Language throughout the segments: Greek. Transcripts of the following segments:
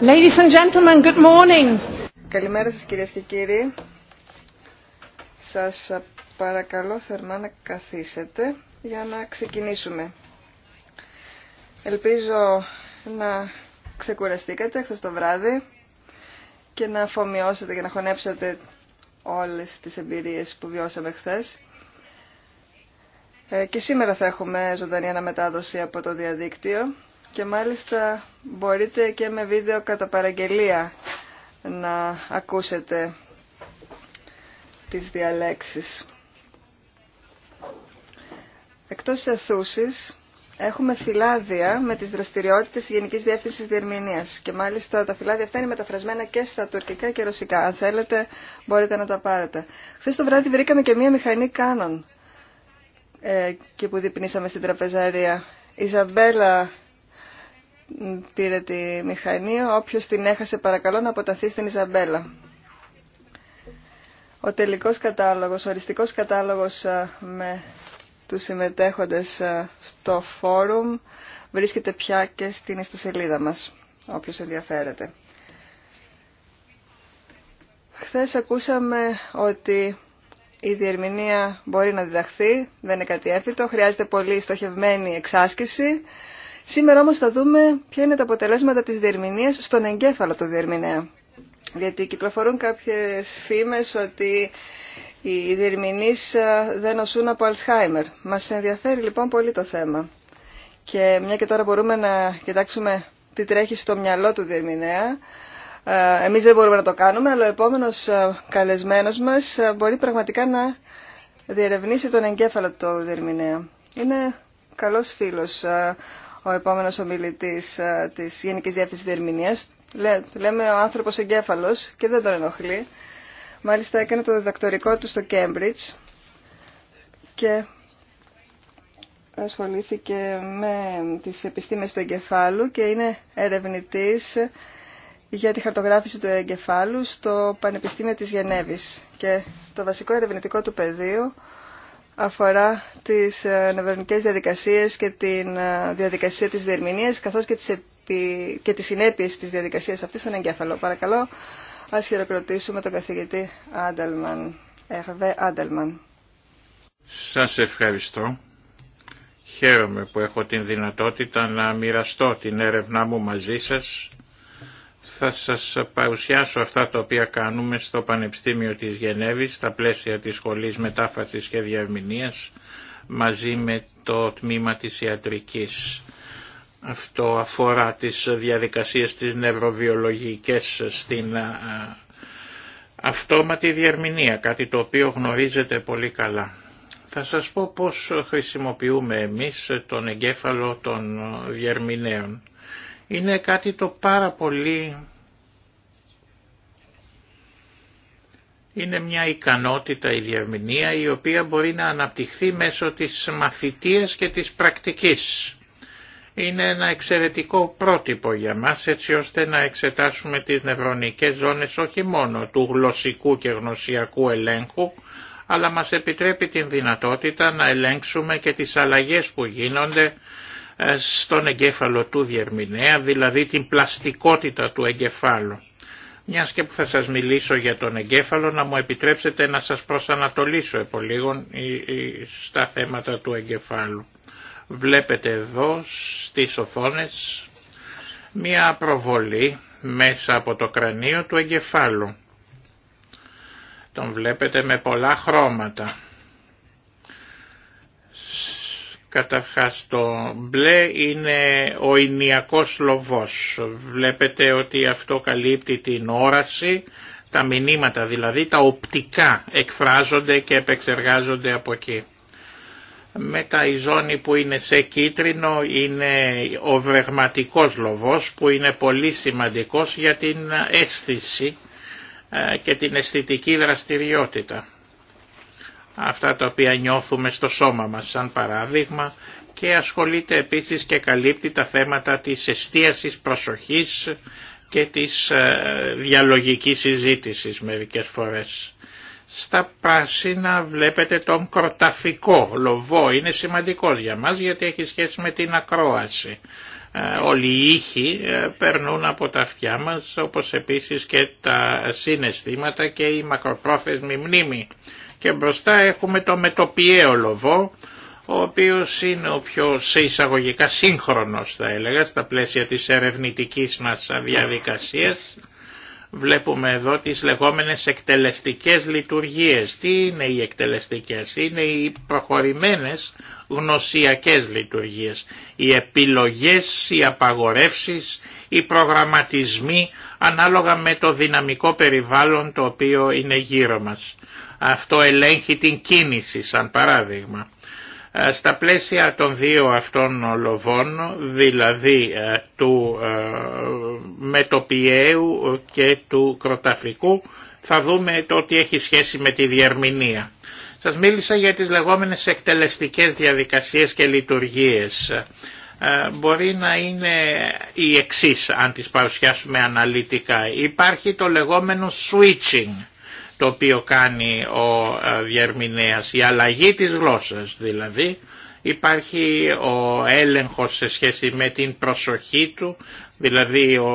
Ladies and gentlemen, good morning. Καλημέρα σας κυρίες και κύριοι. Σας παρακαλώ θερμά να καθίσετε για να ξεκινήσουμε. Ελπίζω να ξεκουραστήκατε χθες το βράδυ και να αφομοιώσετε και να χωνέψετε όλες τις εμπειρίες που βιώσαμε χθες. Ε, και σήμερα θα έχουμε ζωντανή αναμετάδοση από το διαδίκτυο και μάλιστα μπορείτε και με βίντεο κατά παραγγελία να ακούσετε τις διαλέξεις. Εκτός εθούσης, έχουμε φυλάδια με τις δραστηριότητες της Γενικής Διεύθυνσης Διερμηνίας και μάλιστα τα φυλάδια αυτά είναι μεταφρασμένα και στα τουρκικά και ρωσικά. Αν θέλετε μπορείτε να τα πάρετε. Χθε το βράδυ βρήκαμε και μία μηχανή κάνων ε, και που διπνήσαμε στην τραπεζαρία. Ιζαμπέλα, πήρε τη μηχανή. Όποιος την έχασε παρακαλώ να αποταθεί στην Ιζαμπέλα. Ο τελικός κατάλογος, ο οριστικός κατάλογος ε, με τους συμμετέχοντες ε, στο φόρουμ βρίσκεται πια και στην ιστοσελίδα μας, όποιος ενδιαφέρεται. Χθες ακούσαμε ότι η διερμηνία μπορεί να διδαχθεί, δεν είναι κάτι έφυτο, χρειάζεται πολύ στοχευμένη εξάσκηση Σήμερα όμως θα δούμε ποια είναι τα αποτελέσματα της διερμηνίας στον εγκέφαλο του διερμηνέα. Γιατί κυκλοφορούν κάποιες φήμες ότι οι διερμηνείς ε, δεν νοσούν από Αλσχάιμερ. Μας ενδιαφέρει λοιπόν πολύ το θέμα. Και μια και τώρα μπορούμε να κοιτάξουμε τι τρέχει στο μυαλό του διερμηνέα. Ε, εμείς δεν μπορούμε να το κάνουμε, αλλά ο επόμενος ε, καλεσμένος μας μπορεί πραγματικά να διερευνήσει τον εγκέφαλο του διερμηνέα. Είναι καλός φίλος ο επόμενος ομιλητής ε, της Γενικής Διεύθυνσης λέμε ο άνθρωπος εγκέφαλο και δεν τον ενοχλεί. Μάλιστα έκανε το διδακτορικό του στο Κέμπριτζ και ασχολήθηκε με τις επιστήμες του εγκεφάλου και είναι ερευνητής για τη χαρτογράφηση του εγκεφάλου στο Πανεπιστήμιο της Γενέβης. Και το βασικό ερευνητικό του πεδίο αφορά τις ε, νευρονικές διαδικασίες και τη ε, διαδικασία της διερμηνίας καθώς και τις, επι... και τις συνέπειες της διαδικασίας αυτής στον εγκέφαλο. Παρακαλώ, ας χειροκροτήσουμε τον καθηγητή Άντελμαν Ερβέ Άντελμαν. Σας ευχαριστώ. Χαίρομαι που έχω την δυνατότητα να μοιραστώ την έρευνά μου μαζί σας θα σας παρουσιάσω αυτά τα οποία κάνουμε στο Πανεπιστήμιο της Γενέβης στα πλαίσια της Σχολής Μετάφρασης και Διαρμηνίας μαζί με το τμήμα της ιατρικής. Αυτό αφορά τις διαδικασίες της νευροβιολογικές στην ε, αυτόματη διαρμηνία, κάτι το οποίο γνωρίζετε πολύ καλά. Θα σας πω πώς χρησιμοποιούμε εμείς τον εγκέφαλο των διαρμηνέων είναι κάτι το πάρα πολύ... Είναι μια ικανότητα η διαρμηνία η οποία μπορεί να αναπτυχθεί μέσω της μαθητείας και της πρακτικής. Είναι ένα εξαιρετικό πρότυπο για μας έτσι ώστε να εξετάσουμε τις νευρονικές ζώνες όχι μόνο του γλωσσικού και γνωσιακού ελέγχου, αλλά μας επιτρέπει την δυνατότητα να ελέγξουμε και τις αλλαγές που γίνονται ε, στον εγκέφαλο του διερμηνέα, δηλαδή την πλαστικότητα του εγκεφάλου. Μια και που θα σας μιλήσω για τον εγκέφαλο, να μου επιτρέψετε να σας προσανατολίσω επολίγων στα θέματα του εγκεφάλου. Βλέπετε εδώ στις οθόνες μία προβολή μέσα από το κρανίο του εγκεφάλου. Τον βλέπετε με πολλά χρώματα. Καταρχάς το μπλε είναι ο ηνιακός λοβός. Βλέπετε ότι αυτό καλύπτει την όραση, τα μηνύματα δηλαδή, τα οπτικά εκφράζονται και επεξεργάζονται από εκεί. Μετά η ζώνη που είναι σε κίτρινο είναι ο βρεγματικός λοβός που είναι πολύ σημαντικός για την αίσθηση ε, και την αισθητική δραστηριότητα αυτά τα οποία νιώθουμε στο σώμα μας σαν παράδειγμα και ασχολείται επίσης και καλύπτει τα θέματα της εστίασης προσοχής και της ε, διαλογικής συζήτησης μερικές φορές. Στα πράσινα βλέπετε τον κροταφικό λοβό, είναι σημαντικό για μας γιατί έχει σχέση με την ακρόαση. Ε, όλοι οι ήχοι ε, περνούν από τα αυτιά μας όπως επίσης και τα συναισθήματα και η μακροπρόθεσμη μνήμη και μπροστά έχουμε το μετοπιαίο λοβό ο οποίος είναι ο πιο σε εισαγωγικά σύγχρονος θα έλεγα στα πλαίσια της ερευνητικής μας διαδικασίας βλέπουμε εδώ τις λεγόμενες εκτελεστικές λειτουργίες. Τι είναι οι εκτελεστικές, είναι οι προχωρημένες γνωσιακές λειτουργίες, οι επιλογές, οι απαγορεύσεις, οι προγραμματισμοί ανάλογα με το δυναμικό περιβάλλον το οποίο είναι γύρω μας. Αυτό ελέγχει την κίνηση σαν παράδειγμα. Ε, στα πλαίσια των δύο αυτών λοβών, δηλαδή ε, του ε, Μετοπιέου και του κροταφικού, θα δούμε το ότι έχει σχέση με τη διερμηνία. Σας μίλησα για τις λεγόμενες εκτελεστικές διαδικασίες και λειτουργίες. Ε, μπορεί να είναι η εξής αν τις παρουσιάσουμε αναλυτικά. Υπάρχει το λεγόμενο switching το οποίο κάνει ο ε, διερμηνέας, η αλλαγή της γλώσσας δηλαδή. Υπάρχει ο έλεγχος σε σχέση με την προσοχή του, δηλαδή ο,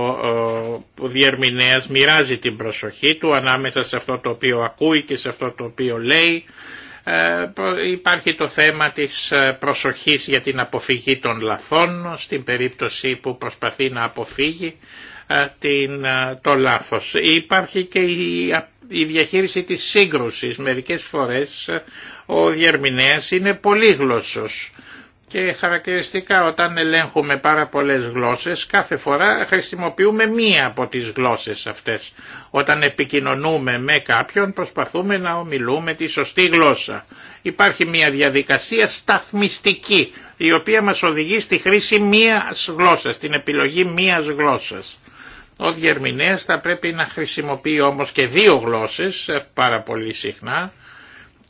ο διερμηνέας μοιράζει την προσοχή του ανάμεσα σε αυτό το οποίο ακούει και σε αυτό το οποίο λέει ε, υπάρχει το θέμα της ε, προσοχής για την αποφυγή των λαθών στην περίπτωση που προσπαθεί να αποφύγει ε, την, το λάθος. Υπάρχει και η, η διαχείριση της σύγκρουσης. Μερικές φορές ο διερμηνέας είναι πολύγλωσσος και χαρακτηριστικά όταν ελέγχουμε πάρα πολλές γλώσσες κάθε φορά χρησιμοποιούμε μία από τις γλώσσες αυτές. Όταν επικοινωνούμε με κάποιον προσπαθούμε να ομιλούμε τη σωστή γλώσσα. Υπάρχει μία διαδικασία σταθμιστική η οποία μας οδηγεί στη χρήση μίας γλώσσας, την επιλογή μίας γλώσσας. Ο διερμηνέας θα πρέπει να χρησιμοποιεί όμως και δύο γλώσσες ε, πάρα πολύ συχνά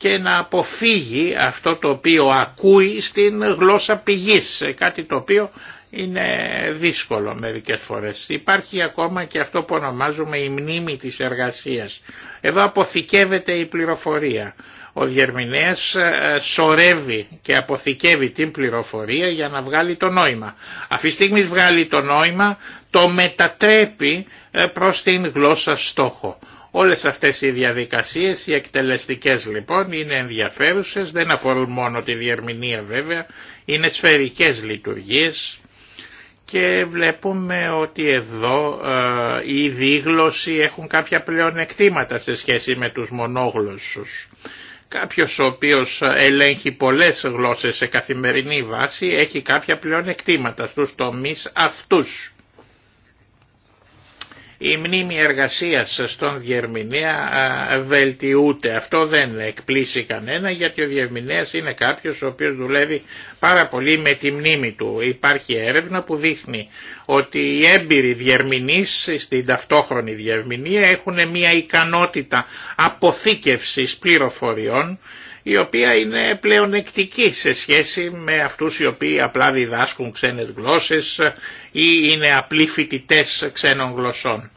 και να αποφύγει αυτό το οποίο ακούει στην γλώσσα πηγής, κάτι το οποίο είναι δύσκολο μερικές φορές. Υπάρχει ακόμα και αυτό που ονομάζουμε η μνήμη της εργασίας. Εδώ αποθηκεύεται η πληροφορία. Ο διερμηνέας ε, σορεύει και αποθηκεύει την πληροφορία για να βγάλει το νόημα. Αυτή τη στιγμή βγάλει το νόημα, το μετατρέπει ε, προς την γλώσσα στόχο. Όλες αυτές οι διαδικασίες, οι εκτελεστικές λοιπόν, είναι ενδιαφέρουσες, δεν αφορούν μόνο τη διερμηνία βέβαια, είναι σφαιρικές λειτουργίες και βλέπουμε ότι εδώ ε, οι δίγλωσοι έχουν κάποια πλεονεκτήματα σε σχέση με τους μονόγλωσσους. Κάποιος ο οποίος ελέγχει πολλές γλώσσες σε καθημερινή βάση έχει κάποια πλεονεκτήματα στους τομείς αυτούς. Η μνήμη εργασίας στον Διερμηνέα βελτιούται. Αυτό δεν εκπλήσει κανένα γιατί ο Διερμηνέας είναι κάποιος ο οποίος δουλεύει πάρα πολύ με τη μνήμη του. Υπάρχει έρευνα που δείχνει ότι οι έμπειροι διερμηνείς στην ταυτόχρονη διερμηνία έχουν μια ικανότητα αποθήκευσης πληροφοριών η οποία είναι πλεονεκτική σε σχέση με αυτούς οι οποίοι απλά διδάσκουν ξένες γλώσσες ή είναι απλοί φοιτητέ ξένων γλωσσών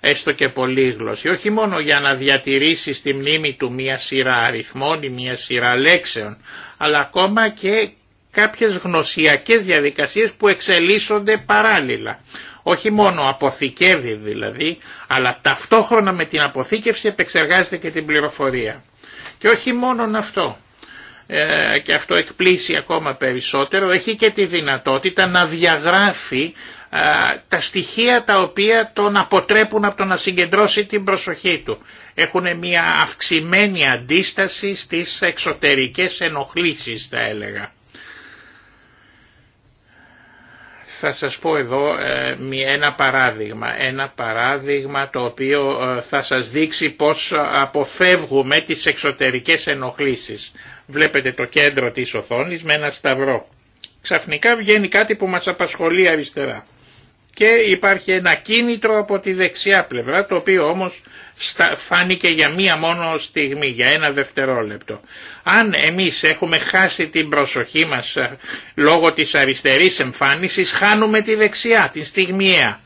έστω και πολύγλωση, όχι μόνο για να διατηρήσει στη μνήμη του μία σειρά αριθμών ή μία σειρά λέξεων, αλλά ακόμα και κάποιες γνωσιακές διαδικασίες που εξελίσσονται παράλληλα. Όχι μόνο αποθηκεύει δηλαδή, αλλά ταυτόχρονα με την αποθήκευση επεξεργάζεται και την πληροφορία. Και όχι μόνο αυτό, ε, και αυτό εκπλήσει ακόμα περισσότερο, έχει και τη δυνατότητα να διαγράφει ε, τα στοιχεία τα οποία τον αποτρέπουν από το να συγκεντρώσει την προσοχή του. Έχουν μια αυξημένη αντίσταση στις εξωτερικές ενοχλήσεις θα έλεγα. Θα σας πω εδώ ε, ένα παράδειγμα, ένα παράδειγμα το οποίο ε, θα σας δείξει πώς αποφεύγουμε τις εξωτερικές ενοχλήσεις. Βλέπετε το κέντρο της οθόνης με ένα σταυρό. Ξαφνικά βγαίνει κάτι που μας απασχολεί αριστερά και υπάρχει ένα κίνητρο από τη δεξιά πλευρά το οποίο όμως φάνηκε για μία μόνο στιγμή, για ένα δευτερόλεπτο. Αν εμείς έχουμε χάσει την προσοχή μας ε, λόγω της αριστερής εμφάνισης χάνουμε τη δεξιά, την στιγμιαία.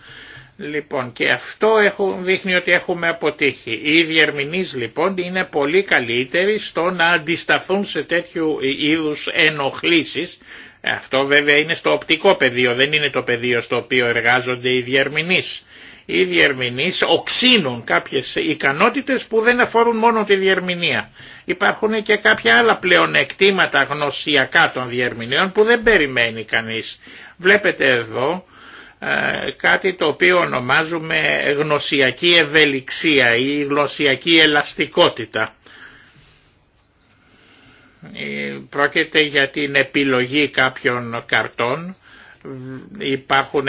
Λοιπόν και αυτό έχουν, δείχνει ότι έχουμε αποτύχει. Οι διερμηνείς λοιπόν είναι πολύ καλύτεροι στο να αντισταθούν σε τέτοιου ε, είδους ενοχλήσεις αυτό βέβαια είναι στο οπτικό πεδίο, δεν είναι το πεδίο στο οποίο εργάζονται οι διερμηνείς. Οι διερμηνείς οξύνουν κάποιες ικανότητες που δεν αφορούν μόνο τη διερμηνία. Υπάρχουν και κάποια άλλα πλεονεκτήματα γνωσιακά των διερμηνέων που δεν περιμένει κανείς. Βλέπετε εδώ ε, κάτι το οποίο ονομάζουμε γνωσιακή ευελιξία ή γνωσιακή ελαστικότητα. Ε, πρόκειται για την επιλογή κάποιων καρτών. Υπάρχουν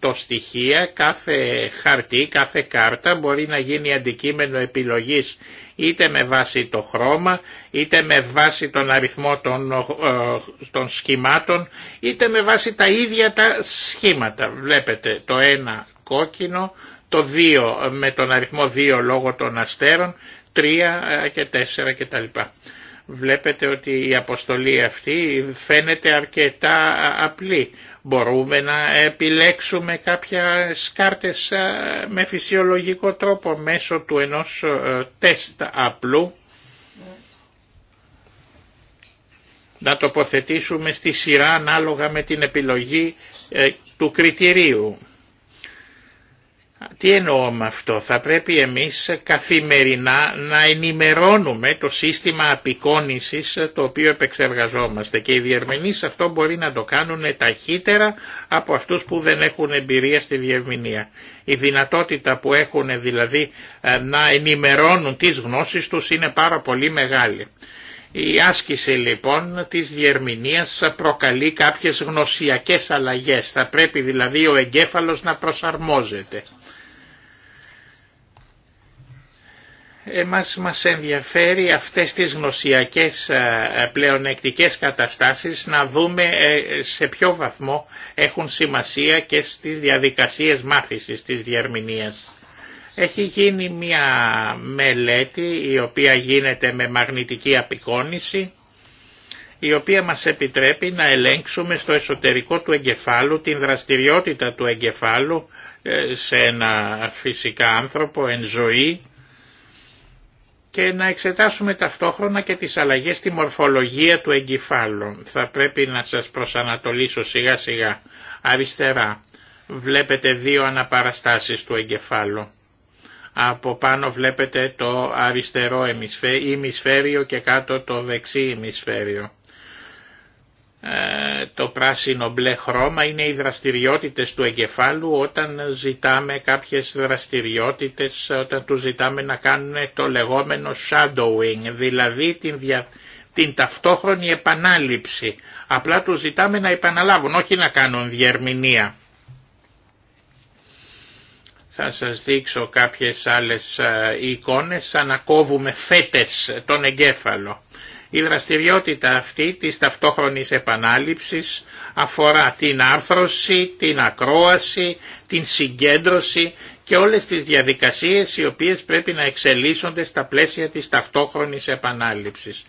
128 στοιχεία, κάθε χαρτί, κάθε κάρτα μπορεί να γίνει αντικείμενο επιλογής είτε με βάση το χρώμα, είτε με βάση τον αριθμό των, ε, των σχημάτων, είτε με βάση τα ίδια τα σχήματα. Βλέπετε το ένα κόκκινο, το 2 με τον αριθμό 2 λόγω των αστέρων, 3 ε, και 4 κτλ. Βλέπετε ότι η αποστολή αυτή φαίνεται αρκετά απλή. Μπορούμε να επιλέξουμε κάποια κάρτες ε, με φυσιολογικό τρόπο μέσω του ενός ε, τεστ απλού να τοποθετήσουμε στη σειρά ανάλογα με την επιλογή ε, του κριτηρίου. Τι εννοώ με αυτό, θα πρέπει εμείς καθημερινά να ενημερώνουμε το σύστημα απεικόνησης το οποίο επεξεργαζόμαστε και οι διερμηνείς αυτό μπορεί να το κάνουν ταχύτερα από αυτούς που δεν έχουν εμπειρία στη διερμηνία. Η δυνατότητα που έχουν δηλαδή ε, να ενημερώνουν τις γνώσεις τους είναι πάρα πολύ μεγάλη. Η άσκηση λοιπόν της διερμηνίας προκαλεί κάποιες γνωσιακές αλλαγές, θα πρέπει δηλαδή ο εγκέφαλος να προσαρμόζεται. εμάς μας ενδιαφέρει αυτές τις γνωσιακές ε, πλεονεκτικές καταστάσεις να δούμε ε, σε ποιο βαθμό έχουν σημασία και στις διαδικασίες μάθησης της διερμηνίας. Έχει γίνει μια μελέτη η οποία γίνεται με μαγνητική απεικόνηση η οποία μας επιτρέπει να ελέγξουμε στο εσωτερικό του εγκεφάλου την δραστηριότητα του εγκεφάλου ε, σε ένα φυσικά άνθρωπο εν ζωή και να εξετάσουμε ταυτόχρονα και τις αλλαγές στη μορφολογία του εγκεφάλου. Θα πρέπει να σας προσανατολίσω σιγά σιγά. Αριστερά βλέπετε δύο αναπαραστάσεις του εγκεφάλου. Από πάνω βλέπετε το αριστερό ημισφαίριο και κάτω το δεξί ημισφαίριο. Ε, το πράσινο μπλε χρώμα είναι οι δραστηριότητες του εγκεφάλου όταν ζητάμε κάποιες δραστηριότητες, όταν του ζητάμε να κάνουν το λεγόμενο shadowing, δηλαδή την, ταυτόχρονη επανάληψη. Απλά του ζητάμε να επαναλάβουν, όχι να κάνουν διερμηνία. Θα σας δείξω κάποιες άλλες ε, εικόνες, ανακόβουμε φέτες τον εγκέφαλο. Η δραστηριότητα αυτή της ταυτόχρονης επανάληψης αφορά την άρθρωση, την ακρόαση, την συγκέντρωση και όλες τις διαδικασίες οι οποίες πρέπει να εξελίσσονται στα πλαίσια της ταυτόχρονης επανάληψης.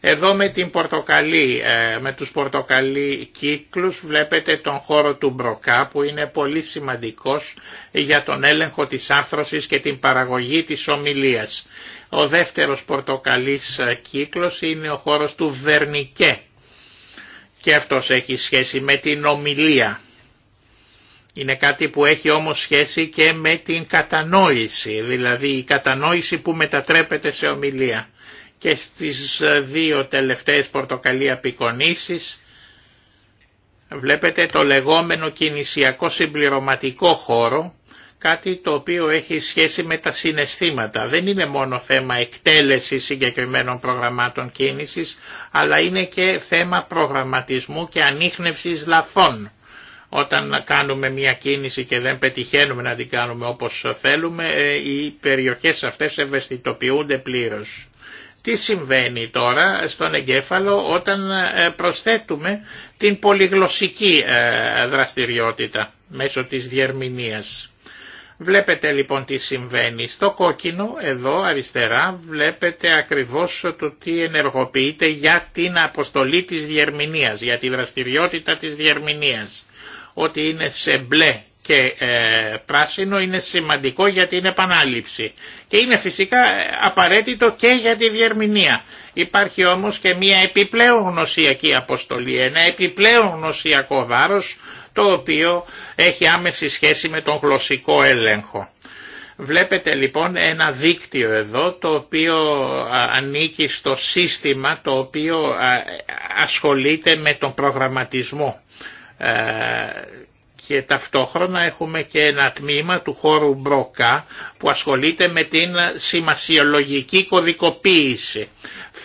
Εδώ με, την πορτοκαλί, ε, με τους πορτοκαλί κύκλους βλέπετε τον χώρο του Μπροκά που είναι πολύ σημαντικός για τον έλεγχο της άρθρωσης και την παραγωγή της ομιλίας. Ο δεύτερος πορτοκαλής ε, κύκλος είναι ο χώρος του Βερνικέ και αυτός έχει σχέση με την ομιλία είναι κάτι που έχει όμως σχέση και με την κατανόηση, δηλαδή η κατανόηση που μετατρέπεται σε ομιλία. Και στις δύο τελευταίες πορτοκαλία απεικονίσεις βλέπετε το λεγόμενο κινησιακό συμπληρωματικό χώρο, κάτι το οποίο έχει σχέση με τα συναισθήματα. Δεν είναι μόνο θέμα εκτέλεσης συγκεκριμένων προγραμμάτων κίνησης, αλλά είναι και θέμα προγραμματισμού και ανείχνευσης λαθών όταν κάνουμε μια κίνηση και δεν πετυχαίνουμε να την κάνουμε όπως θέλουμε, ε, οι περιοχές αυτές ευαισθητοποιούνται πλήρως. Τι συμβαίνει τώρα στον εγκέφαλο όταν ε, προσθέτουμε την πολυγλωσσική ε, δραστηριότητα μέσω της διερμηνίας. Βλέπετε λοιπόν τι συμβαίνει. Στο κόκκινο εδώ αριστερά βλέπετε ακριβώς το τι ενεργοποιείται για την αποστολή της διερμηνίας, για τη δραστηριότητα της διερμηνίας ότι είναι σε μπλε και ε, πράσινο είναι σημαντικό για την επανάληψη και είναι φυσικά ε, απαραίτητο και για τη διερμηνία. Υπάρχει όμως και μια επιπλέον γνωσιακή αποστολή, ένα επιπλέον γνωσιακό βάρος το οποίο έχει άμεση σχέση με τον γλωσσικό έλεγχο. Βλέπετε λοιπόν ένα δίκτυο εδώ το οποίο ανήκει στο σύστημα το οποίο ασχολείται με τον προγραμματισμό ε, και ταυτόχρονα έχουμε και ένα τμήμα του χώρου Μπρόκα που ασχολείται με την σημασιολογική κωδικοποίηση.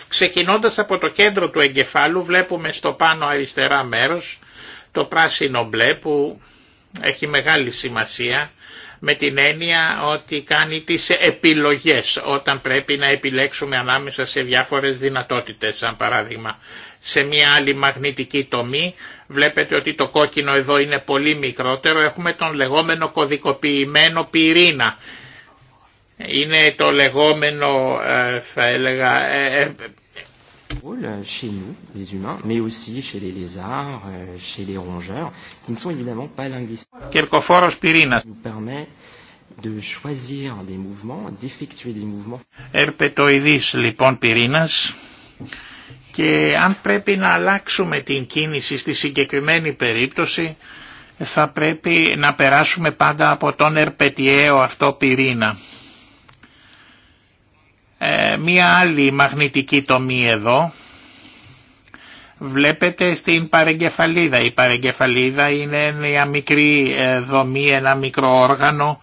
Ξεκινώντας από το κέντρο του εγκεφάλου βλέπουμε στο πάνω αριστερά μέρος το πράσινο μπλε που έχει μεγάλη σημασία με την έννοια ότι κάνει τις επιλογές όταν πρέπει να επιλέξουμε ανάμεσα σε διάφορες δυνατότητες σαν παράδειγμα σε μια άλλη μαγνητική τομή Βλέπετε ότι το κόκκινο εδώ είναι πολύ μικρότερο. Έχουμε τον λεγόμενο κωδικοποιημένο πυρήνα. Είναι το λεγόμενο, θα έλεγα, chez nous, les humains, mais aussi chez les lézards, chez les rongeurs, qui ne sont évidemment pas linguistiques. nous permet de choisir des mouvements, d'effectuer des mouvements και αν πρέπει να αλλάξουμε την κίνηση στη συγκεκριμένη περίπτωση θα πρέπει να περάσουμε πάντα από τον ερπετιαίο αυτό πυρήνα. μια μικρή ε, δομή, ένα μικρό όργανο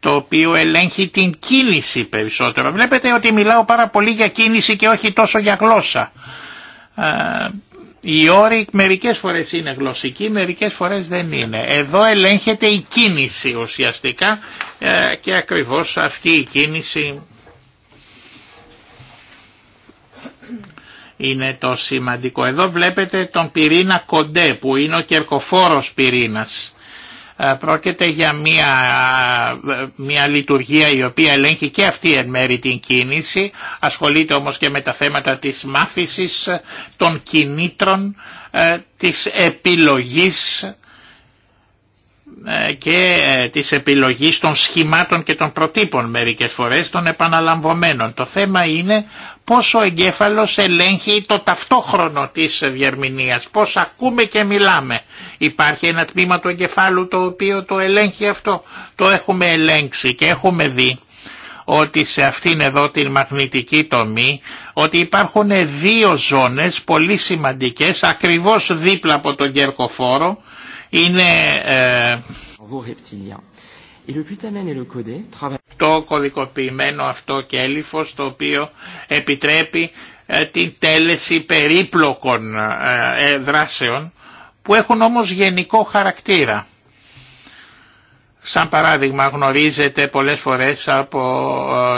το οποίο ελέγχει την κίνηση περισσότερο. Βλέπετε ότι μιλάω πάρα πολύ για κίνηση και όχι τόσο για γλώσσα. Ε, οι όροι μερικές φορές είναι γλωσσικοί, μερικές φορές δεν είναι. Εδώ ελέγχεται η κίνηση ουσιαστικά ε, και ακριβώς αυτή η κίνηση είναι το σημαντικό. Εδώ βλέπετε τον πυρήνα κοντέ που είναι ο κερκοφόρος πυρήνας. Ε, πρόκειται για μια, ε, μια λειτουργία η οποία ελέγχει και αυτή εν μέρη την κίνηση, ασχολείται όμως και με τα θέματα της μάθησης, των κινήτρων, ε, της επιλογής και της επιλογής των σχημάτων και των προτύπων μερικές φορές των επαναλαμβωμένων. Το θέμα είναι πώς ο εγκέφαλος ελέγχει το ταυτόχρονο της διερμηνίας, πώς ακούμε και μιλάμε. Υπάρχει ένα τμήμα του εγκεφάλου το οποίο το ελέγχει αυτό. Το έχουμε ελέγξει και έχουμε δει ότι σε αυτήν εδώ την μαγνητική τομή ότι υπάρχουν δύο ζώνες πολύ σημαντικές ακριβώς δίπλα από τον κερκοφόρο είναι ε, το κωδικοποιημένο αυτό κέλυφος το οποίο επιτρέπει ε, την τέλεση περίπλοκων ε, ε, δράσεων που έχουν όμως γενικό χαρακτήρα. Σαν παράδειγμα γνωρίζετε πολλές φορές από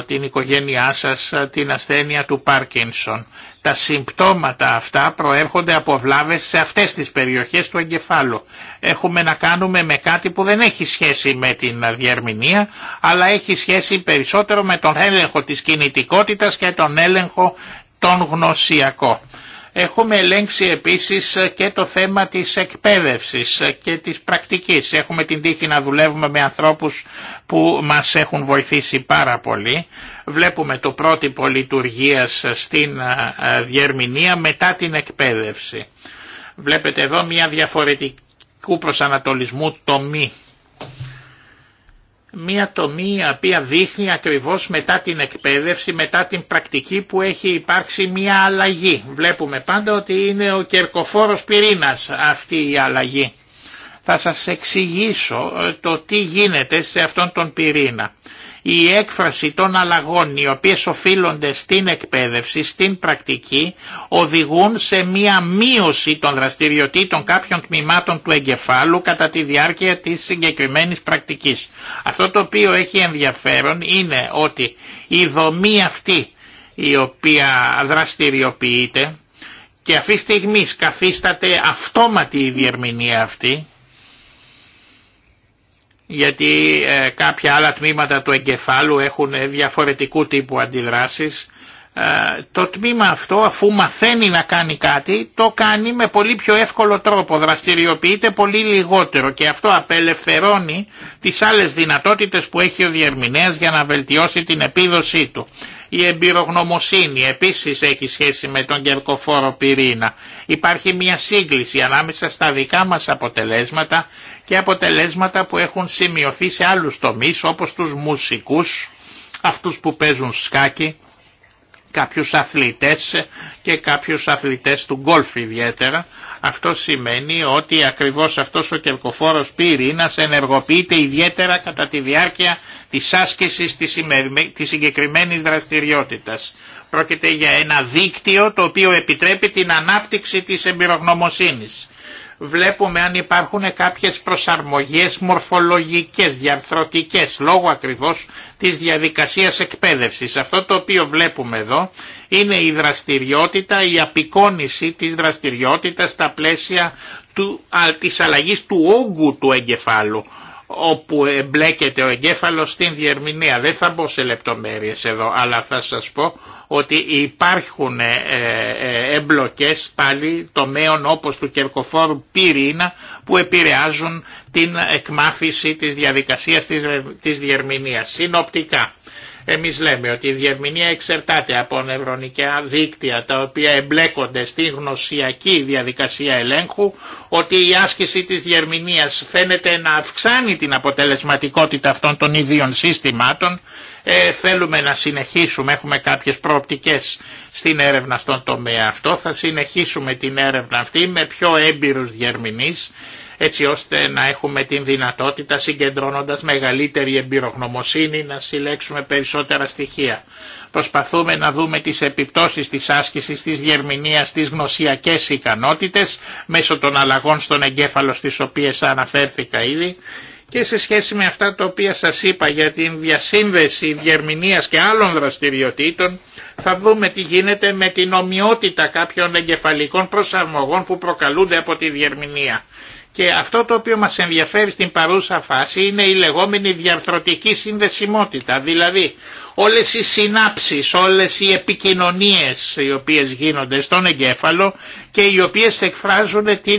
την οικογένειά σας την ασθένεια του Πάρκινσον. Τα συμπτώματα αυτά προέρχονται από βλάβες σε αυτές τις περιοχές του εγκεφάλου. Έχουμε να κάνουμε με κάτι που δεν έχει σχέση με την διαρμηνία, αλλά έχει σχέση περισσότερο με τον έλεγχο της κινητικότητας και τον έλεγχο τον γνωσιακό. Έχουμε ελέγξει επίσης και το θέμα της εκπαίδευσης και της πρακτικής. Έχουμε την τύχη να δουλεύουμε με ανθρώπους που μας έχουν βοηθήσει πάρα πολύ Βλέπουμε το πρότυπο λειτουργίας στην διερμηνία μετά την εκπαίδευση. Βλέπετε εδώ μια διαφορετικού προσανατολισμού τομή. Μια τομή η οποία δείχνει ακριβώς μετά την εκπαίδευση, μετά την πρακτική που έχει υπάρξει μια αλλαγή. Βλέπουμε πάντα ότι είναι ο κερκοφόρος πυρήνας αυτή η αλλαγή. Θα σας εξηγήσω ε, το τι γίνεται σε αυτόν τον πυρήνα η έκφραση των αλλαγών οι οποίες οφείλονται στην εκπαίδευση, στην πρακτική, οδηγούν σε μία μείωση των δραστηριοτήτων κάποιων τμήματων του εγκεφάλου κατά τη διάρκεια της συγκεκριμένης πρακτικής. Αυτό το οποίο έχει ενδιαφέρον είναι ότι η δομή αυτή η οποία δραστηριοποιείται και αυτή τη στιγμή καθίσταται αυτόματη η διερμηνία αυτή γιατί ε, κάποια άλλα τμήματα του εγκεφάλου έχουν διαφορετικού τύπου αντιδράσεις. Ε, το τμήμα αυτό αφού μαθαίνει να κάνει κάτι το κάνει με πολύ πιο εύκολο τρόπο, δραστηριοποιείται πολύ λιγότερο και αυτό απελευθερώνει τις άλλες δυνατότητες που έχει ο διερμηνέας για να βελτιώσει την επίδοσή του. Η εμπειρογνωμοσύνη επίσης έχει σχέση με τον κερκοφόρο πυρήνα. Υπάρχει μια σύγκληση ανάμεσα στα δικά μας αποτελέσματα και αποτελέσματα που έχουν σημειωθεί σε άλλους τομείς όπως τους μουσικούς, αυτούς που παίζουν σκάκι, κάποιους αθλητές και κάποιους αθλητές του γκολφ ιδιαίτερα. Αυτό σημαίνει ότι ακριβώς αυτός ο κερκοφόρος πυρήνας ενεργοποιείται ιδιαίτερα κατά τη διάρκεια της άσκησης της συγκεκριμένης δραστηριότητας. Πρόκειται για ένα δίκτυο το οποίο επιτρέπει την ανάπτυξη της εμπειρογνωμοσύνης βλέπουμε αν υπάρχουν κάποιες προσαρμογές μορφολογικές, διαρθρωτικές, λόγω ακριβώς της διαδικασίας εκπαίδευσης. Αυτό το οποίο βλέπουμε εδώ είναι η δραστηριότητα, η απεικόνηση της δραστηριότητας στα πλαίσια του, α, της αλλαγής του όγκου του εγκεφάλου όπου εμπλέκεται ο εγκέφαλος στην διερμηνία. Δεν θα μπω σε λεπτομέρειες εδώ, αλλά θα σας πω ότι υπάρχουν ε, ε, εμπλοκές πάλι τομέων όπως του κερκοφόρου πυρήνα που επηρεάζουν την εκμάθηση της διαδικασίας της διερμηνίας. Συνοπτικά εμείς λέμε ότι η διερμηνία εξερτάται από νευρονικά δίκτυα τα οποία εμπλέκονται στη γνωσιακή διαδικασία ελέγχου, ότι η άσκηση της διερμηνίας φαίνεται να αυξάνει την αποτελεσματικότητα αυτών των ιδίων συστημάτων. Ε, θέλουμε να συνεχίσουμε, έχουμε κάποιες προοπτικές στην έρευνα στον τομέα αυτό, θα συνεχίσουμε την έρευνα αυτή με πιο έμπειρους διερμηνείς, έτσι ώστε να έχουμε την δυνατότητα συγκεντρώνοντας μεγαλύτερη εμπειρογνωμοσύνη να συλλέξουμε περισσότερα στοιχεία. Προσπαθούμε να δούμε τις επιπτώσεις της άσκησης της γερμηνίας στις γνωσιακές ικανότητες μέσω των αλλαγών στον εγκέφαλο στις οποίες αναφέρθηκα ήδη και σε σχέση με αυτά τα οποία σας είπα για την διασύνδεση διερμηνίας και άλλων δραστηριοτήτων θα δούμε τι γίνεται με την ομοιότητα κάποιων εγκεφαλικών προσαρμογών που προκαλούνται από τη διερμηνία. Και αυτό το οποίο μας ενδιαφέρει στην παρούσα φάση είναι η λεγόμενη διαρθρωτική συνδεσιμότητα, δηλαδή όλες οι συνάψεις, όλες οι επικοινωνίες οι οποίες γίνονται στον εγκέφαλο και οι οποίες εκφράζουν τη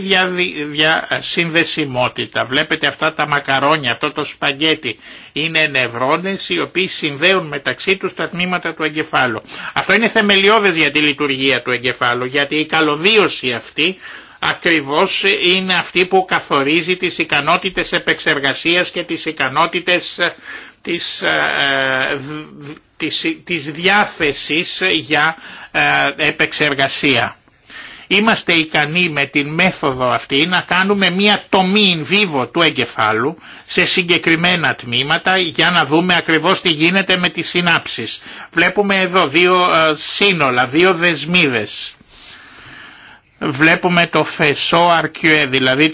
διασυνδεσιμότητα. Βλέπετε αυτά τα μακαρόνια, αυτό το σπαγγέτι είναι νευρώνες οι οποίοι συνδέουν μεταξύ τους τα τμήματα του εγκεφάλου. Αυτό είναι θεμελιώδες για τη λειτουργία του εγκεφάλου γιατί η καλωδίωση αυτή ακριβώς είναι αυτή που καθορίζει τις ικανότητες επεξεργασίας και τις ικανότητες της, της, της διάθεσης για ε, επεξεργασία. Είμαστε ικανοί με την μέθοδο αυτή να κάνουμε μία τομή in vivo του εγκεφάλου σε συγκεκριμένα τμήματα για να δούμε ακριβώς τι γίνεται με τις συνάψεις. Βλέπουμε εδώ δύο ε, σύνολα, δύο δεσμίδες βλέπουμε το φεσό αρκιουέ, δηλαδή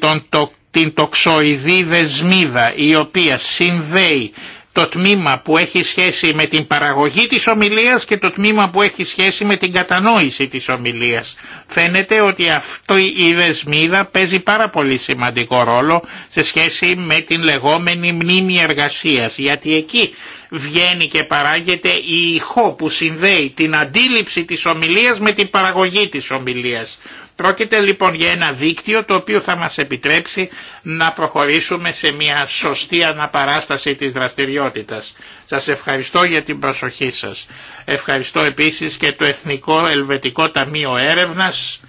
την τοξοειδή δεσμίδα η οποία συνδέει το τμήμα που έχει σχέση με την παραγωγή της ομιλίας και το τμήμα που έχει σχέση με την κατανόηση της ομιλίας. Φαίνεται ότι αυτή η δεσμίδα παίζει πάρα πολύ σημαντικό ρόλο σε σχέση με την λεγόμενη μνήμη εργασίας, γιατί εκεί βγαίνει και παράγεται η ηχό που συνδέει την αντίληψη της ομιλίας με την παραγωγή της ομιλίας. Πρόκειται λοιπόν για ένα δίκτυο το οποίο θα μας επιτρέψει να προχωρήσουμε σε μια σωστή αναπαράσταση της δραστηριότητας. Σας ευχαριστώ για την προσοχή σας. Ευχαριστώ επίσης και το Εθνικό Ελβετικό Ταμείο Έρευνας.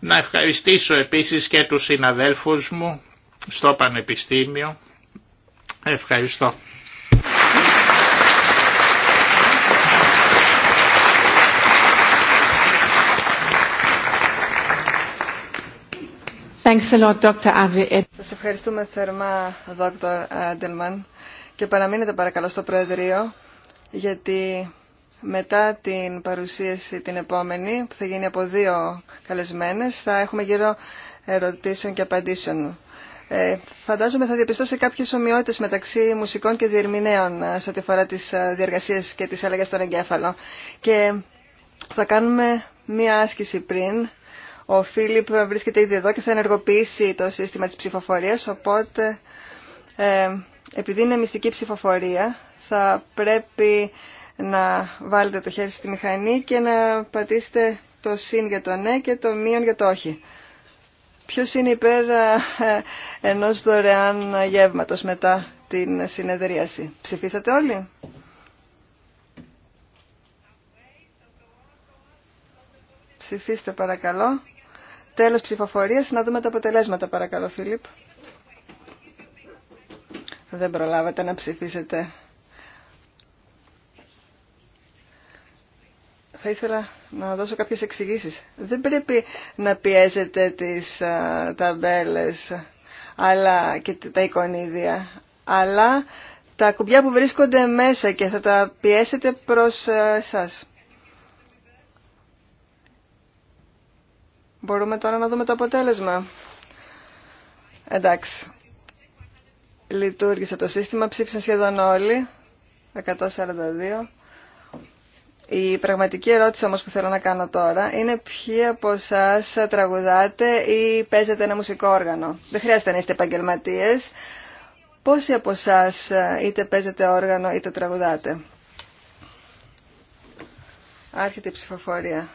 Να ευχαριστήσω επίσης και τους συναδέλφους μου στο Πανεπιστήμιο. Ευχαριστώ. Thanks Σας ευχαριστούμε θερμά, Dr. Αντελμαν. Και παραμείνετε παρακαλώ στο Προεδρείο, γιατί μετά την παρουσίαση την επόμενη, που θα γίνει από δύο καλεσμένες, θα έχουμε γύρω ερωτήσεων και απαντήσεων. Ε, φαντάζομαι θα διαπιστώσει κάποιες ομοιότητες μεταξύ μουσικών και διερμηνέων ε, σε ό,τι αφορά τις ε, διεργασίες και τις αλλαγές στον εγκέφαλο. Και θα κάνουμε μία άσκηση πριν ο Φίλιπ βρίσκεται ήδη εδώ και θα ενεργοποιήσει το σύστημα της ψηφοφορίας, οπότε ε, επειδή είναι μυστική ψηφοφορία θα πρέπει να βάλετε το χέρι στη μηχανή και να πατήσετε το συν για το ναι και το μείον για το όχι. Ποιος είναι υπέρ ε, ενός δωρεάν γεύματος μετά την συνεδρίαση. Ψηφίσατε όλοι. Ψηφίστε παρακαλώ. Τέλος ψηφοφορίας, να δούμε τα αποτελέσματα παρακαλώ Φίλιπ. Δεν προλάβατε να ψηφίσετε. Θα ήθελα να δώσω κάποιες εξηγήσεις. Δεν πρέπει να πιέζετε τις ταμπέλες αλλά και τα εικονίδια, αλλά τα κουμπιά που βρίσκονται μέσα και θα τα πιέσετε προς εσάς. Μπορούμε τώρα να δούμε το αποτέλεσμα. Εντάξει. Λειτουργήσε το σύστημα, ψήφισαν σχεδόν όλοι. 142. Η πραγματική ερώτηση όμως που θέλω να κάνω τώρα είναι ποιοι από εσά τραγουδάτε ή παίζετε ένα μουσικό όργανο. Δεν χρειάζεται να είστε επαγγελματίε. Πόσοι από εσά ε, είτε παίζετε όργανο είτε τραγουδάτε. Άρχεται η ψηφοφορία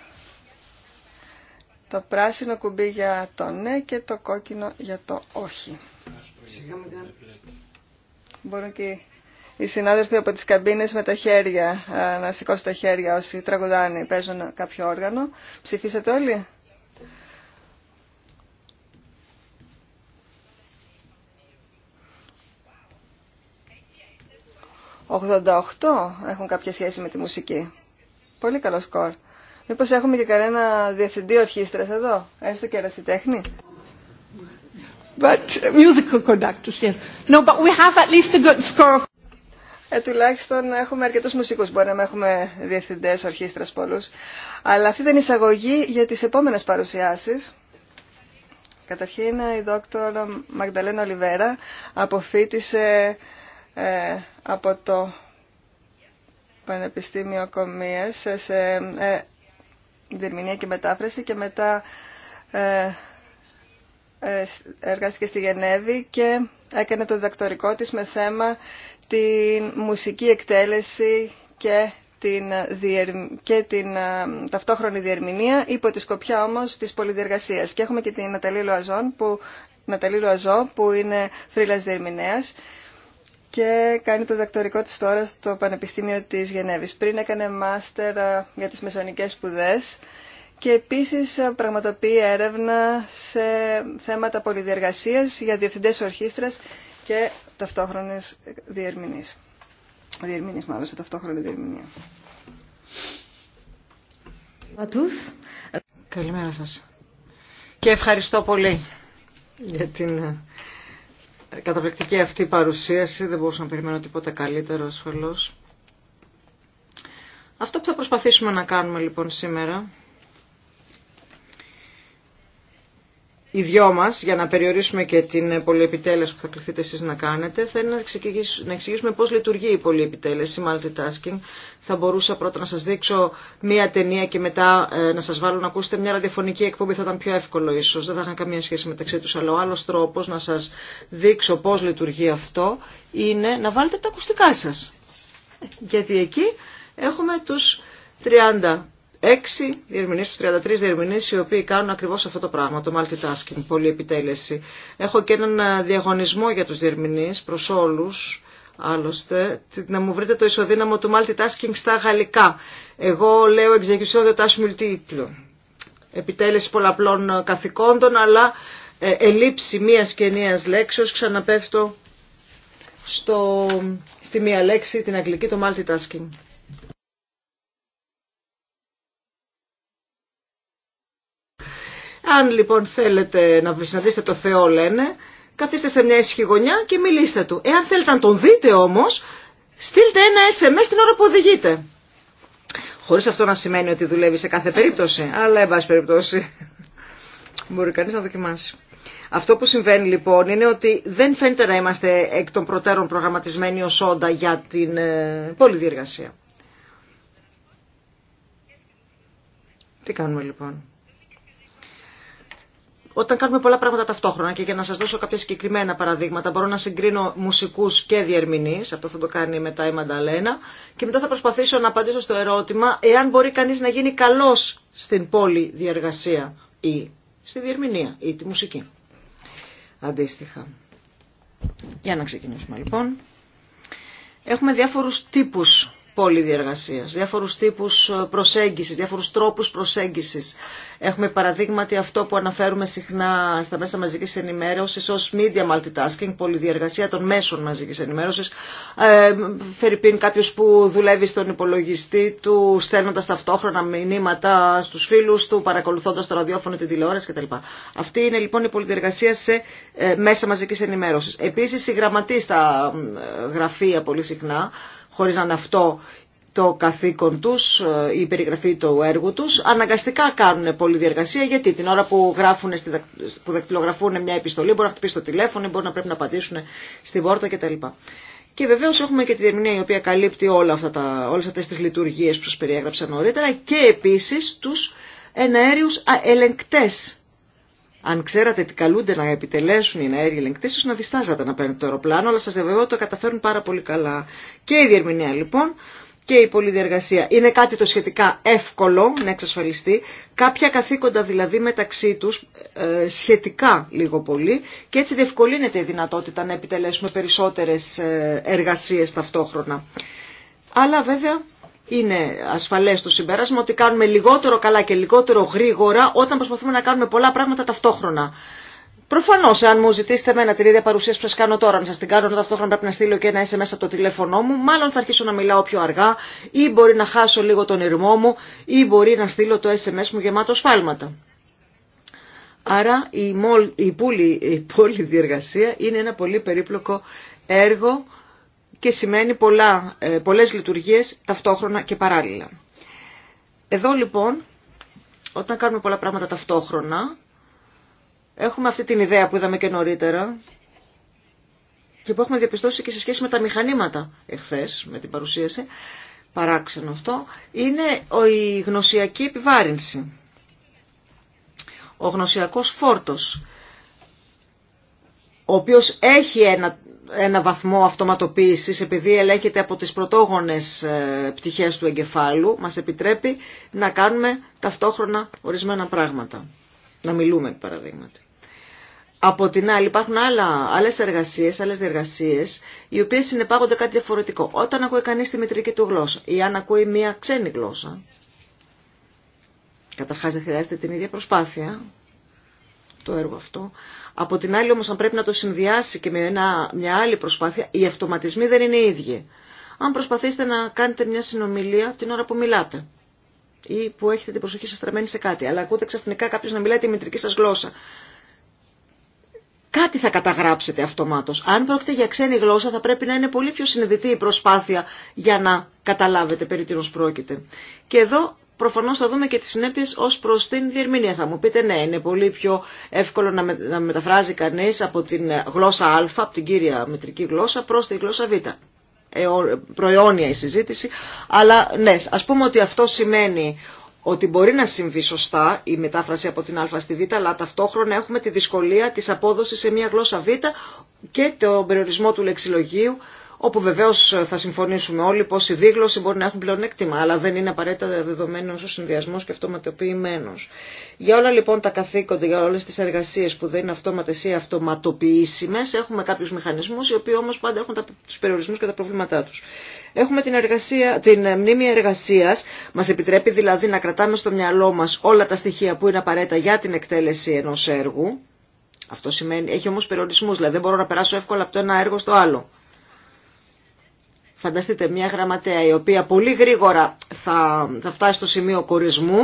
το πράσινο κουμπί για το ναι και το κόκκινο για το όχι. Μπορούν και οι συνάδελφοι από τις καμπίνες με τα χέρια, να σηκώσουν τα χέρια όσοι τραγουδάνε, παίζουν κάποιο όργανο. Ψηφίσατε όλοι. «88 έχουν κάποια σχέση με τη μουσική. Πολύ καλό σκορ. Μήπω έχουμε και κανένα διευθυντή ορχήστρα εδώ, έστω και ερασιτέχνη. But musical conductors, yes. No, but we have at least a good score. Ε, τουλάχιστον έχουμε αρκετούς μουσικούς, μπορεί να έχουμε διευθυντές, ορχήστρας πολλούς. Αλλά αυτή ήταν η εισαγωγή για τις επόμενες παρουσιάσεις. Καταρχήν η δόκτωρ Μαγδαλένα Ολιβέρα αποφύτησε ε, από το Πανεπιστήμιο σε, σε ε, διερμηνία και μετάφραση και μετά ε, ε, εργάστηκε στη Γενέβη και έκανε το διδακτορικό της με θέμα τη μουσική εκτέλεση και την, και την ε, ταυτόχρονη διερμηνία υπό τη σκοπιά όμως της πολυδιεργασίας. Και έχουμε και την Ναταλή που Ναταλή Λουαζό που είναι φρύλας διερμηνέας και κάνει το δακτορικό της τώρα στο Πανεπιστήμιο της Γενέβης. Πριν έκανε μάστερ για τις μεσονικές σπουδές και επίσης πραγματοποιεί έρευνα σε θέματα πολυδιεργασίας για διευθυντές ορχήστρας και ταυτόχρονες ε, διερμηνείς. Διερμηνείς μάλλον σε ταυτόχρονη διερμηνία. Καλημέρα σας. Και ευχαριστώ πολύ για την καταπληκτική αυτή η παρουσίαση, δεν μπορούσα να περιμένω τίποτα καλύτερο ασφαλώς. Αυτό που θα προσπαθήσουμε να κάνουμε λοιπόν σήμερα οι δυο μα, για να περιορίσουμε και την πολυεπιτέλεση που θα κληθείτε εσεί να κάνετε, θα είναι να εξηγήσουμε πώ λειτουργεί η πολυεπιτέλεση, η multitasking. Θα μπορούσα πρώτα να σα δείξω μία ταινία και μετά ε, να σα βάλω να ακούσετε μια ραδιοφωνική εκπομπή, θα ήταν πιο εύκολο ίσω. δεν θα είχαν καμία σχέση μεταξύ του, αλλά ο άλλο τρόπο να σα δείξω πώ λειτουργεί αυτό είναι να βάλετε τα ακουστικά σα. Γιατί εκεί έχουμε του 30 έξι διερμηνείς, 33 διερμηνείς οι οποίοι κάνουν ακριβώς αυτό το πράγμα, το multitasking, πολύ επιτέλεση. Έχω και έναν ε, διαγωνισμό για τους διερμηνείς προς όλους, άλλωστε, να μου βρείτε το ισοδύναμο του multitasking στα γαλλικά. Εγώ λέω execution de tâche επιτέλεση πολλαπλών ε, καθηκόντων, αλλά ε, ελήψη μίας και ενίας λέξεως, ξαναπέφτω στο, στη μία λέξη, την αγγλική, το multitasking. Αν λοιπόν θέλετε να συναντήσετε το Θεό λένε, καθίστε σε μια ήσυχη και μιλήστε του. Εάν θέλετε να τον δείτε όμως, στείλτε ένα SMS την ώρα που οδηγείτε. Χωρίς αυτό να σημαίνει ότι δουλεύει σε κάθε περίπτωση, αλλά εν περιπτώσει μπορεί κανείς να δοκιμάσει. Αυτό που συμβαίνει λοιπόν είναι ότι δεν φαίνεται να είμαστε εκ των προτέρων προγραμματισμένοι ως όντα για την ε, πολυδιεργασία. Τι κάνουμε λοιπόν όταν κάνουμε πολλά πράγματα ταυτόχρονα και για να σας δώσω κάποια συγκεκριμένα παραδείγματα μπορώ να συγκρίνω μουσικούς και διερμηνείς, αυτό θα το κάνει μετά η Μανταλένα και μετά θα προσπαθήσω να απαντήσω στο ερώτημα εάν μπορεί κανείς να γίνει καλός στην πόλη διεργασία ή στη διερμηνία ή τη μουσική. Αντίστοιχα. Για να ξεκινήσουμε λοιπόν. Έχουμε διάφορους τύπους διεργασία, διάφορου τύπου προσέγγισης, διάφορου τρόπου προσέγγισης. Έχουμε παραδείγματι αυτό που αναφέρουμε συχνά στα μέσα μαζικής ενημέρωση ω media multitasking, πολυδιεργασία των μέσων μαζικής ενημέρωση. Ε, Φερρυπίν κάποιο που δουλεύει στον υπολογιστή του, στέλνοντα ταυτόχρονα μηνύματα στου φίλου του, παρακολουθώντα το ραδιόφωνο, τη τηλεόραση κτλ. Αυτή είναι λοιπόν η πολυδιεργασία σε ε, μέσα μαζική ενημέρωση. Επίση, οι γραμματεί στα ε, γραφεία πολύ συχνά χωρίς να είναι αυτό το καθήκον τους, ε, η περιγραφή του έργου τους, αναγκαστικά κάνουν πολλή διεργασία γιατί την ώρα που, γράφουν, που δακτυλογραφούν μια επιστολή μπορεί να χτυπήσει το τηλέφωνο, μπορεί να πρέπει να πατήσουν στην πόρτα κτλ. Και βεβαίως έχουμε και τη διερμηνία η οποία καλύπτει όλα αυτά τα, όλες αυτές τις λειτουργίες που σας περιέγραψα νωρίτερα και επίσης τους εναέριους ελεγκτές αν ξέρατε τι καλούνται να επιτελέσουν οι αέριοι ελεγκτέ, ίσω να διστάζατε να παίρνετε το αεροπλάνο, αλλά σα διαβεβαιώ ότι το καταφέρουν πάρα πολύ καλά. Και η διερμηνία λοιπόν και η πολυδιεργασία είναι κάτι το σχετικά εύκολο να εξασφαλιστεί. Κάποια καθήκοντα δηλαδή μεταξύ του ε, σχετικά λίγο πολύ και έτσι διευκολύνεται η δυνατότητα να επιτελέσουμε περισσότερε ε, εργασίε ταυτόχρονα. Αλλά βέβαια είναι ασφαλέ το συμπέρασμα ότι κάνουμε λιγότερο καλά και λιγότερο γρήγορα όταν προσπαθούμε να κάνουμε πολλά πράγματα ταυτόχρονα. Προφανώ, αν μου ζητήσετε εμένα την ίδια παρουσίαση που σα κάνω τώρα, να σα την κάνω ταυτόχρονα πρέπει να στείλω και ένα SMS από το τηλέφωνό μου, μάλλον θα αρχίσω να μιλάω πιο αργά, ή μπορεί να χάσω λίγο τον ερμό μου, ή μπορεί να στείλω το SMS μου γεμάτο σφάλματα. Άρα η, μολ, η, η πόλη διεργασία είναι ένα πολύ περίπλοκο έργο και σημαίνει πολλά, ε, πολλές λειτουργίες ταυτόχρονα και παράλληλα. Εδώ λοιπόν, όταν κάνουμε πολλά πράγματα ταυτόχρονα, έχουμε αυτή την ιδέα που είδαμε και νωρίτερα και που έχουμε διαπιστώσει και σε σχέση με τα μηχανήματα εχθές, με την παρουσίαση, παράξενο αυτό, είναι η γνωσιακή επιβάρυνση. Ο γνωσιακός φόρτος, ο οποίος έχει ένα ένα βαθμό αυτοματοποίησης επειδή ελέγχεται από τις πρωτόγονες ε, πτυχές του εγκεφάλου μας επιτρέπει να κάνουμε ταυτόχρονα ορισμένα πράγματα. Να μιλούμε παραδείγματι. Από την άλλη υπάρχουν άλλα, άλλες εργασίες, άλλες διεργασίες, οι οποίες συνεπάγονται κάτι διαφορετικό. Όταν ακούει κανείς τη μητρική του γλώσσα ή αν ακούει μια ξένη γλώσσα, καταρχάς δεν χρειάζεται την ίδια προσπάθεια, το έργο αυτό. Από την άλλη όμως αν πρέπει να το συνδυάσει και με ένα, μια άλλη προσπάθεια, οι αυτοματισμοί δεν είναι οι ίδιοι. Αν προσπαθήσετε να κάνετε μια συνομιλία την ώρα που μιλάτε ή που έχετε την προσοχή σας στραμμένη σε κάτι, αλλά ακούτε ξαφνικά κάποιος να μιλάει τη μητρική σας γλώσσα, κάτι θα καταγράψετε αυτομάτως. Αν πρόκειται για ξένη γλώσσα θα πρέπει να είναι πολύ πιο συνειδητή η προσπάθεια για να καταλάβετε περί τίνος πρόκειται. Και εδώ προφανώς θα δούμε και τις συνέπειες ως προς την διερμηνία. Θα μου πείτε ναι, είναι πολύ πιο εύκολο να, με, μεταφράζει κανείς από την γλώσσα α, από την κύρια μετρική γλώσσα, προς τη γλώσσα β. Ε, προαιώνια η συζήτηση, αλλά ναι, ας πούμε ότι αυτό σημαίνει ότι μπορεί να συμβεί σωστά η μετάφραση από την α στη β, αλλά ταυτόχρονα έχουμε τη δυσκολία της απόδοσης σε μια γλώσσα β και τον περιορισμό του λεξιλογίου όπου βεβαίω θα συμφωνήσουμε όλοι πω η δίγλωση μπορεί να έχουν πλεονέκτημα, αλλά δεν είναι απαραίτητα δεδομένο ο συνδυασμό και αυτοματοποιημένο. Για όλα λοιπόν τα καθήκοντα, για όλε τι εργασίε που δεν είναι αυτόματες ή αυτοματοποιήσιμε, έχουμε κάποιου μηχανισμού οι οποίοι όμω πάντα έχουν του περιορισμού και τα προβλήματά του. Έχουμε την, εργασία, την ε, μνήμη εργασία μα επιτρέπει δηλαδή να κρατάμε στο μυαλό μα όλα τα στοιχεία που είναι απαραίτητα για την εκτέλεση ενό έργου. Αυτό σημαίνει, έχει όμω περιορισμού, δηλαδή δεν μπορώ να περάσω εύκολα από το ένα έργο στο άλλο. Φανταστείτε μια γραμματέα η οποία πολύ γρήγορα θα, θα φτάσει στο σημείο κορισμού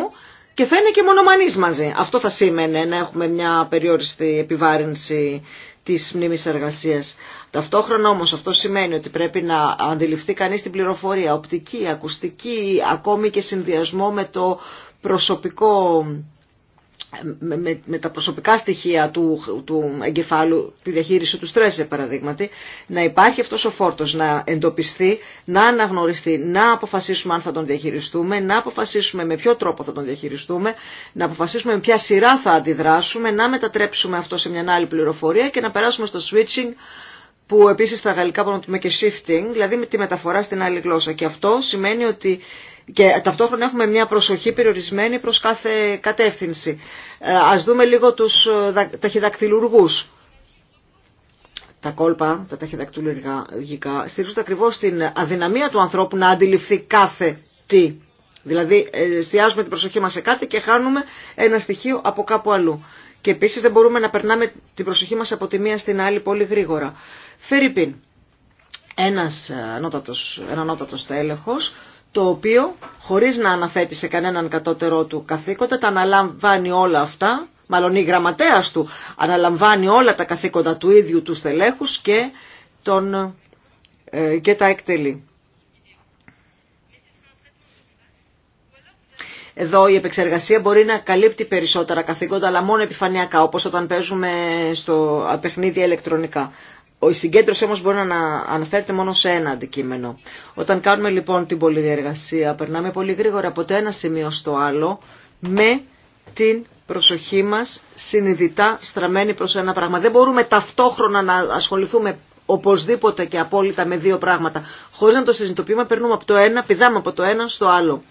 και θα είναι και μονομανής μαζί. Αυτό θα σήμαινε να έχουμε μια περιόριστη επιβάρυνση της μνήμης εργασίας. Ταυτόχρονα όμως αυτό σημαίνει ότι πρέπει να αντιληφθεί κανείς την πληροφορία, οπτική, ακουστική, ακόμη και συνδυασμό με το προσωπικό με, με, τα προσωπικά στοιχεία του, του εγκεφάλου, τη διαχείριση του στρες, παραδείγματι, να υπάρχει αυτός ο φόρτος, να εντοπιστεί, να αναγνωριστεί, να αποφασίσουμε αν θα τον διαχειριστούμε, να αποφασίσουμε με ποιο τρόπο θα τον διαχειριστούμε, να αποφασίσουμε με ποια σειρά θα αντιδράσουμε, να μετατρέψουμε αυτό σε μια άλλη πληροφορία και να περάσουμε στο switching, που επίσης στα γαλλικά μπορούμε και shifting, δηλαδή με τη μεταφορά στην άλλη γλώσσα. Και αυτό σημαίνει ότι και ταυτόχρονα έχουμε μια προσοχή περιορισμένη προς κάθε κατεύθυνση. Ε, ας δούμε λίγο τους ε, ταχυδακτυλουργούς. Τα κόλπα, τα ταχυδακτυλουργικά, στηρίζονται ακριβώς στην αδυναμία του ανθρώπου να αντιληφθεί κάθε τι. Δηλαδή ε, εστιάζουμε την προσοχή μας σε κάτι και χάνουμε ένα στοιχείο από κάπου αλλού. Και επίσης δεν μπορούμε να περνάμε την προσοχή μας από τη μία στην άλλη πολύ γρήγορα. Φερρυπίν, ένας ανώτατος, ένα ανώτατος τέλεχος το οποίο χωρίς να αναθέτει σε κανέναν κατώτερό του καθήκοντα, τα αναλαμβάνει όλα αυτά, μάλλον η γραμματέας του αναλαμβάνει όλα τα καθήκοντα του ίδιου του στελέχους και, τον, ε, και τα εκτελεί. Εδώ η επεξεργασία μπορεί να καλύπτει περισσότερα καθήκοντα, αλλά μόνο επιφανειακά, όπως όταν παίζουμε στο παιχνίδι ηλεκτρονικά η συγκέντρωση όμως μπορεί να αναφέρεται μόνο σε ένα αντικείμενο. Όταν κάνουμε λοιπόν την πολυδιεργασία, περνάμε πολύ γρήγορα από το ένα σημείο στο άλλο με την προσοχή μας συνειδητά στραμμένη προς ένα πράγμα. Δεν μπορούμε ταυτόχρονα να ασχοληθούμε οπωσδήποτε και απόλυτα με δύο πράγματα. Χωρίς να το συνειδητοποιούμε, περνούμε από το ένα, πηδάμε από το ένα στο άλλο.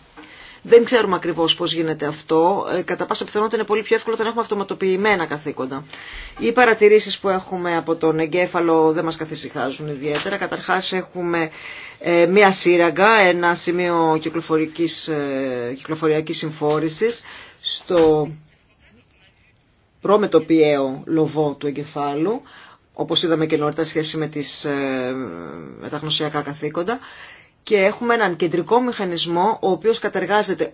Δεν ξέρουμε ακριβώς πώς γίνεται αυτό. Ε, κατά πάσα πιθανότητα είναι πολύ πιο εύκολο όταν έχουμε αυτοματοποιημένα καθήκοντα. Οι παρατηρήσεις που έχουμε από τον εγκέφαλο δεν μας καθησυχάζουν ιδιαίτερα. Καταρχάς έχουμε ε, μία σύραγγα, ένα σημείο κυκλοφορικής, ε, κυκλοφοριακής συμφόρησης στο προμετωπιαίο λοβό του εγκεφάλου, όπως είδαμε και νωρίτερα σχέση με τις γνωσιακά καθήκοντα και έχουμε έναν κεντρικό μηχανισμό ο οποίος κατεργάζεται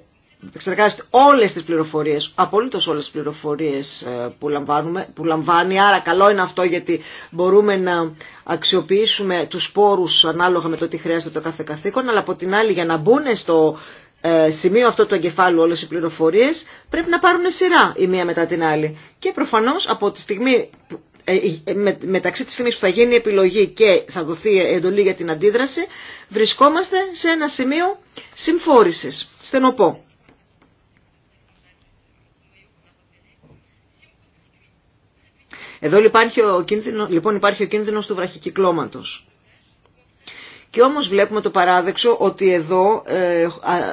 εξεργάζεται όλες τις πληροφορίες, απολύτως όλες τις πληροφορίες ε, που, λαμβάνουμε, που λαμβάνει. Άρα καλό είναι αυτό γιατί μπορούμε να αξιοποιήσουμε τους σπόρους ανάλογα με το τι χρειάζεται το κάθε καθήκον, αλλά από την άλλη για να μπουν στο ε, σημείο αυτό του εγκεφάλου όλες οι πληροφορίες πρέπει να πάρουν σειρά η μία μετά την άλλη. Και προφανώς από τη στιγμή ε, ε, μεταξύ της στιγμής που θα γίνει η επιλογή και θα δοθεί εντολή για την αντίδραση, βρισκόμαστε σε ένα σημείο συμφόρησης, στενοπό. Εδώ υπάρχει ο κίνδυνο, λοιπόν υπάρχει ο κίνδυνος του βραχικυκλώματος. Και όμως βλέπουμε το παράδεξο ότι εδώ ε,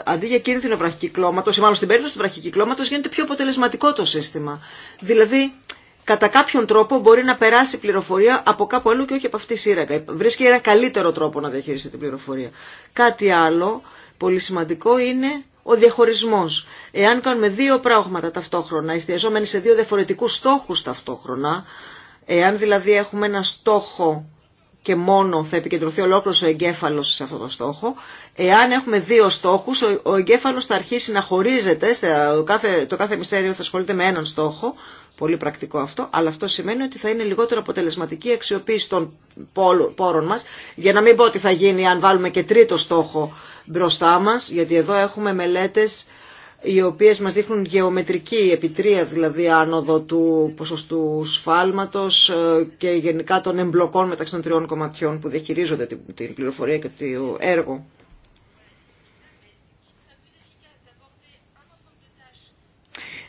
αντί για κίνδυνο βραχικυκλώματος, ή μάλλον στην περίπτωση του βραχικυκλώματος γίνεται πιο αποτελεσματικό το σύστημα. Δηλαδή κατά κάποιον τρόπο μπορεί να περάσει πληροφορία από κάπου αλλού και όχι από αυτή τη σύραγγα. Βρίσκει ένα καλύτερο τρόπο να διαχειριστεί την πληροφορία. Κάτι άλλο πολύ σημαντικό είναι ο διαχωρισμό. Εάν κάνουμε δύο πράγματα ταυτόχρονα, εστιαζόμενοι σε δύο διαφορετικού στόχου ταυτόχρονα, εάν δηλαδή έχουμε ένα στόχο και μόνο θα επικεντρωθεί ολόκληρος ο εγκέφαλος σε αυτό το στόχο. Εάν έχουμε δύο στόχους, ο εγκέφαλος θα αρχίσει να χωρίζεται, το κάθε, μυστέριο θα ασχολείται με έναν στόχο, πολύ πρακτικό αυτό, αλλά αυτό σημαίνει ότι θα είναι λιγότερο αποτελεσματική η αξιοποίηση των πόρων μας, για να μην πω ότι θα γίνει αν βάλουμε και τρίτο στόχο μπροστά μας, γιατί εδώ έχουμε μελέτες οι οποίες μας δείχνουν γεωμετρική επιτρία, δηλαδή άνοδο του ποσοστού σφάλματος ε, και γενικά των εμπλοκών μεταξύ των τριών κομματιών που διαχειρίζονται την πληροφορία και το έργο.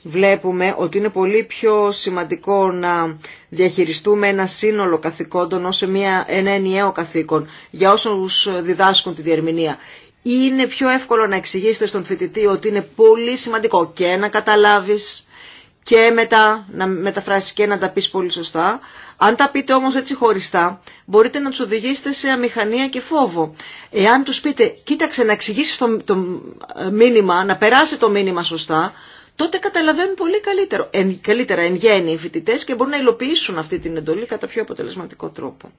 βλέπουμε ότι είναι πολύ πιο σημαντικό να διαχειριστούμε ένα σύνολο καθηκόντων ως μια, ένα ενιαίο καθήκον για όσους διδάσκουν τη διερμηνία είναι πιο εύκολο να εξηγήσετε στον φοιτητή ότι είναι πολύ σημαντικό και να καταλάβεις και μετά να μεταφράσεις και να τα πεις πολύ σωστά. Αν τα πείτε όμως έτσι χωριστά, μπορείτε να τους οδηγήσετε σε αμηχανία και φόβο. Εάν τους πείτε, κοίταξε να εξηγήσει το, το μήνυμα, να περάσει το μήνυμα σωστά, τότε καταλαβαίνουν πολύ καλύτερο, εν, καλύτερα εν γέννη οι φοιτητέ και μπορούν να υλοποιήσουν αυτή την εντολή κατά πιο αποτελεσματικό τρόπο.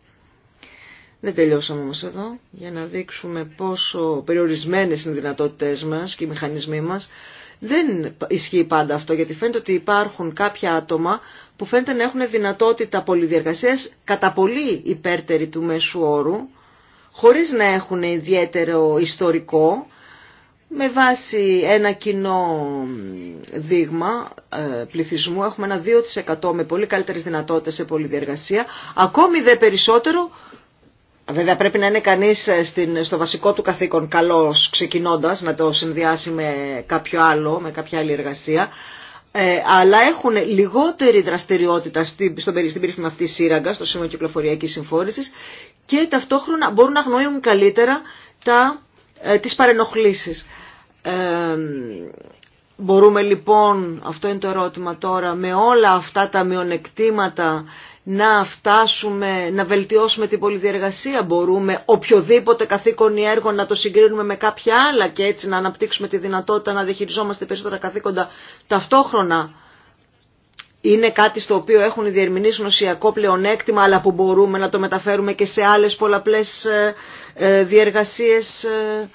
Δεν τελειώσαμε όμως εδώ για να δείξουμε πόσο περιορισμένες είναι οι δυνατότητες μας και οι μηχανισμοί μας. Δεν ισχύει πάντα αυτό γιατί φαίνεται ότι υπάρχουν κάποια άτομα που φαίνεται να έχουν δυνατότητα πολυδιεργασίας κατά πολύ υπέρτερη του μέσου όρου χωρίς να έχουν ιδιαίτερο ιστορικό με βάση ένα κοινό δείγμα ε, πληθυσμού έχουμε ένα 2% με πολύ καλύτερες δυνατότητες σε πολυδιαργασία, ακόμη δε περισσότερο Βέβαια πρέπει να είναι κανείς ε, στην, στο βασικό του καθήκον καλός ξεκινώντας, να το συνδυάσει με κάποιο άλλο, με κάποια άλλη εργασία. Ε, αλλά έχουν λιγότερη δραστηριότητα στην, στον, στην περίφημη αυτή σύραγγα, στο Σύμβολο Κυκλοφοριακή Συμφόρηση και ταυτόχρονα μπορούν να γνωρίζουν καλύτερα τα, ε, τις παρενοχλήσεις. Ε, μπορούμε λοιπόν, αυτό είναι το ερώτημα τώρα, με όλα αυτά τα μειονεκτήματα να φτάσουμε, να βελτιώσουμε την πολυδιεργασία. Μπορούμε οποιοδήποτε καθήκον ή έργο να το συγκρίνουμε με κάποια άλλα και έτσι να αναπτύξουμε τη δυνατότητα να διαχειριζόμαστε περισσότερα καθήκοντα ταυτόχρονα. Είναι κάτι στο οποίο έχουν οι διερμηνείς γνωσιακό πλεονέκτημα αλλά που μπορούμε να το μεταφέρουμε και σε άλλες πολλαπλές ε, ε, διεργασίες ε,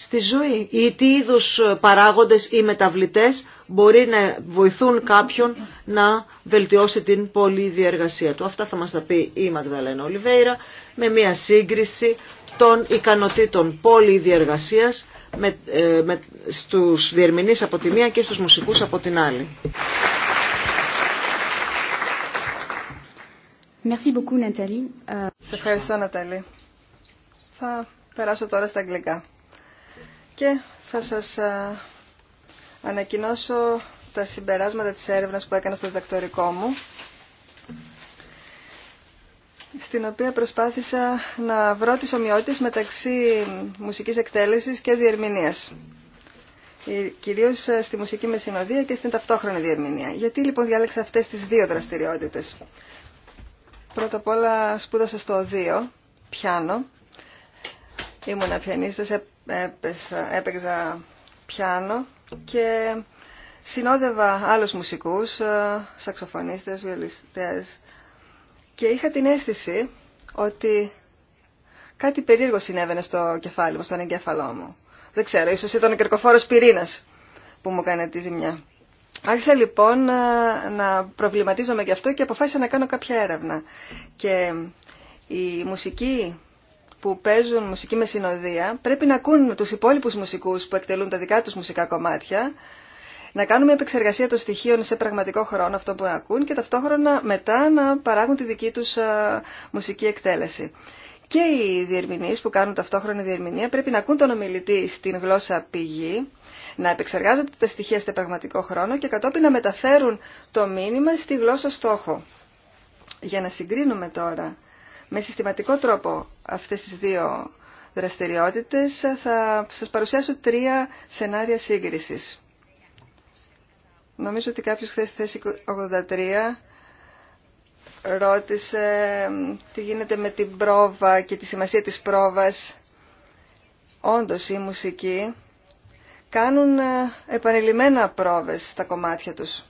στη ζωή ή τι είδους παράγοντες ή μεταβλητές μπορεί να βοηθούν κάποιον να βελτιώσει την πολυδιεργασία του. Αυτά θα μας τα πει η Μαγδαλένα Ολιβέηρα με μια σύγκριση των ικανοτήτων πολυδιεργασίας με, ε, με, στους διερμηνείς από τη μία και στους μουσικούς από την άλλη. Merci beaucoup, Nathalie. Σε ευχαριστώ, Ναταλή. Θα περάσω τώρα στα αγγλικά και θα σας ανακοινώσω τα συμπεράσματα της έρευνας που έκανα στο διδακτορικό μου στην οποία προσπάθησα να βρω τις ομοιότητες μεταξύ μουσικής εκτέλεσης και διερμηνίας. Κυρίως ε, στη μουσική με συνοδεία και στην ταυτόχρονη διερμηνία. Γιατί λοιπόν διάλεξα αυτές τις δύο δραστηριότητες. Πρώτα απ' όλα σπούδασα στο 2 πιάνο. Ήμουν πιανίστας, ε, έπαιζα, έπαιξα πιάνο και συνόδευα άλλους μουσικούς, ε, σαξοφωνίστες, βιολιστές και είχα την αίσθηση ότι κάτι περίεργο συνέβαινε στο κεφάλι μου, στον εγκέφαλό μου. Δεν ξέρω, ίσως ήταν ο κερκοφόρος πυρήνας που μου έκανε τη ζημιά. Άρχισα λοιπόν ε, να προβληματίζομαι γι' αυτό και αποφάσισα να κάνω κάποια έρευνα. Και η μουσική που παίζουν μουσική με συνοδεία πρέπει να ακούν τους υπόλοιπου μουσικούς που εκτελούν τα δικά τους μουσικά κομμάτια, να κάνουν μια επεξεργασία των στοιχείων σε πραγματικό χρόνο αυτό που ακούν και ταυτόχρονα μετά να παράγουν τη δική τους μουσική εκτέλεση. Και οι διερμηνείς που κάνουν ταυτόχρονη διερμηνία πρέπει να ακούν τον ομιλητή στην γλώσσα πηγή, να επεξεργάζονται τα στοιχεία σε πραγματικό χρόνο και κατόπιν να μεταφέρουν το μήνυμα στη γλώσσα στόχο. Για να συγκρίνουμε τώρα με συστηματικό τρόπο αυτές τις δύο δραστηριότητες θα σας παρουσιάσω τρία σενάρια σύγκρισης. Νομίζω ότι κάποιος χθες θέση 83 ρώτησε τι γίνεται με την πρόβα και τη σημασία της πρόβας. Όντως η μουσική κάνουν ε, επανειλημμένα πρόβες στα κομμάτια τους.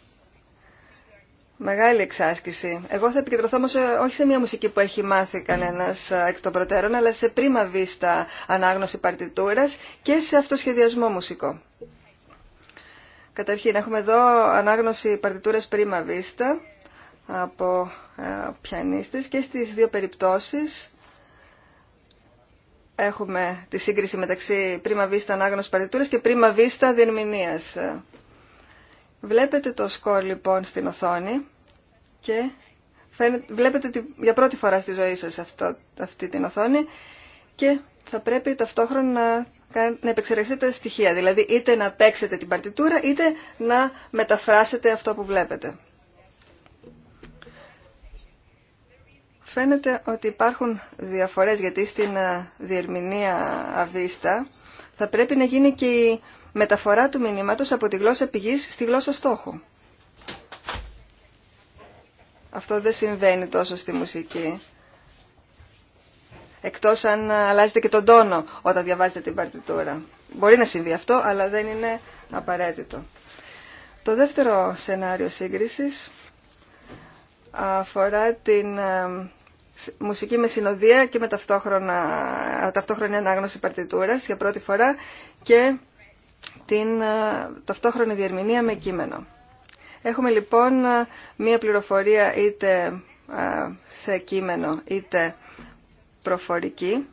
Μεγάλη εξάσκηση. Εγώ θα επικεντρωθώ όχι σε μια μουσική που έχει μάθει κανένας ε, εκ των προτέρων, αλλά σε πρίμα βίστα ανάγνωση παρτιτούρας και σε αυτοσχεδιασμό μουσικό. Καταρχήν έχουμε εδώ ανάγνωση παρτιτούρας πρίμα βίστα από ε, πιανίστες και στις δύο περιπτώσεις έχουμε τη σύγκριση μεταξύ πρίμα βίστα ανάγνωση παρτιτούρας και πρίμα βίστα διερμηνίας Βλέπετε το σκορ λοιπόν στην οθόνη και βλέπετε για πρώτη φορά στη ζωή σας αυτό, αυτή την οθόνη και θα πρέπει ταυτόχρονα να επεξεργαστείτε τα στοιχεία, δηλαδή είτε να παίξετε την παρτιτούρα είτε να μεταφράσετε αυτό που βλέπετε. Φαίνεται ότι υπάρχουν διαφορές γιατί στην ε, διερμηνία αβίστα θα πρέπει να γίνει και η μεταφορά του μηνύματος από τη γλώσσα πηγής στη γλώσσα στόχου. Αυτό δεν συμβαίνει τόσο στη μουσική. Εκτός αν αλλάζετε και τον τόνο όταν διαβάζετε την παρτιτούρα. Μπορεί να συμβεί αυτό, αλλά δεν είναι απαραίτητο. Το δεύτερο σενάριο σύγκρισης αφορά την ε, μουσική με συνοδεία και με ταυτόχρονα, ταυτόχρονη ανάγνωση παρτιτούρας για πρώτη φορά και την ε, ταυτόχρονη διερμηνία με κείμενο. Έχουμε λοιπόν ε, μία πληροφορία είτε ε, σε κείμενο είτε προφορική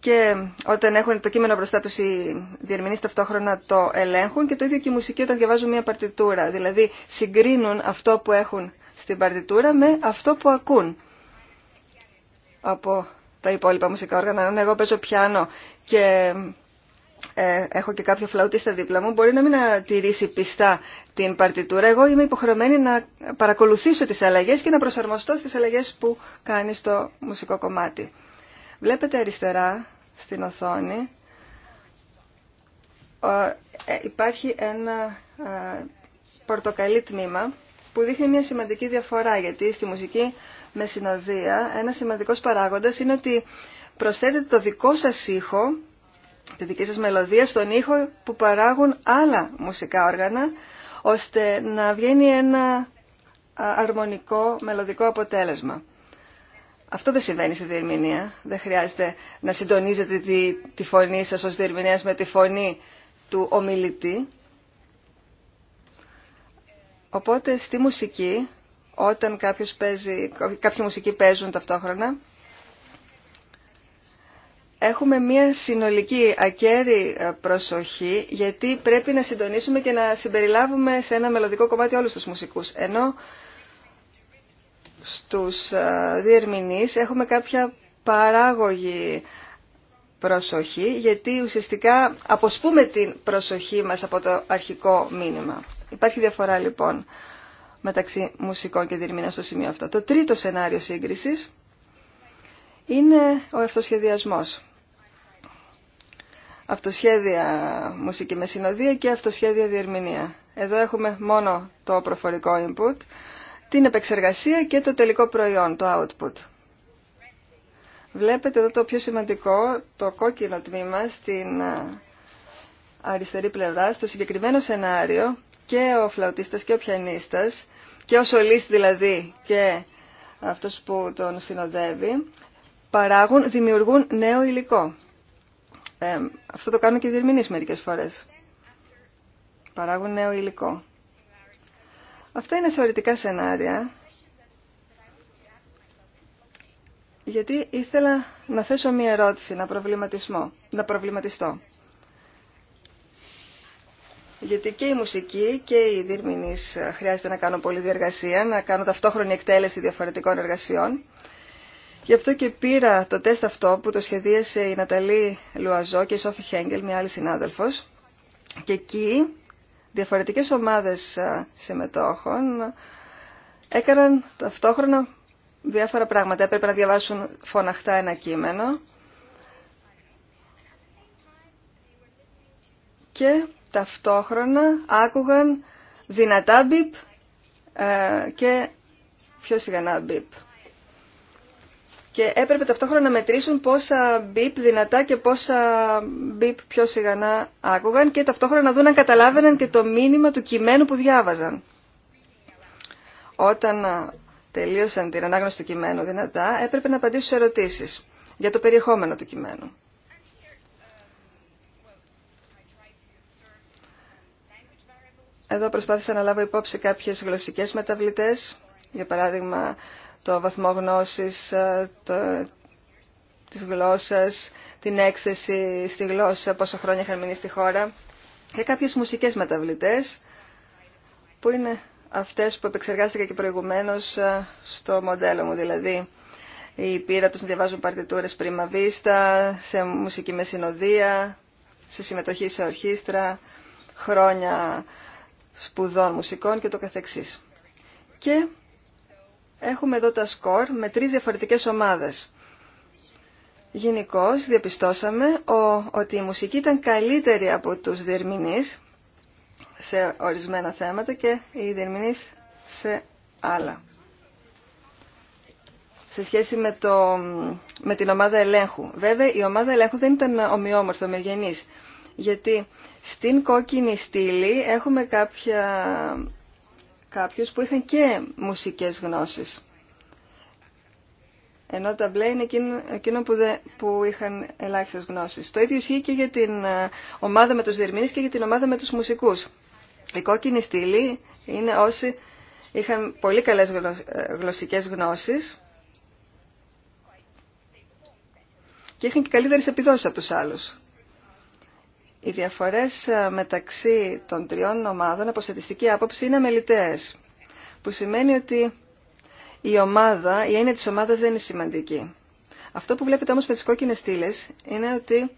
και όταν έχουν το κείμενο μπροστά τους οι διερμηνείς ταυτόχρονα το ελέγχουν και το ίδιο και οι μουσικοί όταν διαβάζουν μια παρτιτούρα. Δηλαδή συγκρίνουν αυτό που έχουν στην παρτιτούρα με αυτό που ακούν από τα υπόλοιπα μουσικά όργανα. Αν εγώ παίζω πιάνο και ε, έχω και κάποιο φλαουτίστα δίπλα μου, μπορεί να μην τηρήσει πιστά την παρτιτούρα. Εγώ είμαι υποχρεωμένη να παρακολουθήσω τις αλλαγές και να προσαρμοστώ στις αλλαγές που κάνει στο μουσικό κομμάτι. Βλέπετε αριστερά στην οθόνη ε, υπάρχει ένα ε, πορτοκαλί τμήμα που δείχνει μια σημαντική διαφορά γιατί στη μουσική με συνοδεία ένα σημαντικός παράγοντας είναι ότι προσθέτετε το δικό σας ήχο τη δική σας μελωδία στον ήχο που παράγουν άλλα μουσικά όργανα ώστε να βγαίνει ένα αρμονικό μελωδικό αποτέλεσμα. Αυτό δεν συμβαίνει στη διερμηνία. Δεν χρειάζεται να συντονίζετε τη, τη φωνή σας ως διερμηνέας με τη φωνή του ομιλητή. Οπότε στη μουσική, όταν κάποιος παίζει, κάποιοι μουσικοί παίζουν ταυτόχρονα, έχουμε μια συνολική ακέρη ε, προσοχή γιατί πρέπει να συντονίσουμε και να συμπεριλάβουμε σε ένα μελλοντικό κομμάτι όλους τους μουσικούς. Ενώ στους ε, διερμηνείς έχουμε κάποια παράγωγη προσοχή γιατί ουσιαστικά αποσπούμε την προσοχή μας από το αρχικό μήνυμα. Υπάρχει διαφορά λοιπόν μεταξύ μουσικών και διερμηνών στο σημείο αυτό. Το τρίτο σενάριο σύγκρισης είναι ο αυτοσχεδιασμός αυτοσχέδια μουσική με συνοδεία και αυτοσχέδια διερμηνία. Εδώ έχουμε μόνο το προφορικό input, την επεξεργασία και το τελικό προϊόν, το output. Βλέπετε εδώ το πιο σημαντικό, το κόκκινο τμήμα στην ε, αριστερή πλευρά, στο συγκεκριμένο σενάριο και ο φλαουτίστας και ο πιανίστας και ο σολίστ δηλαδή και αυτός που τον συνοδεύει παράγουν, δημιουργούν νέο υλικό. Ε, αυτό το κάνουν και οι διερμηνείς μερικές φορές. Παράγουν νέο υλικό. Αυτά είναι θεωρητικά σενάρια. Γιατί ήθελα να θέσω μία ερώτηση, να, προβληματισμό, να προβληματιστώ. Γιατί και η μουσική και οι διερμηνείς χρειάζεται να κάνω πολλή διεργασία, να κάνουν ταυτόχρονη εκτέλεση διαφορετικών εργασιών. Γι' αυτό και πήρα το τεστ αυτό που το σχεδίασε η Ναταλή Λουαζό και η Σόφη Χέγγελ, μια άλλη συνάδελφος. Και εκεί διαφορετικές ομάδες συμμετόχων έκαναν ταυτόχρονα διάφορα πράγματα. Έπρεπε να διαβάσουν φωναχτά ένα κείμενο και ταυτόχρονα άκουγαν δυνατά μπιπ ε, και πιο σιγανά μπιπ και έπρεπε ταυτόχρονα να μετρήσουν πόσα μπιπ δυνατά και πόσα μπιπ πιο σιγανά άκουγαν και ταυτόχρονα να δουν αν καταλάβαιναν και το μήνυμα του κειμένου που διάβαζαν. Όταν τελείωσαν την ανάγνωση του κειμένου δυνατά, έπρεπε να απαντήσουν σε ερωτήσεις για το περιεχόμενο του κειμένου. Εδώ προσπάθησα να λάβω υπόψη κάποιες γλωσσικές μεταβλητές, για παράδειγμα το βαθμό γνώσης ε, το, της γλώσσας, την έκθεση στη γλώσσα, πόσα χρόνια είχαν μείνει στη χώρα και κάποιες μουσικές μεταβλητές που είναι αυτές που επεξεργάστηκα και προηγουμένως ε, στο μοντέλο μου, δηλαδή η πείρα τους διαβάζουν παρτιτούρες πρίμα βίστα, σε μουσική με συνοδεία, σε συμμετοχή σε ορχήστρα, χρόνια σπουδών μουσικών και το καθεξής. Και Έχουμε εδώ τα σκορ με τρεις διαφορετικές ομάδες. Γενικώ διαπιστώσαμε ότι η μουσική ήταν καλύτερη από τους διερμηνείς σε ορισμένα θέματα και οι διερμηνείς σε άλλα. Σε σχέση με, το, με την ομάδα ελέγχου. Βέβαια η ομάδα ελέγχου δεν ήταν ομοιόμορφη, ομοιογενής. Γιατί στην κόκκινη στήλη έχουμε κάποια κάποιους που είχαν και μουσικές γνώσεις. Ενώ τα μπλε είναι εκείνο που, που είχαν ελάχιστες γνώσεις. Το ίδιο ισχύει και για την ε, ομάδα με τους διερμηνείς και για την ομάδα με τους μουσικούς. Οι κόκκινοι στήλη είναι όσοι είχαν πολύ καλές ε, γλωσσικές γνώσεις και είχαν και καλύτερες επιδόσεις από τους άλλους οι διαφορές ε, μεταξύ των τριών ομάδων από στατιστική άποψη είναι μελιτέες, που σημαίνει ότι η ομάδα, η έννοια της ομάδας δεν είναι σημαντική. Αυτό που βλέπετε όμως με τις κόκκινες στήλε είναι ότι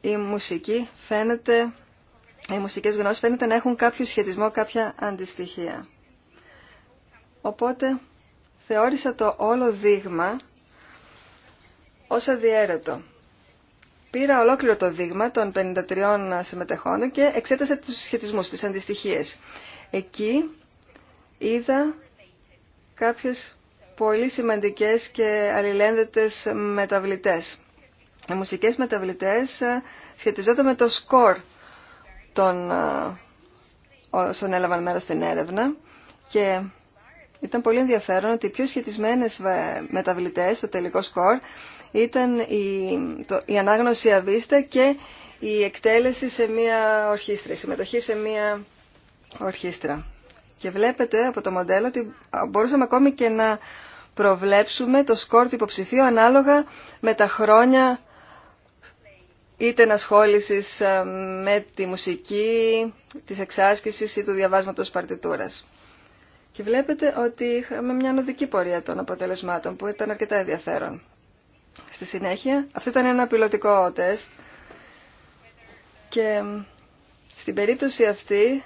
η μουσική φαίνεται, οι μουσικές γνώσεις φαίνεται να έχουν κάποιο σχετισμό, κάποια αντιστοιχεία. Οπότε θεώρησα το όλο δείγμα ως αδιέρετο. Πήρα ολόκληρο το δείγμα των 53 συμμετεχόντων και εξέτασα τους σχετισμούς, τις αντιστοιχίες. Εκεί είδα κάποιες πολύ σημαντικές και αλληλένδετες μεταβλητές. Οι μουσικές μεταβλητές ε, σχετιζόταν με το σκορ των ε, όσων έλαβαν μέρος στην έρευνα και ήταν πολύ ενδιαφέρον ότι οι πιο σχετισμένες ε, μεταβλητές το τελικό σκορ ήταν η, το, η ανάγνωση αβίστα και η εκτέλεση σε μία ορχήστρα, η συμμετοχή σε μία ορχήστρα. Και βλέπετε από το μοντέλο ότι μπορούσαμε ακόμη και να προβλέψουμε το σκορ του υποψηφίου ανάλογα με τα χρόνια είτε ενασχόλησης ε, με τη μουσική, της εξάσκησης ή του διαβάσματος παρτιτούρας. Και βλέπετε ότι είχαμε μια νοδική πορεία των αποτελεσμάτων που ήταν αρκετά ενδιαφέρον. Στη συνέχεια, αυτό ήταν ένα πιλωτικό τεστ και στην περίπτωση αυτή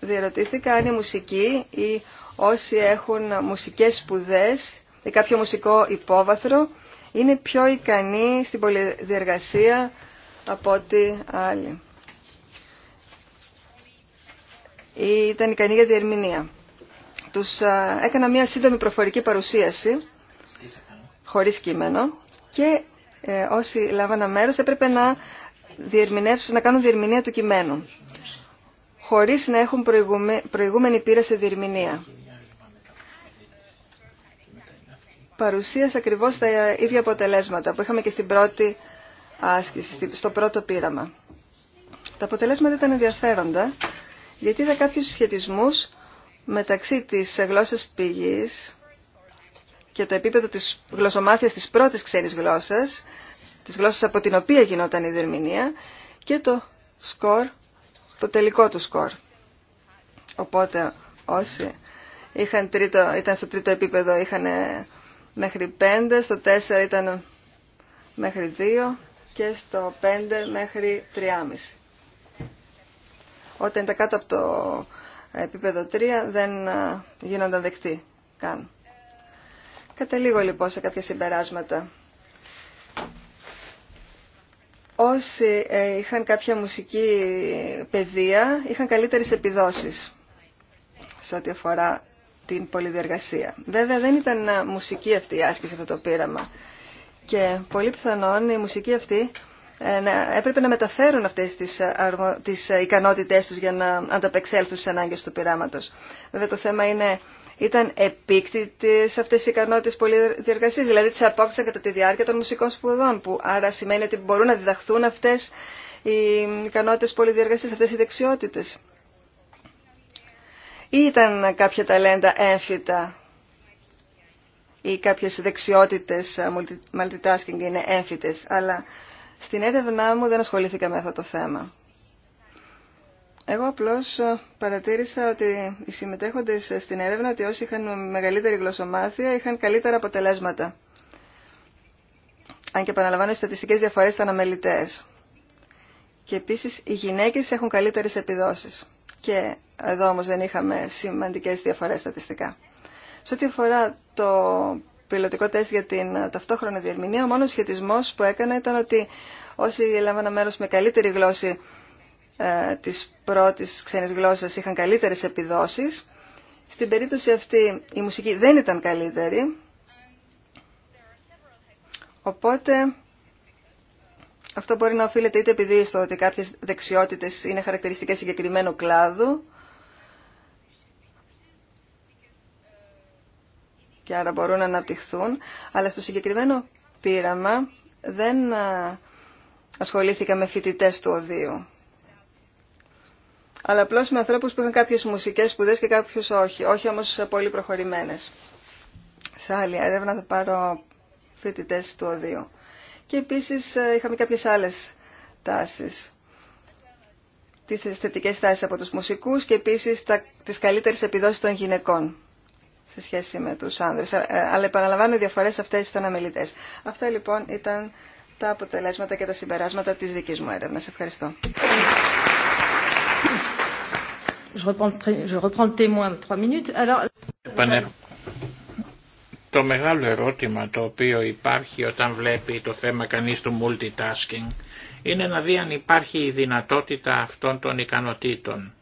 διερωτήθηκα αν η μουσική ή όσοι έχουν μουσικές σπουδές ή κάποιο μουσικό υπόβαθρο είναι πιο ικανοί στην πολυδιεργασία από ό,τι άλλοι. Ή ήταν ικανη για διερμηνία. Τους έκανα μια σύντομη προφορική παρουσίαση χωρίς κείμενο και ε, όσοι λάβανα μέρος έπρεπε να, να κάνουν διερμηνία του κειμένου χωρίς να έχουν προηγούμενη πείρα σε διερμηνία. Παρουσίασα ακριβώς τα ίδια αποτελέσματα που είχαμε και στην πρώτη άσκηση, στο πρώτο πείραμα. Τα αποτελέσματα ήταν ενδιαφέροντα, γιατί είδα κάποιους σχετισμούς μεταξύ της γλώσσας πηγής και το επίπεδο της γλωσσομάθειας της πρώτης ξένης γλώσσας, της γλώσσας από την οποία γινόταν η δερμηνία και το σκορ, το τελικό του σκορ. Οπότε όσοι είχαν τρίτο, ήταν στο τρίτο επίπεδο είχαν μέχρι πέντε, στο τέσσερα ήταν μέχρι δύο και στο πέντε μέχρι τριάμιση. Όταν ήταν κάτω από το επίπεδο 3 δεν ε, γίνονταν δεκτοί καν. Καταλήγω λοιπόν σε κάποια συμπεράσματα. Όσοι ε, είχαν κάποια μουσική παιδεία είχαν καλύτερες επιδόσεις σε ό,τι αφορά την πολυδιεργασία. Βέβαια δεν ήταν ε, μουσική αυτή η άσκηση αυτό το πείραμα και πολύ πιθανόν η μουσική αυτή ε, έπρεπε να μεταφέρουν αυτές τις, τις ικανότητές τους για να ανταπεξέλθουν στις ανάγκες του πειράματος. Βέβαια το θέμα είναι ήταν επίκτητε αυτέ οι ικανότητε πολυδιεργασίας, Δηλαδή τι απόκτησαν κατά τη διάρκεια των μουσικών σπουδών, που άρα σημαίνει ότι μπορούν να διδαχθούν αυτέ οι ικανότητε πολυδιεργασίας, αυτέ οι δεξιότητε. Ή ήταν κάποια ταλέντα έμφυτα ή κάποιες δεξιότητες ε, multitasking είναι έμφυτες, αλλά στην έρευνά μου δεν ασχολήθηκα με αυτό το θέμα. Εγώ απλώς ε, παρατήρησα ότι οι συμμετέχοντες στην έρευνα ότι όσοι είχαν μεγαλύτερη γλωσσομάθεια είχαν καλύτερα αποτελέσματα. Αν και επαναλαμβάνω, οι στατιστικές διαφορές ήταν αμελητές. Και επίσης οι γυναίκες έχουν καλύτερες επιδόσεις. Και εδώ όμως δεν είχαμε σημαντικές διαφορές στατιστικά. Σε ό,τι αφορά το πιλωτικό τεστ για την ε, ταυτόχρονη διερμηνία, ο μόνος σχετισμός που έκανα ήταν ότι όσοι έλαβαν μέρος με καλύτερη γλώσσα ε, της πρώτης ξένης γλώσσας είχαν καλύτερες επιδόσεις. Στην περίπτωση αυτή η μουσική δεν ήταν καλύτερη, οπότε αυτό μπορεί να οφείλεται είτε επειδή στο ότι κάποιες δεξιότητες είναι χαρακτηριστικές συγκεκριμένου κλάδου και άρα μπορούν να αναπτυχθούν, αλλά στο συγκεκριμένο πείραμα δεν ε, ασχολήθηκα με φοιτητέ του οδείου αλλά απλώ με ανθρώπου που είχαν κάποιε μουσικέ σπουδέ και κάποιου όχι. Όχι όμω πολύ προχωρημένε. Σε άλλη έρευνα θα πάρω φοιτητέ του ΟΔΙΟ. Και επίση ε, είχαμε κάποιε άλλε τάσει. Τι θετικέ τάσει από του μουσικού και επίση τι καλύτερε επιδόσει των γυναικών σε σχέση με τους άνδρες. Ε, ε, αλλά επαναλαμβάνω οι διαφορές αυτές ήταν αμελητές. Αυτά λοιπόν ήταν τα αποτελέσματα και τα συμπεράσματα της δικής μου έρευνας. Ευχαριστώ. Το μεγάλο ερώτημα το οποίο υπάρχει όταν βλέπει το θέμα κανείς του multitasking είναι να δει αν υπάρχει η δυνατότητα αυτών των ικανοτήτων.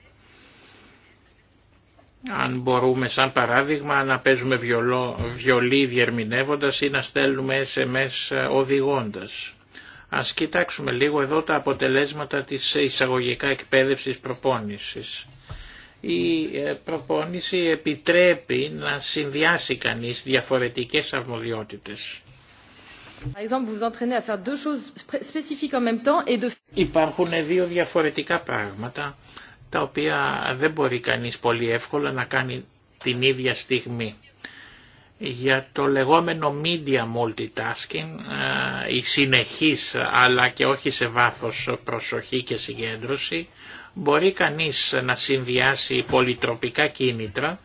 Αν μπορούμε σαν παράδειγμα να παίζουμε βιολό, βιολί διερμηνεύοντας ή να στέλνουμε SMS οδηγώντας. Ας κοιτάξουμε λίγο εδώ τα αποτελέσματα της εισαγωγικά εκπαίδευσης προπόνησης η ε, προπόνηση επιτρέπει να συνδυάσει κανείς διαφορετικές αρμοδιότητες. Υπάρχουν δύο διαφορετικά πράγματα τα οποία δεν μπορεί κανείς πολύ εύκολα να κάνει την ίδια στιγμή. Για το λεγόμενο media multitasking, ε, η συνεχής αλλά και όχι σε βάθος προσοχή και συγκέντρωση, μπορεί κανείς να συνδυάσει πολυτροπικά κίνητρα,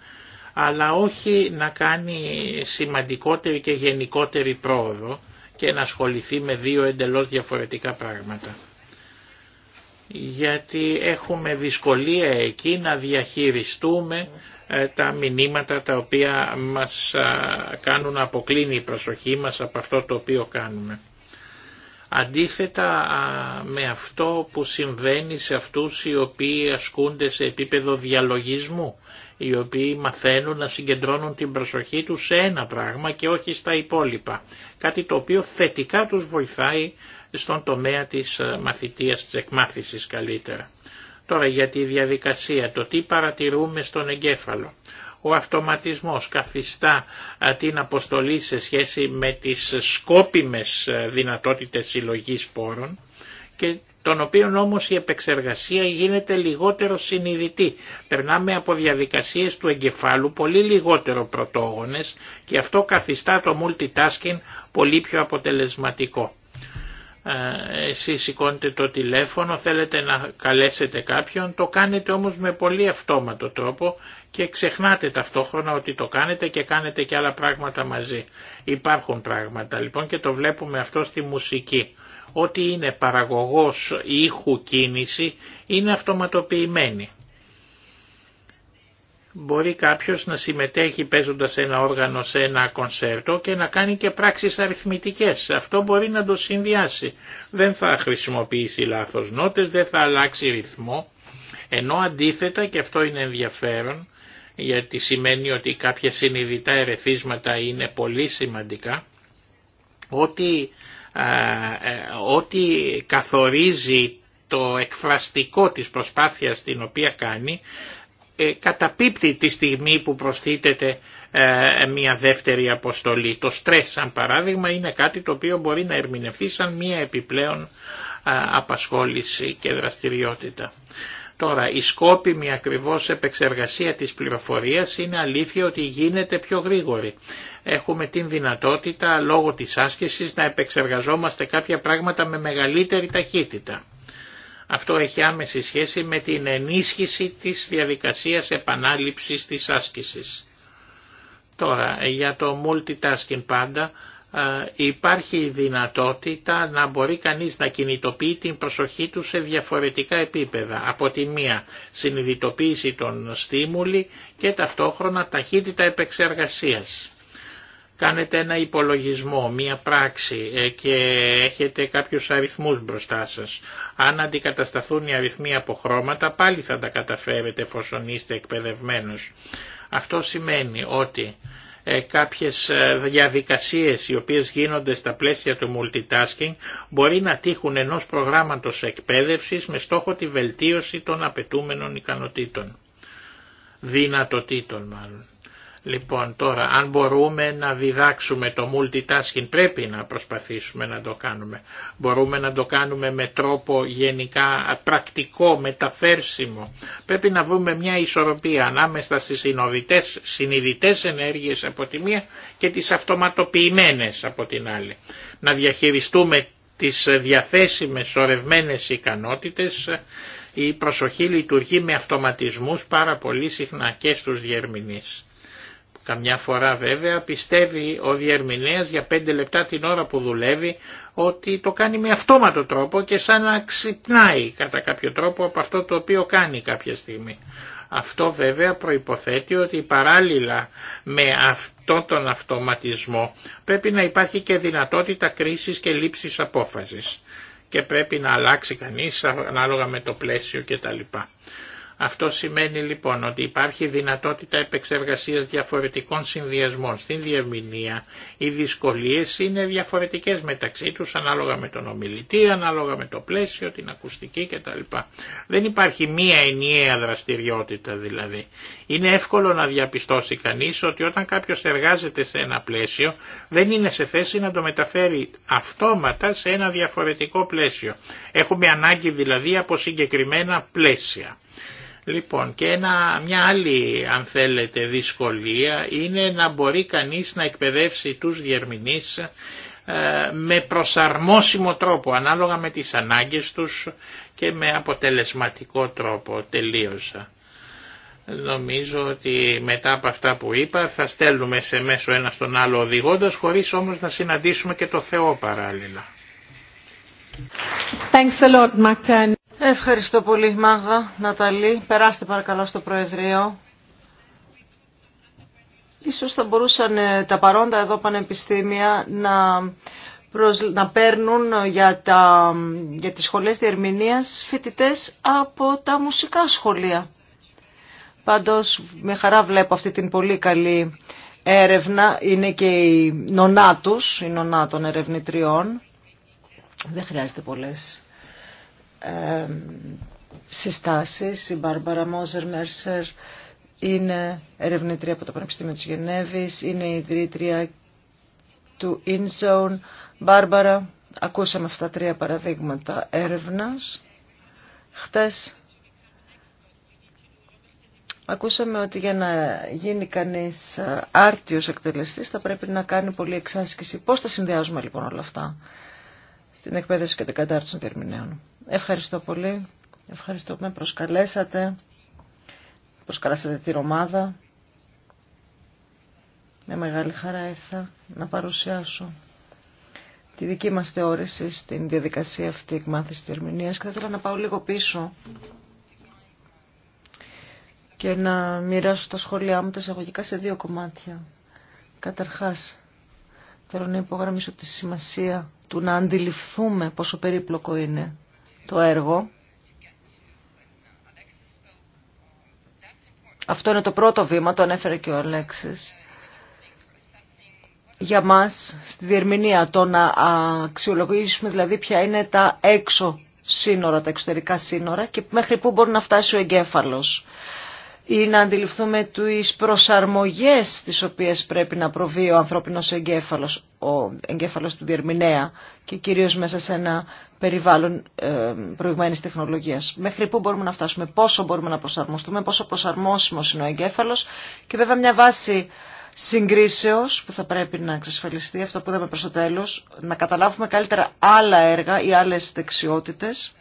αλλά όχι να κάνει σημαντικότερη και γενικότερη πρόοδο και να ασχοληθεί με δύο εντελώς διαφορετικά πράγματα. Γιατί έχουμε δυσκολία εκεί να διαχειριστούμε ε, τα μηνύματα τα οποία μας κάνουν να αποκλίνει η προσοχή μας από αυτό το οποίο κάνουμε. Αντίθετα με αυτό που συμβαίνει σε αυτούς οι οποίοι ασκούνται σε επίπεδο διαλογισμού, οι οποίοι μαθαίνουν να συγκεντρώνουν την προσοχή τους σε ένα πράγμα και όχι στα υπόλοιπα. Κάτι το οποίο θετικά τους βοηθάει στον τομέα της μαθητείας, της εκμάθησης καλύτερα. Τώρα για τη διαδικασία, το τι παρατηρούμε στον εγκέφαλο. Ο αυτοματισμός καθιστά την αποστολή σε σχέση με τις σκόπιμες δυνατότητες συλλογής πόρων και τον οποίων όμως η επεξεργασία γίνεται λιγότερο συνειδητή. Περνάμε από διαδικασίες του εγκεφάλου πολύ λιγότερο πρωτόγονες και αυτό καθιστά το multitasking πολύ πιο αποτελεσματικό εσείς σηκώνετε το τηλέφωνο, θέλετε να καλέσετε κάποιον, το κάνετε όμως με πολύ αυτόματο τρόπο και ξεχνάτε ταυτόχρονα ότι το κάνετε και κάνετε και άλλα πράγματα μαζί. Υπάρχουν πράγματα λοιπόν και το βλέπουμε αυτό στη μουσική. Ό,τι είναι παραγωγός ήχου κίνηση είναι αυτοματοποιημένη μπορεί κάποιος να συμμετέχει παίζοντας ένα όργανο σε ένα κονσέρτο και να κάνει και πράξεις αριθμητικές. Αυτό μπορεί να το συνδυάσει. Δεν θα χρησιμοποιήσει λάθος νότες, δεν θα αλλάξει ρυθμό. Ενώ αντίθετα, και αυτό είναι ενδιαφέρον, γιατί σημαίνει ότι κάποια συνειδητά ερεθίσματα είναι πολύ σημαντικά, ότι, ε, ότι καθορίζει το εκφραστικό της προσπάθειας την οποία κάνει ε, καταπίπτει τη στιγμή που προσθήκεται ε, μια δεύτερη αποστολή. Το στρες σαν παράδειγμα είναι κάτι το οποίο μπορεί να ερμηνευτεί σαν μια επιπλέον ε, απασχόληση και δραστηριότητα. Τώρα, η σκόπιμη ακριβώς επεξεργασία της πληροφορίας είναι αλήθεια ότι γίνεται πιο γρήγορη. Έχουμε την δυνατότητα λόγω της άσκησης να επεξεργαζόμαστε κάποια πράγματα με μεγαλύτερη ταχύτητα. Αυτό έχει άμεση σχέση με την ενίσχυση της διαδικασίας επανάληψης της άσκησης. Τώρα, για το multitasking πάντα, ε, υπάρχει η δυνατότητα να μπορεί κανείς να κινητοποιεί την προσοχή του σε διαφορετικά επίπεδα. Από τη μία συνειδητοποίηση των στίμουλη και ταυτόχρονα ταχύτητα επεξεργασίας κάνετε ένα υπολογισμό, μία πράξη ε, και έχετε κάποιους αριθμούς μπροστά σας. Αν αντικατασταθούν οι αριθμοί από χρώματα πάλι θα τα καταφέρετε εφόσον είστε Αυτό σημαίνει ότι ε, κάποιες ε, διαδικασίες οι οποίες γίνονται στα πλαίσια του multitasking μπορεί να τύχουν ενός προγράμματος εκπαίδευσης με στόχο τη βελτίωση των απαιτούμενων ικανοτήτων. Δυνατοτήτων μάλλον. Λοιπόν τώρα αν μπορούμε να διδάξουμε το multitasking πρέπει να προσπαθήσουμε να το κάνουμε. Μπορούμε να το κάνουμε με τρόπο γενικά πρακτικό, μεταφέρσιμο. Πρέπει να βρούμε μια ισορροπία ανάμεσα στις συνοδητές, συνειδητές ενέργειες από τη μία και τις αυτοματοποιημένες από την άλλη. Να διαχειριστούμε τις διαθέσιμες ορευμένες ικανότητες η προσοχή λειτουργεί με αυτοματισμούς πάρα πολύ συχνά και στους διερμηνείς. Καμιά φορά βέβαια πιστεύει ο διερμηνέας για πέντε λεπτά την ώρα που δουλεύει ότι το κάνει με αυτόματο τρόπο και σαν να ξυπνάει κατά κάποιο τρόπο από αυτό το οποίο κάνει κάποια στιγμή. Αυτό βέβαια προϋποθέτει ότι παράλληλα με αυτό τον αυτοματισμό πρέπει να υπάρχει και δυνατότητα κρίσης και λήψης απόφασης και πρέπει να αλλάξει κανείς ανάλογα με το πλαίσιο κτλ. Αυτό σημαίνει λοιπόν ότι υπάρχει δυνατότητα επεξεργασίας διαφορετικών συνδυασμών στην διερμηνία. Οι δυσκολίες είναι διαφορετικές μεταξύ τους ανάλογα με τον ομιλητή, ανάλογα με το πλαίσιο, την ακουστική κτλ. Δεν υπάρχει μία ενιαία δραστηριότητα δηλαδή. Είναι εύκολο να διαπιστώσει κανείς ότι όταν κάποιος εργάζεται σε ένα πλαίσιο δεν είναι σε θέση να το μεταφέρει αυτόματα σε ένα διαφορετικό πλαίσιο. Έχουμε ανάγκη δηλαδή από συγκεκριμένα πλαίσια. Λοιπόν, και μια άλλη, αν θέλετε, δυσκολία είναι να μπορεί κανείς να εκπαιδεύσει τους διερμηνείς ε, με προσαρμόσιμο τρόπο, ανάλογα με τις ανάγκες τους και με αποτελεσματικό τρόπο. Τελείωσα. Νομίζω ότι μετά από αυτά που είπα θα στέλνουμε σε μέσο ένα στον άλλο οδηγώντας, χωρίς όμως να συναντήσουμε και το Θεό παράλληλα. Ευχαριστώ πολύ Μάγδα, Ναταλή. Περάστε παρακαλώ στο Προεδρείο. Ίσως θα μπορούσαν ε, τα παρόντα εδώ πανεπιστήμια να, να παίρνουν για, τα... για τις σχολές διερμηνίας φοιτητές από τα μουσικά σχολεία. Πάντως με χαρά βλέπω αυτή την πολύ καλή έρευνα. Είναι και η νονά τους, η νονά των ερευνητριών. Δεν χρειάζεται πολλές συστάσεις. Η Μπάρμπαρα Μόζερ Μέρσερ είναι ερευνητρία από το Πανεπιστήμιο της Γενέβης, είναι η ιδρύτρια του InZone. Μπάρμπαρα, ακούσαμε αυτά τρία παραδείγματα έρευνας. Χτες ακούσαμε ότι για να γίνει κανείς ε, άρτιος εκτελεστής θα πρέπει να κάνει πολλή εξάσκηση. Πώς τα συνδυάζουμε λοιπόν όλα αυτά την εκπαίδευση και την κατάρτιση των Ευχαριστώ πολύ. Ευχαριστώ που με προσκαλέσατε. Προσκαλέσατε τη ομάδα. Με μεγάλη χαρά ήρθα να παρουσιάσω τη δική μας θεώρηση στην διαδικασία αυτή εκμάθησης της ερμηνείας και θα ήθελα να πάω λίγο πίσω και να μοιράσω τα σχόλιά μου τα εισαγωγικά σε δύο κομμάτια. Καταρχάς, θέλω να υπογραμμίσω τη σημασία του να αντιληφθούμε πόσο περίπλοκο είναι το έργο. Αυτό είναι το πρώτο βήμα, το ανέφερε και ο Αλέξης. Για μας, στη διερμηνία, το να αξιολογήσουμε δηλαδή ποια είναι τα έξω σύνορα, τα εξωτερικά σύνορα και μέχρι πού μπορεί να φτάσει ο εγκέφαλος ή να αντιληφθούμε τις προσαρμογές τις οποίες πρέπει να προβεί ο ανθρώπινος εγκέφαλος ο εγκέφαλος του διερμηνέα και κυρίως μέσα σε ένα περιβάλλον ε, προηγμένης τεχνολογίας. Μέχρι πού μπορούμε να φτάσουμε, πόσο μπορούμε να προσαρμοστούμε, πόσο προσαρμόσιμο είναι ο εγκέφαλος και βέβαια μια βάση συγκρίσεως που θα πρέπει να εξασφαλιστεί, αυτό που είδαμε προς το τέλος, να καταλάβουμε καλύτερα άλλα έργα ή άλλες δεξιότητες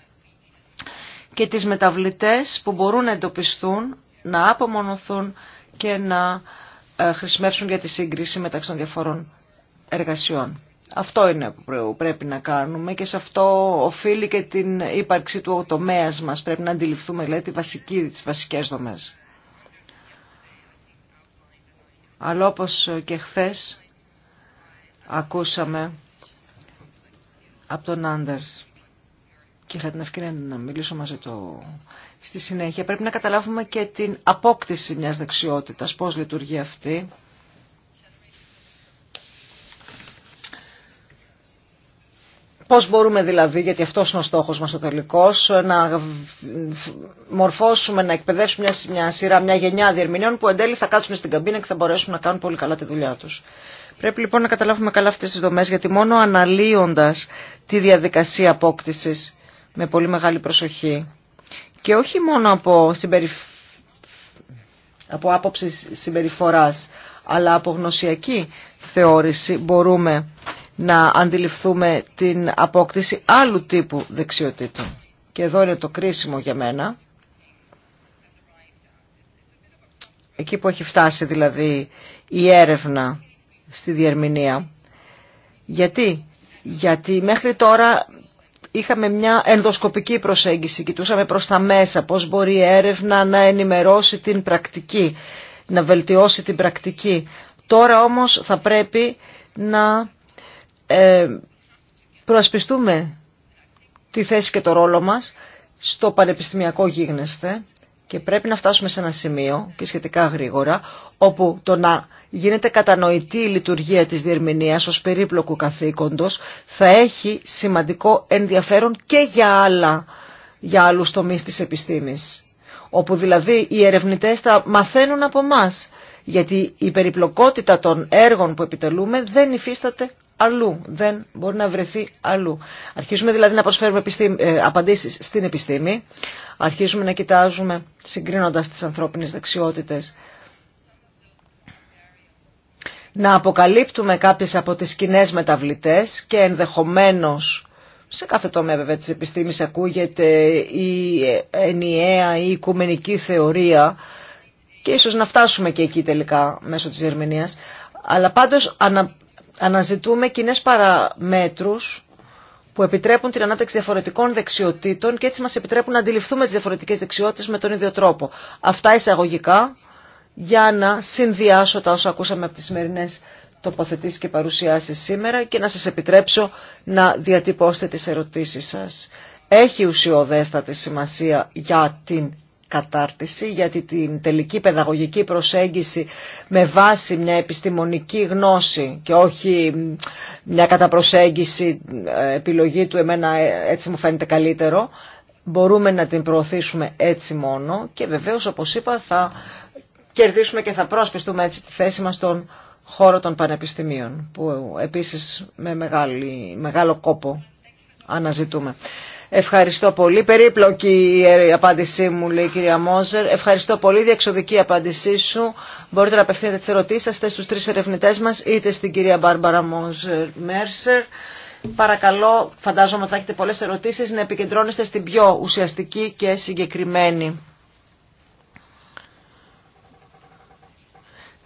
και τις μεταβλητές που μπορούν να εντοπιστούν, να απομονωθούν και να ε, χρησιμεύσουν για τη σύγκριση μεταξύ των διαφορών εργασιών. Αυτό είναι που πρέπει να κάνουμε και σε αυτό οφείλει και την ύπαρξη του τομέα μας. Πρέπει να αντιληφθούμε δηλαδή τη βασική, τις βασικές δομές. Αλλά όπως και χθες ακούσαμε από τον Άντερς και είχα την ευκαιρία να μιλήσω μαζί του στη συνέχεια. Πρέπει να καταλάβουμε και την απόκτηση μιας δεξιότητα πώς λειτουργεί αυτή Πώς μπορούμε δηλαδή, γιατί αυτός είναι ο στόχος μας ο τελικός, να μορφώσουμε, να εκπαιδεύσουμε μια, μια σειρά, μια γενιά διερμηνέων που εν τέλει θα κάτσουν στην καμπίνα και θα μπορέσουν να κάνουν πολύ καλά τη δουλειά τους. Πρέπει λοιπόν να καταλάβουμε καλά αυτές τις δομές, γιατί μόνο αναλύοντας τη διαδικασία απόκτησης με πολύ μεγάλη προσοχή και όχι μόνο από, άποψη συμπεριφοράς, αλλά από γνωσιακή θεώρηση μπορούμε να αντιληφθούμε την απόκτηση άλλου τύπου δεξιοτήτων. Και εδώ είναι το κρίσιμο για μένα. Εκεί που έχει φτάσει δηλαδή η έρευνα στη διερμηνία. Γιατί, Γιατί μέχρι τώρα είχαμε μια ενδοσκοπική προσέγγιση, κοιτούσαμε προς τα μέσα, πώς μπορεί η έρευνα να ενημερώσει την πρακτική, να βελτιώσει την πρακτική. Τώρα όμως θα πρέπει να ε, προασπιστούμε τη θέση και το ρόλο μας στο πανεπιστημιακό γίγνεσθε και πρέπει να φτάσουμε σε ένα σημείο και σχετικά γρήγορα όπου το να γίνεται κατανοητή η λειτουργία της διερμηνίας ως περίπλοκου καθήκοντος θα έχει σημαντικό ενδιαφέρον και για, άλλα, για άλλους τομείς της επιστήμης. Όπου δηλαδή οι ερευνητές θα μαθαίνουν από μας γιατί η περιπλοκότητα των έργων που επιτελούμε δεν υφίσταται αλλού, δεν μπορεί να βρεθεί αλλού. Αρχίζουμε δηλαδή να προσφέρουμε επιστήμη, ε, απαντήσεις στην επιστήμη, αρχίζουμε να κοιτάζουμε συγκρίνοντας τις ανθρώπινες δεξιότητες, να αποκαλύπτουμε κάποιες από τις κοινέ μεταβλητές και ενδεχομένως σε κάθε τομέα βέβαια της επιστήμης ακούγεται η ενιαία ή η οικουμενική θεωρία και ίσως να φτάσουμε και εκεί τελικά μέσω της ερμηνείας. Αλλά πάντως αναζητούμε κοινέ παραμέτρους που επιτρέπουν την ανάπτυξη διαφορετικών δεξιοτήτων και έτσι μας επιτρέπουν να αντιληφθούμε τις διαφορετικές δεξιότητες με τον ίδιο τρόπο. Αυτά εισαγωγικά για να συνδυάσω τα όσα ακούσαμε από τις σημερινέ τοποθετήσεις και παρουσιάσεις σήμερα και να σας επιτρέψω να διατυπώσετε τις ερωτήσεις σας. Έχει ουσιοδέστατη σημασία για την κατάρτιση, γιατί την τελική παιδαγωγική προσέγγιση με βάση μια επιστημονική γνώση και όχι μια καταπροσέγγιση ε, επιλογή του εμένα έτσι μου φαίνεται καλύτερο, μπορούμε να την προωθήσουμε έτσι μόνο και βεβαίως όπως είπα θα κερδίσουμε και θα πρόσπιστούμε έτσι τη θέση μας στον χώρο των πανεπιστημίων που επίσης με μεγάλο κόπο αναζητούμε. Ευχαριστώ πολύ. Περίπλοκη η ε, απάντησή μου, λέει η κυρία Μόζερ. Ευχαριστώ πολύ. Διεξοδική απάντησή σου. Μπορείτε να απευθύνετε τι ερωτήσει σα στου τρει ερευνητέ μα, είτε στην κυρία Μπάρμπαρα Μόζερ Μέρσερ. Παρακαλώ, φαντάζομαι ότι θα έχετε πολλέ ερωτήσει, να επικεντρώνεστε στην πιο ουσιαστική και συγκεκριμένη.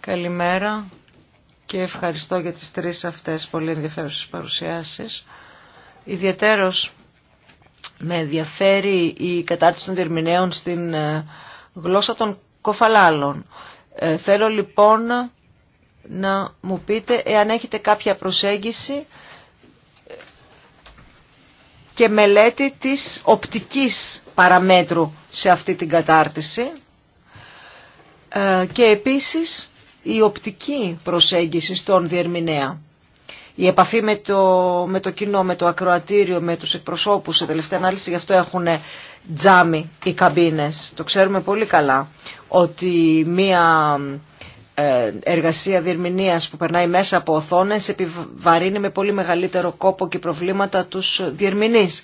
Καλημέρα και ευχαριστώ για τις τρεις αυτές πολύ ενδιαφέρουσες παρουσιάσεις. Ιδιαίτερος με ενδιαφέρει η κατάρτιση των διερμηνέων στην ε, γλώσσα των κοφαλάλων. Ε, θέλω λοιπόν να μου πείτε εάν έχετε κάποια προσέγγιση ε, και μελέτη της οπτικής παραμέτρου σε αυτή την κατάρτιση και επίσης η οπτική προσέγγιση στον διερμηνέα η επαφή με το, κοινό, με το ακροατήριο, με τους εκπροσώπους σε τελευταία ανάλυση, γι' αυτό έχουν τζάμι οι καμπίνες. Το ξέρουμε πολύ καλά ότι μία ε, εργασία διερμηνίας που περνάει μέσα από οθόνες επιβαρύνει με πολύ μεγαλύτερο κόπο και προβλήματα τους διερμηνείς.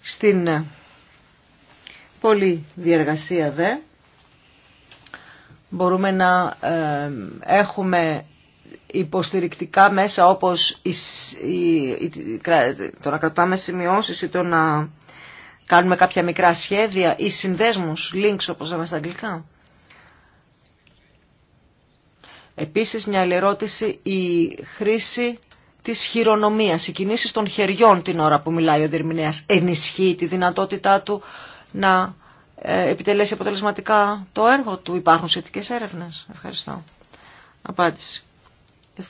Στην πολύ διεργασία δε μπορούμε να ε, έχουμε υποστηρικτικά μέσα όπως η, η, το να κρατάμε σημειώσεις ή το να κάνουμε κάποια μικρά σχέδια ή συνδέσμους, links όπως λέμε στα αγγλικά. Επίσης μια άλλη ερώτηση, η χρήση της χειρονομίας, οι κινήσεις των χεριών την ώρα που μιλάει ο Δερμηνέας ενισχύει τη δυνατότητά του να ε, επιτελέσει αποτελεσματικά το έργο του. Υπάρχουν σχετικές έρευνες. Ευχαριστώ. Απάντηση.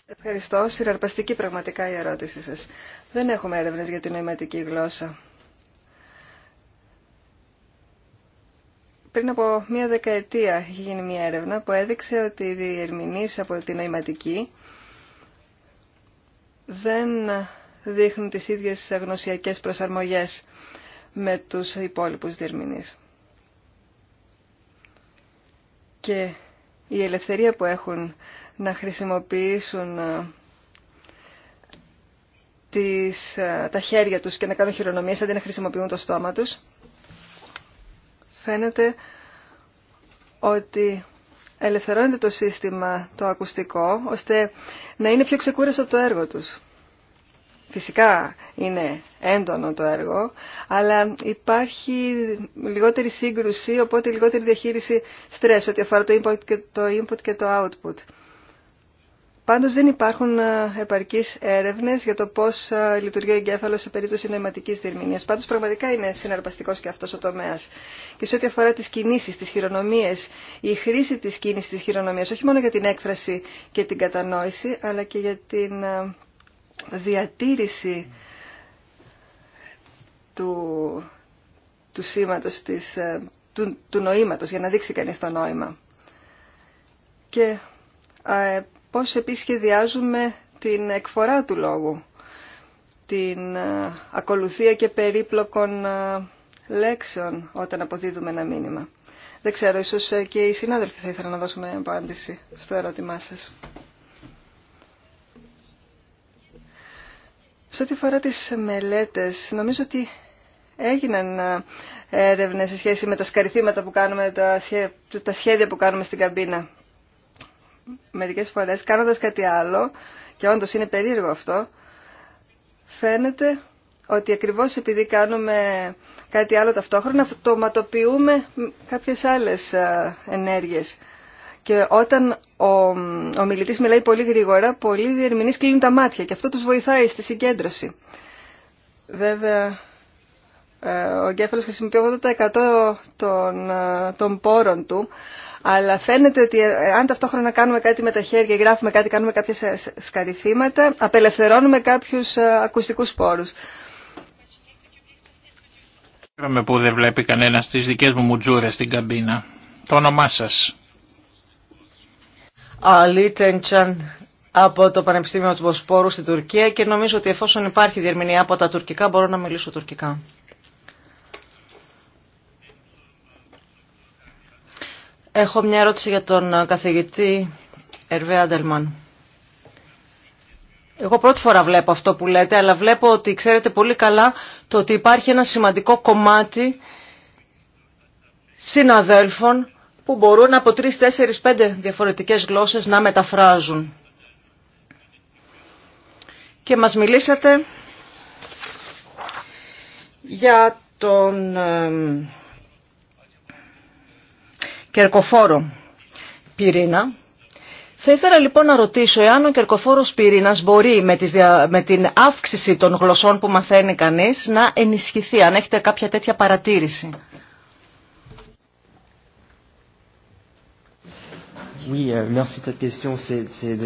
Ευχαριστώ. Συραρπαστική πραγματικά η ερώτησή σας. Δεν έχουμε έρευνες για την νοηματική γλώσσα. Πριν από μία δεκαετία είχε γίνει μία έρευνα που έδειξε ότι οι διερμηνείς από τη νοηματική δεν δείχνουν τις ίδιες γνωσιακές προσαρμογές με τους υπόλοιπους διερμηνείς. Και η ελευθερία που έχουν να χρησιμοποιήσουν ε, τις, ε, τα χέρια τους και να κάνουν χειρονομίες αντί να χρησιμοποιούν το στόμα τους. Φαίνεται ότι ελευθερώνεται το σύστημα το ακουστικό ώστε να είναι πιο ξεκούραστο το έργο τους. Φυσικά είναι έντονο το έργο, αλλά υπάρχει λιγότερη σύγκρουση, οπότε λιγότερη διαχείριση στρες ό,τι αφορά το input και το output. Πάντως δεν υπάρχουν ε, επαρκείς έρευνες για το πώς ε, λειτουργεί ο εγκέφαλος σε περίπτωση νοηματικής διερμηνίας. Πάντως πραγματικά είναι συναρπαστικός και αυτός ο τομέας. Και σε ό,τι αφορά τις κινήσεις, τις χειρονομίες, η χρήση της κίνησης της χειρονομίας, όχι μόνο για την έκφραση και την κατανόηση, αλλά και για την ε, διατήρηση του, του σήματος, της, του, του νοήματος, για να δείξει κανείς το νόημα. Και πώς επίσης σχεδιάζουμε την εκφορά του λόγου, την ε, ακολουθία και περίπλοκων ε, λέξεων όταν αποδίδουμε ένα μήνυμα. Δεν ξέρω, ίσως ε, και οι συνάδελφοι θα ήθελαν να δώσουμε μια απάντηση στο ερώτημά σας. Σε ό,τι φορά τις μελέτες, νομίζω ότι έγιναν έρευνες σε σχέση με τα σκαριθήματα που κάνουμε, τα σχέδια που κάνουμε στην καμπίνα μερικές φορές κάνοντας κάτι άλλο, και όντως είναι περίεργο αυτό, φαίνεται ότι ακριβώς επειδή κάνουμε κάτι άλλο ταυτόχρονα, αυτοματοποιούμε κάποιες άλλες ε, ενέργειες. Και όταν ο, ο μιλητής μιλάει πολύ γρήγορα, πολλοί διερμηνείς κλείνουν τα μάτια και αυτό τους βοηθάει στη συγκέντρωση. Βέβαια, ε, ο εγκέφαλος χρησιμοποιεί 80% των, ε, των πόρων του, αλλά φαίνεται ότι ε, ε, αν ταυτόχρονα κάνουμε κάτι με τα χέρια, γράφουμε κάτι, κάνουμε κάποια σκαρυφήματα, απελευθερώνουμε κάποιους ε, ακουστικούς σπόρους. Χαίρομαι που δεν βλέπει κανένα στις δικές μου μουτζούρες στην καμπίνα. Το όνομά σας. Αλή Τεντσαν από το Πανεπιστήμιο του Βοσπόρου στην Τουρκία και νομίζω ότι εφόσον υπάρχει διερμηνία από τα τουρκικά μπορώ να μιλήσω τουρκικά. Έχω μια ερώτηση για τον ε, καθηγητή Ερβέ Αντελμαν. Εγώ πρώτη φορά βλέπω αυτό που λέτε, αλλά βλέπω ότι ξέρετε πολύ καλά το ότι υπάρχει ένα σημαντικό κομμάτι συναδέλφων που μπορούν από τρεις, τέσσερις, πέντε διαφορετικές γλώσσες να μεταφράζουν. Και μας μιλήσατε για τον ε, κερκοφόρο πυρήνα. Θα ήθελα λοιπόν να ρωτήσω εάν ο κερκοφόρος πυρήνας μπορεί με, την αύξηση των γλωσσών που μαθαίνει κανείς να ενισχυθεί, αν έχετε κάποια τέτοια παρατήρηση. Euh,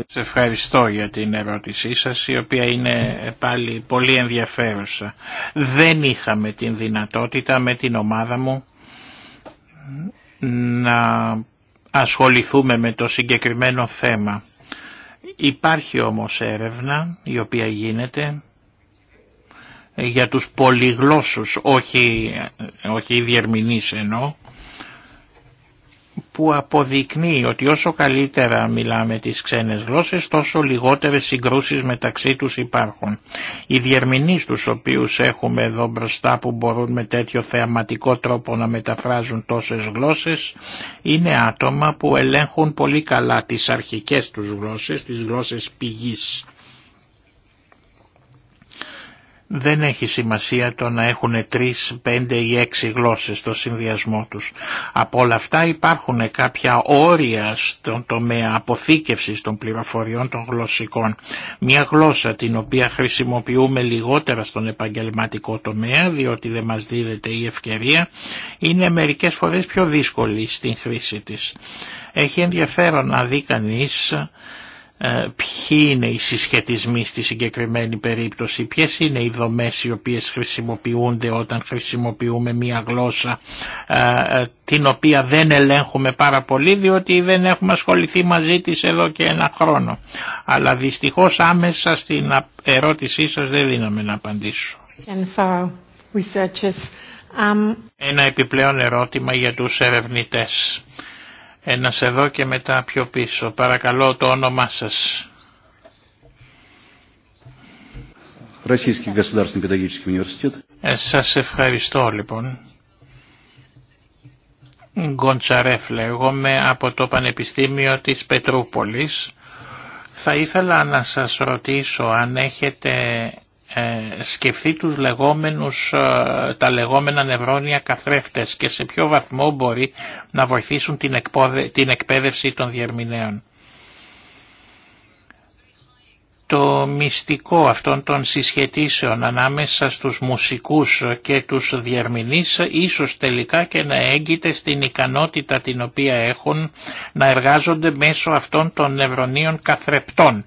Σε ευχαριστώ για την ερώτησή σας η οποία είναι πάλι πολύ ενδιαφέρουσα. Δεν είχαμε την δυνατότητα με την ομάδα μου να ασχοληθούμε με το συγκεκριμένο θέμα. Υπάρχει όμως έρευνα η οποία γίνεται για τους πολυγλώσσους, όχι, όχι οι διερμηνείς εννοώ, που αποδεικνύει ότι όσο καλύτερα μιλάμε τις ξένες γλώσσες τόσο λιγότερες συγκρούσεις μεταξύ τους υπάρχουν. Οι διερμηνείς τους οποίους έχουμε εδώ μπροστά που μπορούν με τέτοιο θεαματικό τρόπο να μεταφράζουν τόσες γλώσσες είναι άτομα που ελέγχουν πολύ καλά τις αρχικές τους γλώσσες, τις γλώσσες πηγής δεν έχει σημασία το να έχουν τρεις, πέντε ή έξι γλώσσες στο συνδυασμό τους. Από όλα αυτά υπάρχουν κάποια όρια στον τομέα αποθήκευσης των πληροφοριών των γλωσσικών. Μια γλώσσα την οποία χρησιμοποιούμε λιγότερα στον επαγγελματικό τομέα διότι δεν μας δίδεται η ευκαιρία είναι μερικές φορές πιο δύσκολη στην χρήση της. Έχει ενδιαφέρον να δει κανείς ε, ποιοι είναι οι συσχετισμοί στη συγκεκριμένη περίπτωση, ποιες είναι οι δομές οι οποίες χρησιμοποιούνται όταν χρησιμοποιούμε μία γλώσσα ε, ε, την οποία δεν ελέγχουμε πάρα πολύ διότι δεν έχουμε ασχοληθεί μαζί της εδώ και ένα χρόνο. Αλλά δυστυχώς άμεσα στην ερώτησή σας δεν δίναμε να απαντήσω. Um, ένα επιπλέον ερώτημα για τους ερευνητές. Ένας εδώ και μετά πιο πίσω. Παρακαλώ το όνομά σας. Σα ε, σας ευχαριστώ λοιπόν. Γκοντσαρέφ λέγομαι από το Πανεπιστήμιο της Πετρούπολης. Θα ήθελα να σας ρωτήσω αν έχετε ε, σκεφτεί τους λεγόμενους, ε, τα λεγόμενα νευρώνια καθρέφτες και σε ποιο βαθμό μπορεί να βοηθήσουν την, εκπαίδευση των διερμηνέων. Το μυστικό αυτών των συσχετήσεων ανάμεσα στους μουσικούς και τους διερμηνείς ίσως τελικά και να έγκυται στην ικανότητα την οποία έχουν να εργάζονται μέσω αυτών των νευρονίων καθρεπτών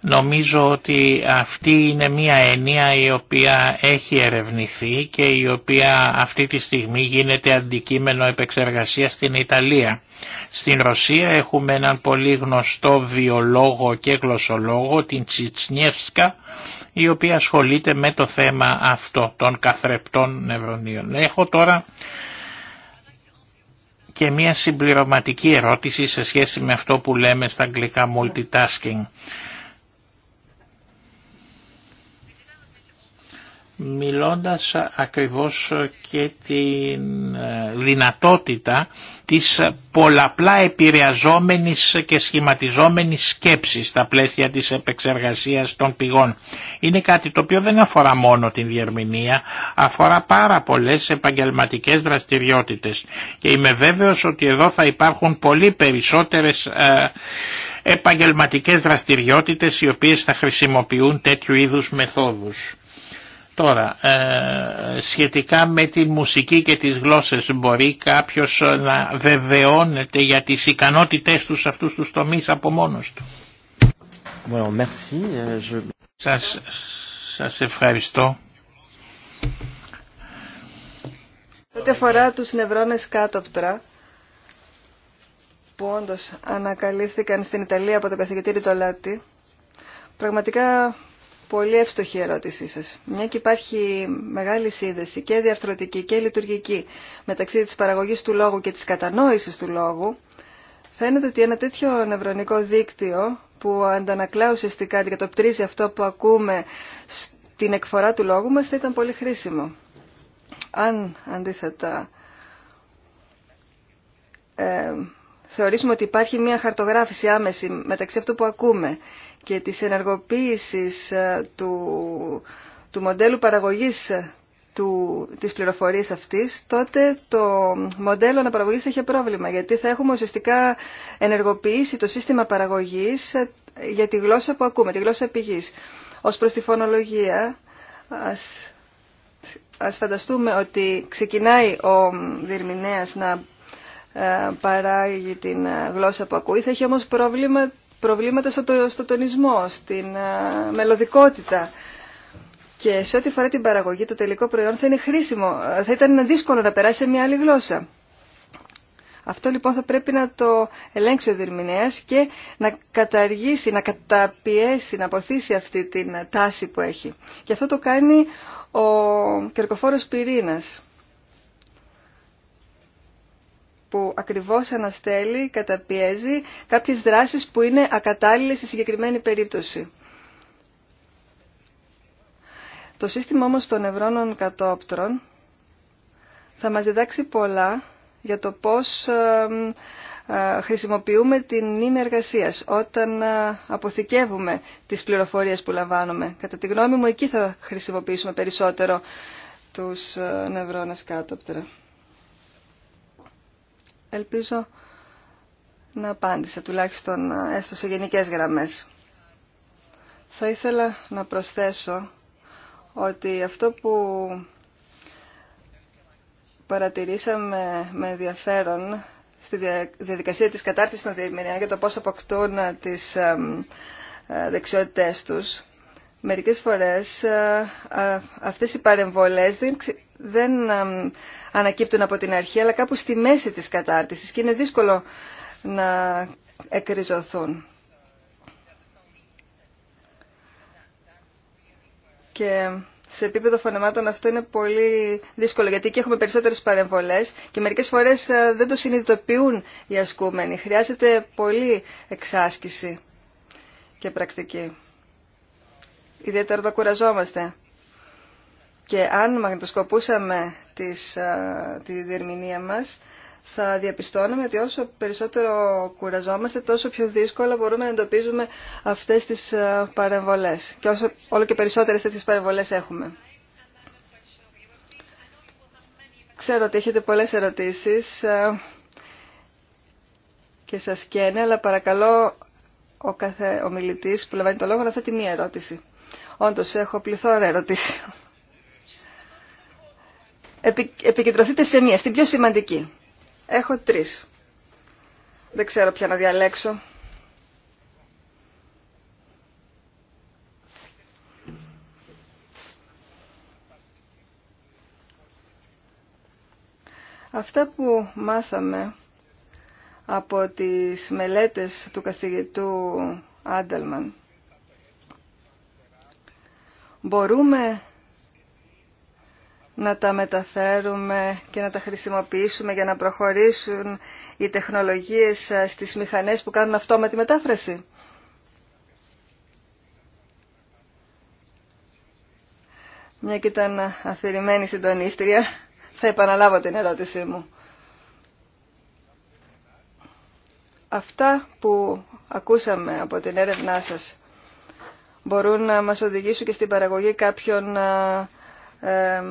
Νομίζω ότι αυτή είναι μια έννοια η οποία έχει ερευνηθεί και η οποία αυτή τη στιγμή γίνεται αντικείμενο επεξεργασίας στην Ιταλία. Στην Ρωσία έχουμε έναν πολύ γνωστό βιολόγο και γλωσσολόγο, την Τσιτσνιεύσκα, η οποία ασχολείται με το θέμα αυτό των καθρεπτών νευρονίων. Έχω τώρα και μια συμπληρωματική ερώτηση σε σχέση με αυτό που λέμε στα αγγλικά multitasking. μιλώντας ακριβώς και την ε, δυνατότητα της πολλαπλά επηρεαζόμενης και σχηματιζόμενης σκέψης στα πλαίσια της επεξεργασίας των πηγών. Είναι κάτι το οποίο δεν αφορά μόνο την διερμηνία, αφορά πάρα πολλές επαγγελματικές δραστηριότητες και είμαι βέβαιος ότι εδώ θα υπάρχουν πολύ περισσότερες ε, επαγγελματικές δραστηριότητες οι οποίες θα χρησιμοποιούν τέτοιου είδους μεθόδους. Τώρα, ε, σχετικά με τη μουσική και τις γλώσσες μπορεί κάποιος να βεβαιώνεται για τις ικανότητές του αυτούς τους τομείς από μόνος του. Well, merci. Ε, je... Σας, σας ευχαριστώ. Ό,τι αφορά τους νευρώνες κάτωπτρα, που όντως ανακαλύφθηκαν στην Ιταλία από τον καθηγητή Ριτζολάτη, πραγματικά Πολύ εύστοχη ερώτησή σα. Μια και υπάρχει μεγάλη σύνδεση και διαρθρωτική και λειτουργική μεταξύ της παραγωγής του λόγου και τη κατανόηση του λόγου, φαίνεται ότι ένα τέτοιο νευρονικό δίκτυο που αντανακλά ουσιαστικά αντικατοπτρίζει αυτό που ακούμε στην εκφορά του λόγου μας θα ήταν πολύ χρήσιμο. Αν αντίθετα ε, θεωρήσουμε ότι υπάρχει μια χαρτογράφηση άμεση μεταξύ αυτού που ακούμε και της ενεργοποίησης ε, του, του μοντέλου παραγωγής ε, του, της πληροφορίας αυτής, τότε το μοντέλο αναπαραγωγής θα είχε πρόβλημα, γιατί θα έχουμε ουσιαστικά ενεργοποιήσει το σύστημα παραγωγής ε, για τη γλώσσα που ακούμε, τη γλώσσα πηγής. Ως προς τη φωνολογία, ας, ας φανταστούμε ότι ξεκινάει ο διερμηνέας να παράγει την γλώσσα που ακούει, θα έχει όμως πρόβλημα προβλήματα στο, στο τονισμό, στην ε, μελωδικότητα. Και σε ό,τι αφορά την παραγωγή, το τελικό προϊόν θα είναι χρήσιμο. Ε, θα ήταν δύσκολο να περάσει σε μια άλλη γλώσσα. Αυτό λοιπόν θα πρέπει να το ελέγξει ο Δερμηνέας και να καταργήσει, να καταπιέσει, να αποθήσει αυτή την τάση που έχει. Και αυτό το κάνει ο κερκοφόρος πυρήνας που ακριβώς αναστέλει, καταπιέζει κάποιες δράσεις που είναι ακατάλληλες στη συγκεκριμένη περίπτωση. Το σύστημα όμως των νευρώνων κατόπτρων θα μας διδάξει πολλά για το πώς ε, χρησιμοποιούμε την νήμη εργασίας όταν ε, αποθηκεύουμε τις πληροφορίες που λαμβάνουμε. Κατά τη γνώμη μου εκεί θα χρησιμοποιήσουμε περισσότερο τους ε, νευρώνες κάτωπτρα. Ελπίζω να απάντησα τουλάχιστον έστω σε γενικές γραμμές. Θα ήθελα να προσθέσω ότι αυτό που παρατηρήσαμε με ενδιαφέρον στη διαδικασία της κατάρτισης των διευμεριών για το πώς αποκτούν τις ε, δεξιότητές τους Μερικές φορές ε, ε, αυτές οι παρεμβολές δεν ε, ανακύπτουν από την αρχή, αλλά κάπου στη μέση της κατάρτισης και είναι δύσκολο να εκριζωθούν. Και σε επίπεδο φωνεμάτων αυτό είναι πολύ δύσκολο, γιατί εκεί έχουμε περισσότερες παρεμβολές και μερικές φορές δεν το συνειδητοποιούν οι ασκούμενοι. Χρειάζεται πολύ εξάσκηση και πρακτική ιδιαίτερα το κουραζόμαστε. Και αν μαγνητοσκοπούσαμε τη διερμηνία μας, θα διαπιστώνουμε ότι όσο περισσότερο κουραζόμαστε, τόσο πιο δύσκολα μπορούμε να εντοπίζουμε αυτές τις παρεμβολές. Και όλο και περισσότερες τέτοιες παρεμβολές έχουμε. Ξέρω ότι έχετε πολλές ερωτήσεις και σας καίνε, αλλά παρακαλώ ο κάθε ομιλητής που λαμβάνει το λόγο να θέτει μία ερώτηση. Όντως έχω πληθώρα ερωτήσεων. Επικεντρωθείτε σε μία, στην πιο σημαντική. Έχω τρεις. Δεν ξέρω πια να διαλέξω. Αυτά που μάθαμε από τις μελέτες του καθηγητού Άντελμαν μπορούμε να τα μεταφέρουμε και να τα χρησιμοποιήσουμε για να προχωρήσουν οι τεχνολογίες ε, στις μηχανές που κάνουν αυτό με τη μετάφραση. Μια και ήταν αφηρημένη συντονίστρια, θα επαναλάβω την ερώτησή μου. Αυτά που ακούσαμε από την έρευνά σας μπορούν να μας οδηγήσουν και στην παραγωγή κάποιων ε, ε,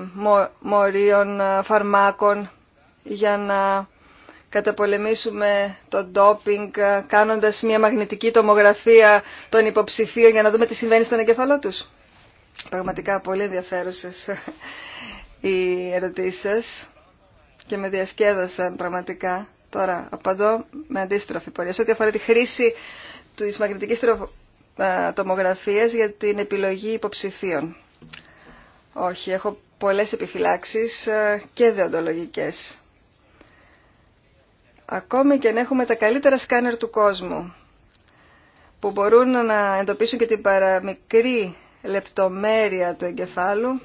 μορίων, ε, φαρμάκων για να καταπολεμήσουμε το ντόπινγκ κάνοντας μια μαγνητική τομογραφία των υποψηφίων για να δούμε τι συμβαίνει στον εγκεφαλό τους. Πραγματικά πολύ ενδιαφέρουσες οι ερωτήσεις και με διασκέδασαν πραγματικά. Τώρα απαντώ με αντίστροφη πορεία. Σε ό,τι αφορά τη χρήση της μαγνητικής ε, τομογραφίες για την επιλογή υποψηφίων. Όχι, έχω πολλές επιφυλάξεις ε, και δεοντολογικές. Ακόμη και αν έχουμε τα καλύτερα σκάνερ του κόσμου, που μπορούν να εντοπίσουν και την παραμικρή λεπτομέρεια του εγκεφάλου,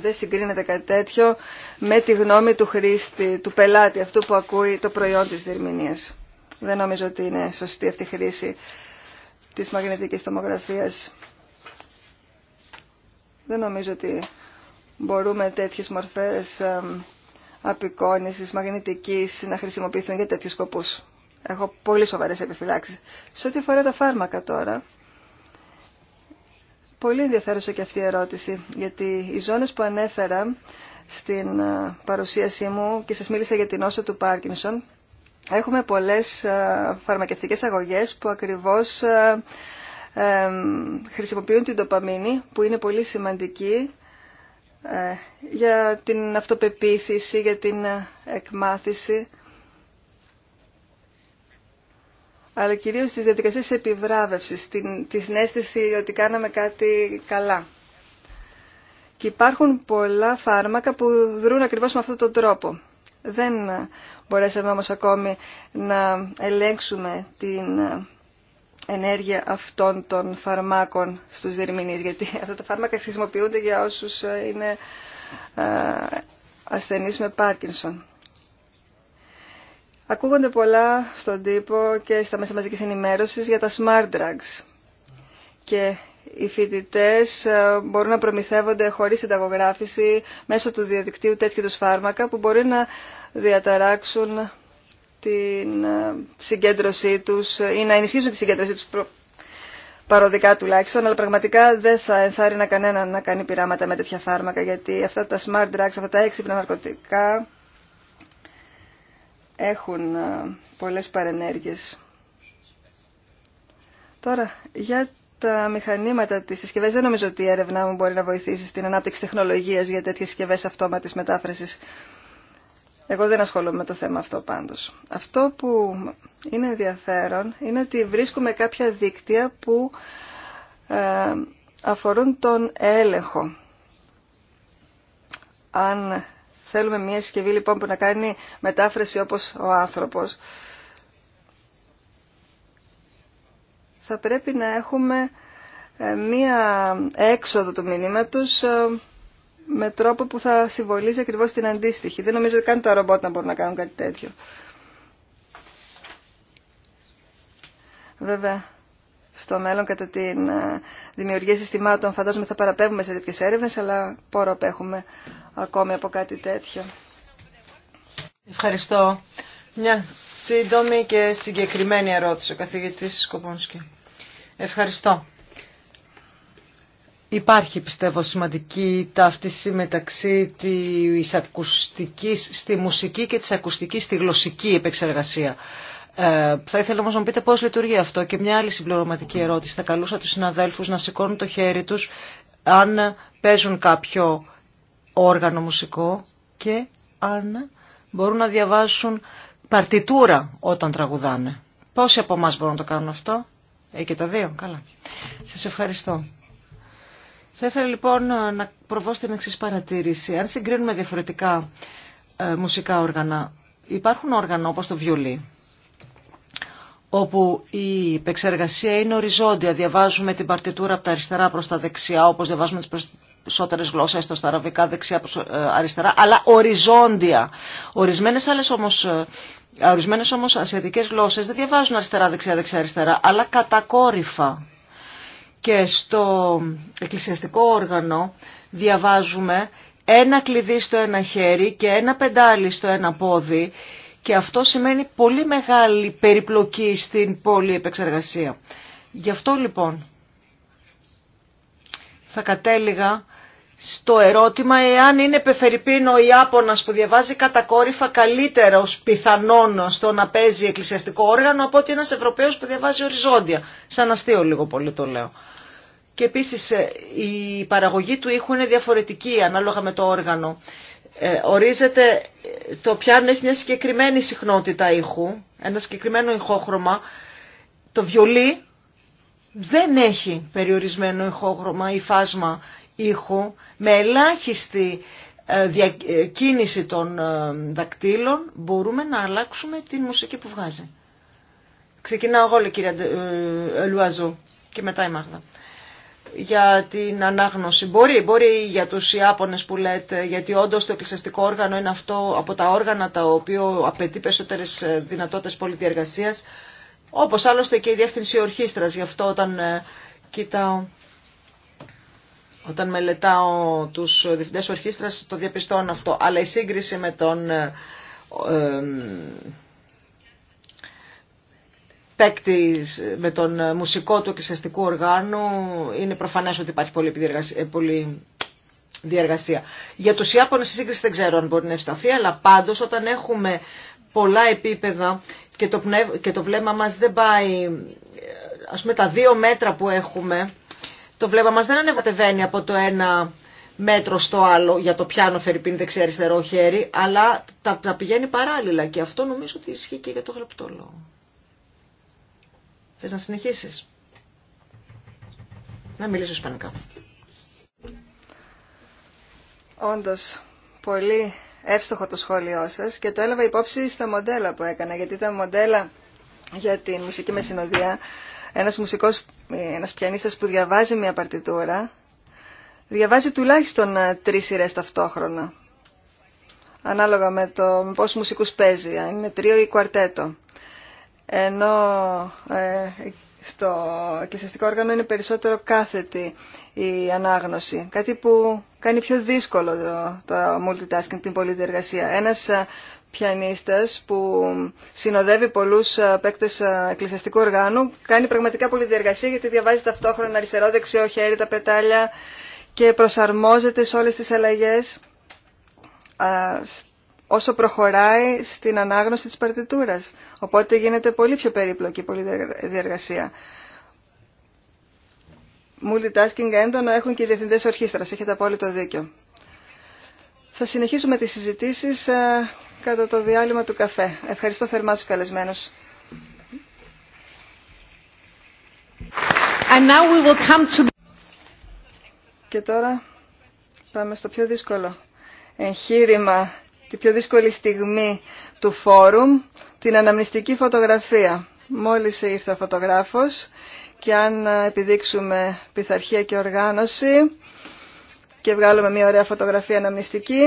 δεν συγκρίνεται κάτι τέτοιο με τη γνώμη του χρήστη, του πελάτη, αυτού που ακούει το προϊόν της διερμηνίας. Δεν νομίζω ότι είναι σωστή αυτή η χρήση της μαγνητικής τομογραφίας. Δεν νομίζω ότι μπορούμε τέτοιες μορφές ε, απεικόνησης μαγνητικής να χρησιμοποιηθούν για τέτοιους σκοπούς. Έχω πολύ σοβαρές επιφυλάξεις. Σε ό,τι αφορά τα φάρμακα τώρα, πολύ ενδιαφέρουσα και αυτή η ερώτηση, γιατί οι ζώνες που ανέφερα στην ε, παρουσίασή μου και σας μίλησα για την όσο του Πάρκινσον, έχουμε πολλές ε, φαρμακευτικές αγωγές που ακριβώς ε, ε, χρησιμοποιούν την τοπαμίνη που είναι πολύ σημαντική για την αυτοπεποίθηση, για την εκμάθηση αλλά κυρίως στις διαδικασίες επιβράβευσης, την, τη συνέστηση ότι κάναμε κάτι καλά. Και υπάρχουν πολλά φάρμακα που δρούν ακριβώς με αυτόν τον τρόπο. Δεν μπορέσαμε όμως ακόμη να ελέγξουμε την ενέργεια αυτών των φαρμάκων στους δερμηνείς, γιατί αυτά τα φάρμακα χρησιμοποιούνται για όσους ε, είναι ε, ασθενείς με Πάρκινσον. Ακούγονται πολλά στον τύπο και στα μέσα μαζικής ενημέρωσης για τα smart drugs. Και οι φοιτητέ ε, μπορούν να προμηθεύονται χωρί συνταγογράφηση μέσω του διαδικτύου τέτοιου του φάρμακα που μπορεί να διαταράξουν την ε, συγκέντρωσή τους ή να ενισχύσουν τη συγκέντρωσή τους παροδικά τουλάχιστον, αλλά πραγματικά δεν θα ενθάρρυνα κανέναν να κάνει πειράματα με τέτοια φάρμακα, γιατί αυτά τα smart drugs, αυτά τα έξυπνα ναρκωτικά έχουν ε, πολλές παρενέργειες. Τώρα, για τα μηχανήματα, τι συσκευή δεν νομίζω ότι η έρευνά μου μπορεί να βοηθήσει στην ανάπτυξη τεχνολογίας για τέτοιες συσκευέ αυτόματης μετάφρασης. Εγώ δεν ασχολούμαι με το θέμα αυτό πάντως. Αυτό που είναι ενδιαφέρον είναι ότι βρίσκουμε κάποια δίκτυα που ε, αφορούν τον έλεγχο. Αν θέλουμε μια συσκευή λοιπόν που να κάνει μετάφραση όπως ο άνθρωπος, θα πρέπει να έχουμε ε, μία έξοδο του μηνύματος ε, με τρόπο που θα συμβολίζει ακριβώς την αντίστοιχη. Δεν νομίζω ότι καν τα ρομπότ να μπορούν να κάνουν κάτι τέτοιο. Βέβαια, στο μέλλον κατά τη ε, δημιουργία συστημάτων φαντάζομαι θα παραπέμπουμε σε τέτοιες έρευνες, αλλά πόρο απέχουμε ακόμη από κάτι τέτοιο. Ευχαριστώ. Μια σύντομη και συγκεκριμένη ερώτηση ο καθηγητής Σκοπονσκή. Ευχαριστώ. Υπάρχει πιστεύω σημαντική ταύτιση μεταξύ της ακουστικής στη μουσική και της ακουστικής στη γλωσσική επεξεργασία. Ε, θα ήθελα όμως να μου πείτε πώς λειτουργεί αυτό και μια άλλη συμπληρωματική ερώτηση. Θα καλούσα τους συναδέλφους να σηκώνουν το χέρι τους αν παίζουν κάποιο όργανο μουσικό και αν μπορούν να διαβάσουν παρτιτούρα όταν τραγουδάνε. Πόσοι από εμά μπορούν να το κάνουν αυτό. Ε, και τα δύο, καλά. Σας ευχαριστώ. Θα ήθελα λοιπόν να προβώ στην εξή παρατήρηση. Αν συγκρίνουμε διαφορετικά ε, μουσικά όργανα, υπάρχουν όργανα όπως το βιολί, όπου η επεξεργασία είναι οριζόντια. Διαβάζουμε την παρτιτούρα από τα αριστερά προς τα δεξιά, όπως διαβάζουμε τις περισσότερε γλώσσες στο αραβικά δεξιά προς ε, αριστερά, αλλά οριζόντια. Ορισμένες άλλες όμως ε, Ορισμένε όμω ασιατικέ γλώσσε δεν διαβάζουν αριστερά-δεξιά-δεξιά-αριστερά, αλλά κατακόρυφα. Και στο εκκλησιαστικό όργανο διαβάζουμε ένα κλειδί στο ένα χέρι και ένα πεντάλι στο ένα πόδι και αυτό σημαίνει πολύ μεγάλη περιπλοκή στην πόλη επεξεργασία. Γι' αυτό λοιπόν θα κατέληγα στο ερώτημα εάν είναι Πεφερυπίνο ή Ιάπωνας που διαβάζει κατακόρυφα καλύτερος πιθανόν στο να παίζει εκκλησιαστικό όργανο από ότι ένας Ευρωπαίος που διαβάζει οριζόντια. Σαν αστείο λίγο πολύ το λέω. Και επίσης ε, η παραγωγή του ήχου είναι διαφορετική ανάλογα με το όργανο. Ε, ορίζεται, ε, το πιάνο έχει μια συγκεκριμένη συχνότητα ήχου, ένα συγκεκριμένο ηχόχρωμα. Το βιολί δεν έχει περιορισμένο ηχόχρωμα ή φάσμα ήχου με ελάχιστη ε, διακίνηση των ε, δακτύλων μπορούμε να αλλάξουμε την μουσική που βγάζει. Ξεκινάω εγώ, λέει κυρία ε, Λουαζού, και μετά η Μάγδα. Για την ανάγνωση. Μπορεί, μπορεί για τους Ιάπωνες που λέτε, γιατί όντως το εκκλησιαστικό όργανο είναι αυτό από τα όργανα τα οποία απαιτεί περισσότερες δυνατότητες πολυδιεργασίας, όπως άλλωστε και η Διεύθυνση Ορχήστρας, γι' αυτό όταν κοιτάω όταν μελετάω τους διευθυντές ορχήστρας το διαπιστώνω αυτό. Αλλά η σύγκριση με τον ε, παίκτη, με τον μουσικό του εκκλησιαστικού οργάνου είναι προφανές ότι υπάρχει πολύ ε, διαργασία. Για τους Ιάπωνες η σύγκριση δεν ξέρω αν μπορεί να ευσταθεί, αλλά πάντως όταν έχουμε πολλά επίπεδα και το, πνευ... και το βλέμμα μας δεν πάει, ε, ας πούμε τα δύο μέτρα που έχουμε, το βλέμμα μας δεν ανεβατεβαίνει από το ένα μέτρο στο άλλο για το πιάνο φερρυπίν δεξιά-αριστερό χέρι, αλλά τα, τα πηγαίνει παράλληλα και αυτό νομίζω ότι ισχύει και για το γραπτό λόγο. Θες να συνεχίσεις. Να μιλήσω ισπανικά. Όντως, πολύ εύστοχο το σχόλιο σας και το έλαβα υπόψη στα μοντέλα που έκανα, γιατί τα μοντέλα για τη μουσική με συνοδεία ένας μουσικός ε, ένας πιανίστας που διαβάζει μια παρτιτούρα διαβάζει τουλάχιστον ε, τρεις σειρές ταυτόχρονα. Ανάλογα με το με πόσους μουσικούς παίζει, αν είναι τρίο ή κουαρτέτο. Ενώ ε, στο εκκλησιαστικό όργανο είναι περισσότερο κάθετη η ανάγνωση. Κάτι που κάνει πιο δύσκολο το, το multitasking, την πολυδιεργασία. Ένας πιανίστας που συνοδεύει πολλούς ε, παίκτες ε, εκκλησιαστικού οργάνου κάνει πραγματικά πολύ διεργασία γιατί διαβάζει ταυτόχρονα αριστερό, δεξιό χέρι, τα πετάλια και προσαρμόζεται σε όλες τις αλλαγές όσο προχωράει στην ανάγνωση της παρτιτούρας. Οπότε γίνεται πολύ πιο περίπλοκη, πολύ διεργασία. Multitasking έντονο έχουν και οι διευθυντές ορχήστρας, έχετε απόλυτο δίκιο. Θα συνεχίσουμε τις συζητήσεις ε, κατά το διάλειμμα του καφέ. Ευχαριστώ θερμά τους καλεσμένους. Και τώρα πάμε στο πιο δύσκολο εγχείρημα, τη πιο δύσκολη στιγμή του φόρουμ, την αναμνηστική φωτογραφία. Μόλις ήρθε ο φωτογράφος και αν επιδείξουμε πειθαρχία και οργάνωση και βγάλουμε μια ωραία φωτογραφία αναμνηστική,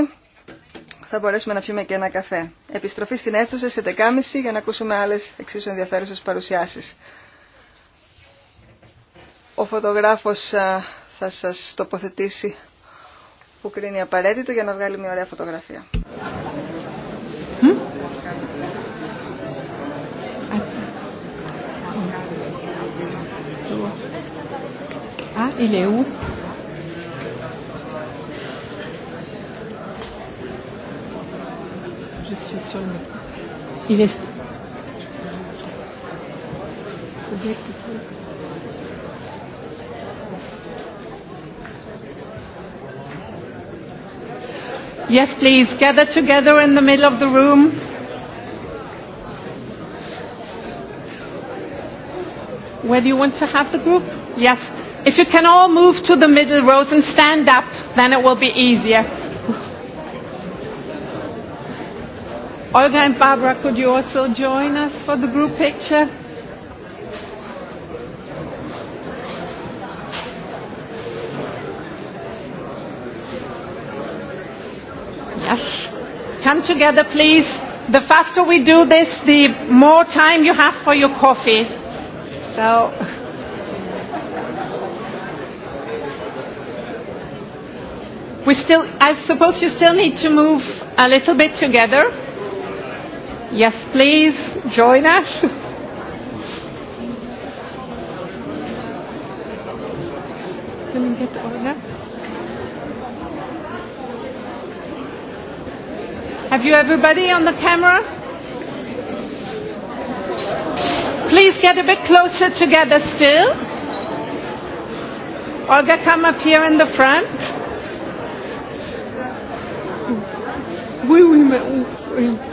θα μπορέσουμε να πιούμε και ένα καφέ. Επιστροφή στην αίθουσα σε 10.30 για να ακούσουμε άλλες εξίσου ενδιαφέρουσες παρουσιάσεις. Ο φωτογράφος θα σας τοποθετήσει που κρίνει απαραίτητο για να βγάλει μια ωραία φωτογραφία. Α, είναι Yes, please, gather together in the middle of the room. Where do you want to have the group? Yes. If you can all move to the middle rows and stand up, then it will be easier. Olga and Barbara, could you also join us for the group picture? Yes. Come together, please. The faster we do this, the more time you have for your coffee. So. We still, I suppose you still need to move a little bit together. Yes, please join us. Have you everybody on the camera? Please get a bit closer together still. Olga, come up here in the front. Oui, oui,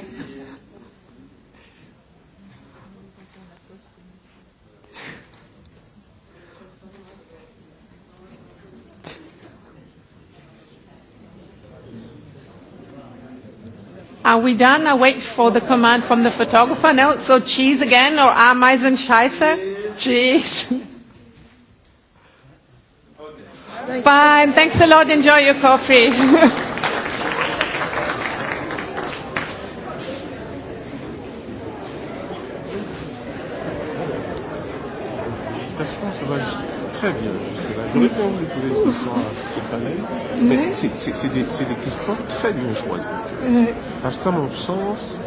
Are we done? I wait for the command from the photographer now. So cheese again or Ameisen Scheiße? Cheese. Fine. Thanks a lot. Enjoy your coffee. très bien. C'est des questions très bien choisies. Parce qu'à mon sens,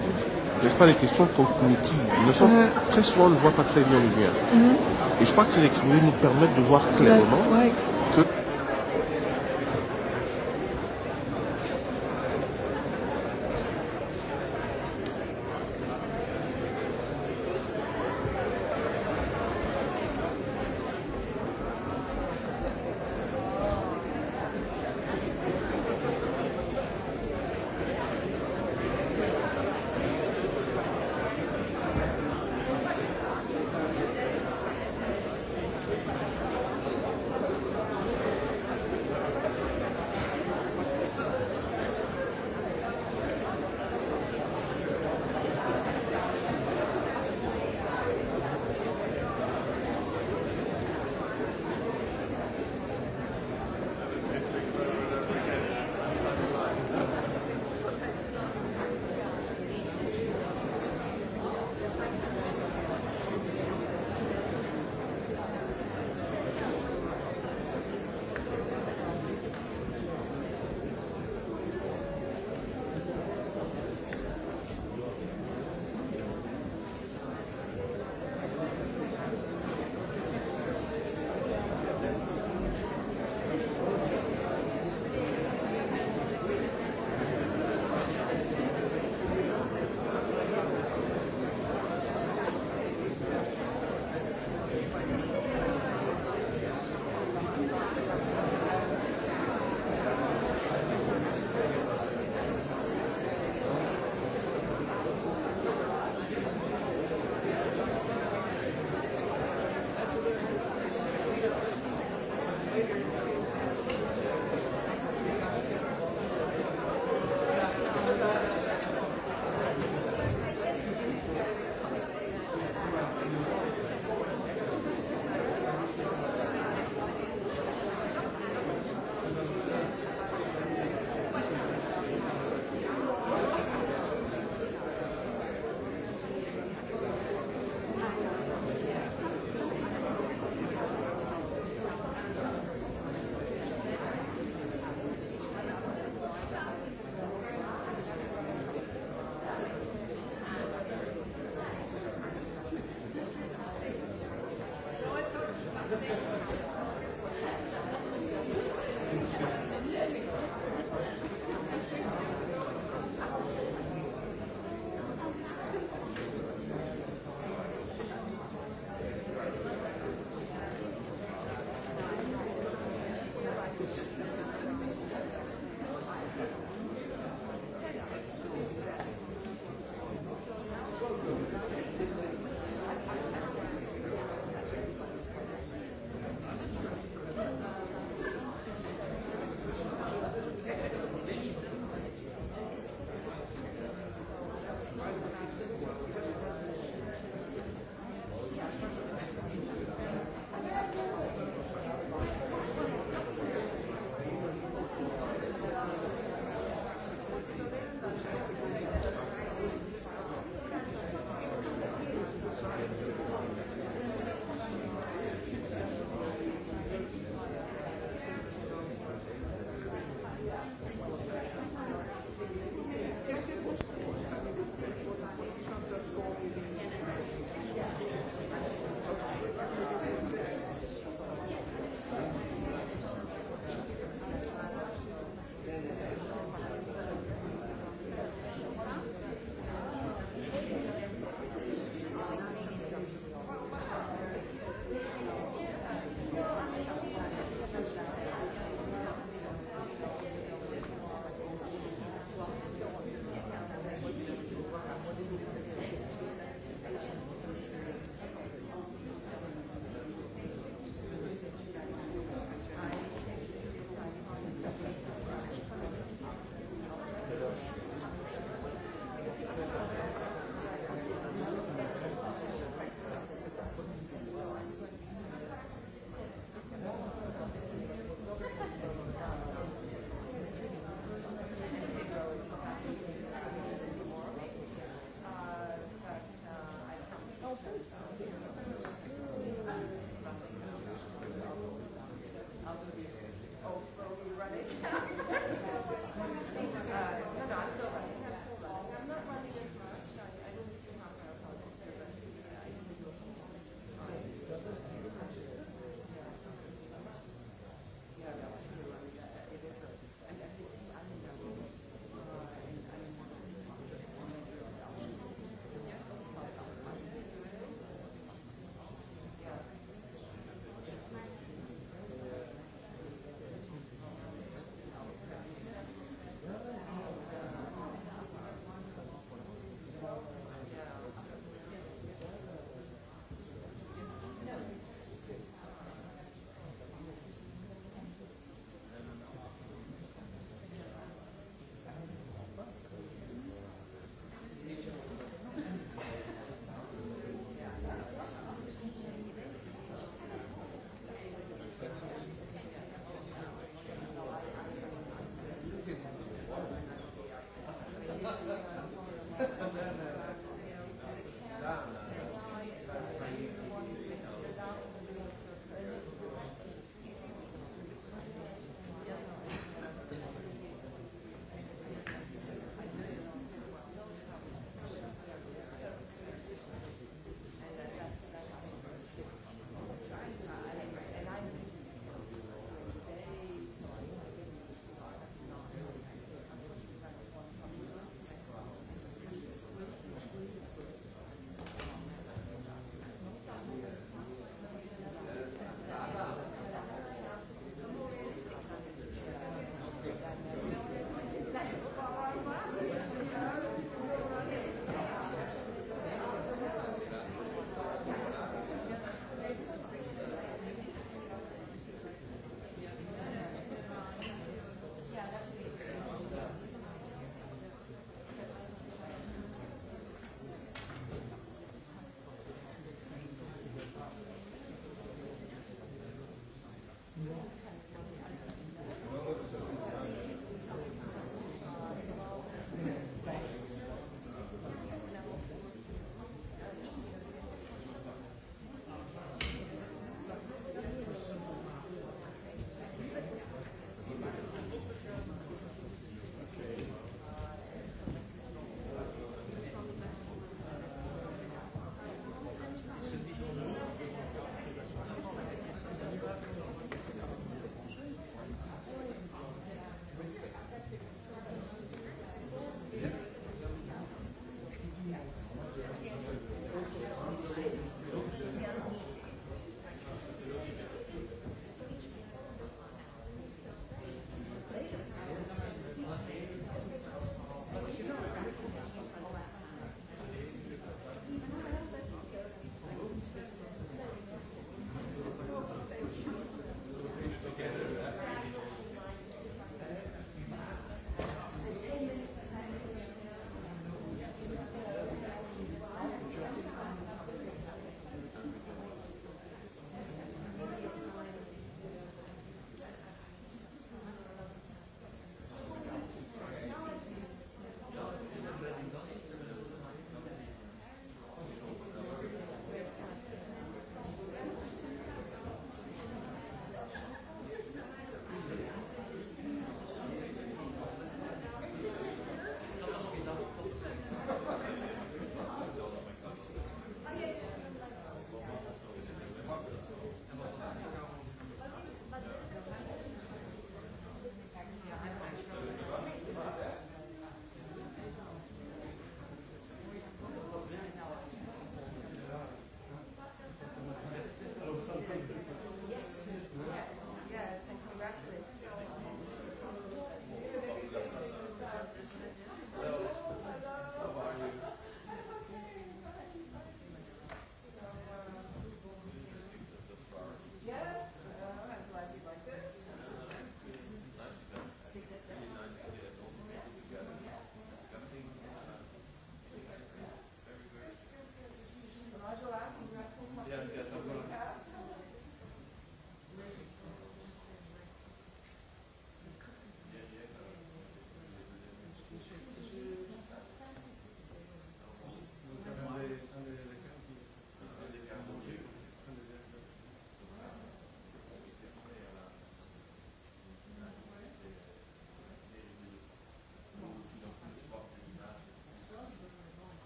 n'est-ce pas, des questions cognitives. Ne sont, très souvent, on ne voit pas très bien le lien. Et je crois que ces exposés nous permettent de voir clairement que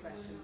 question.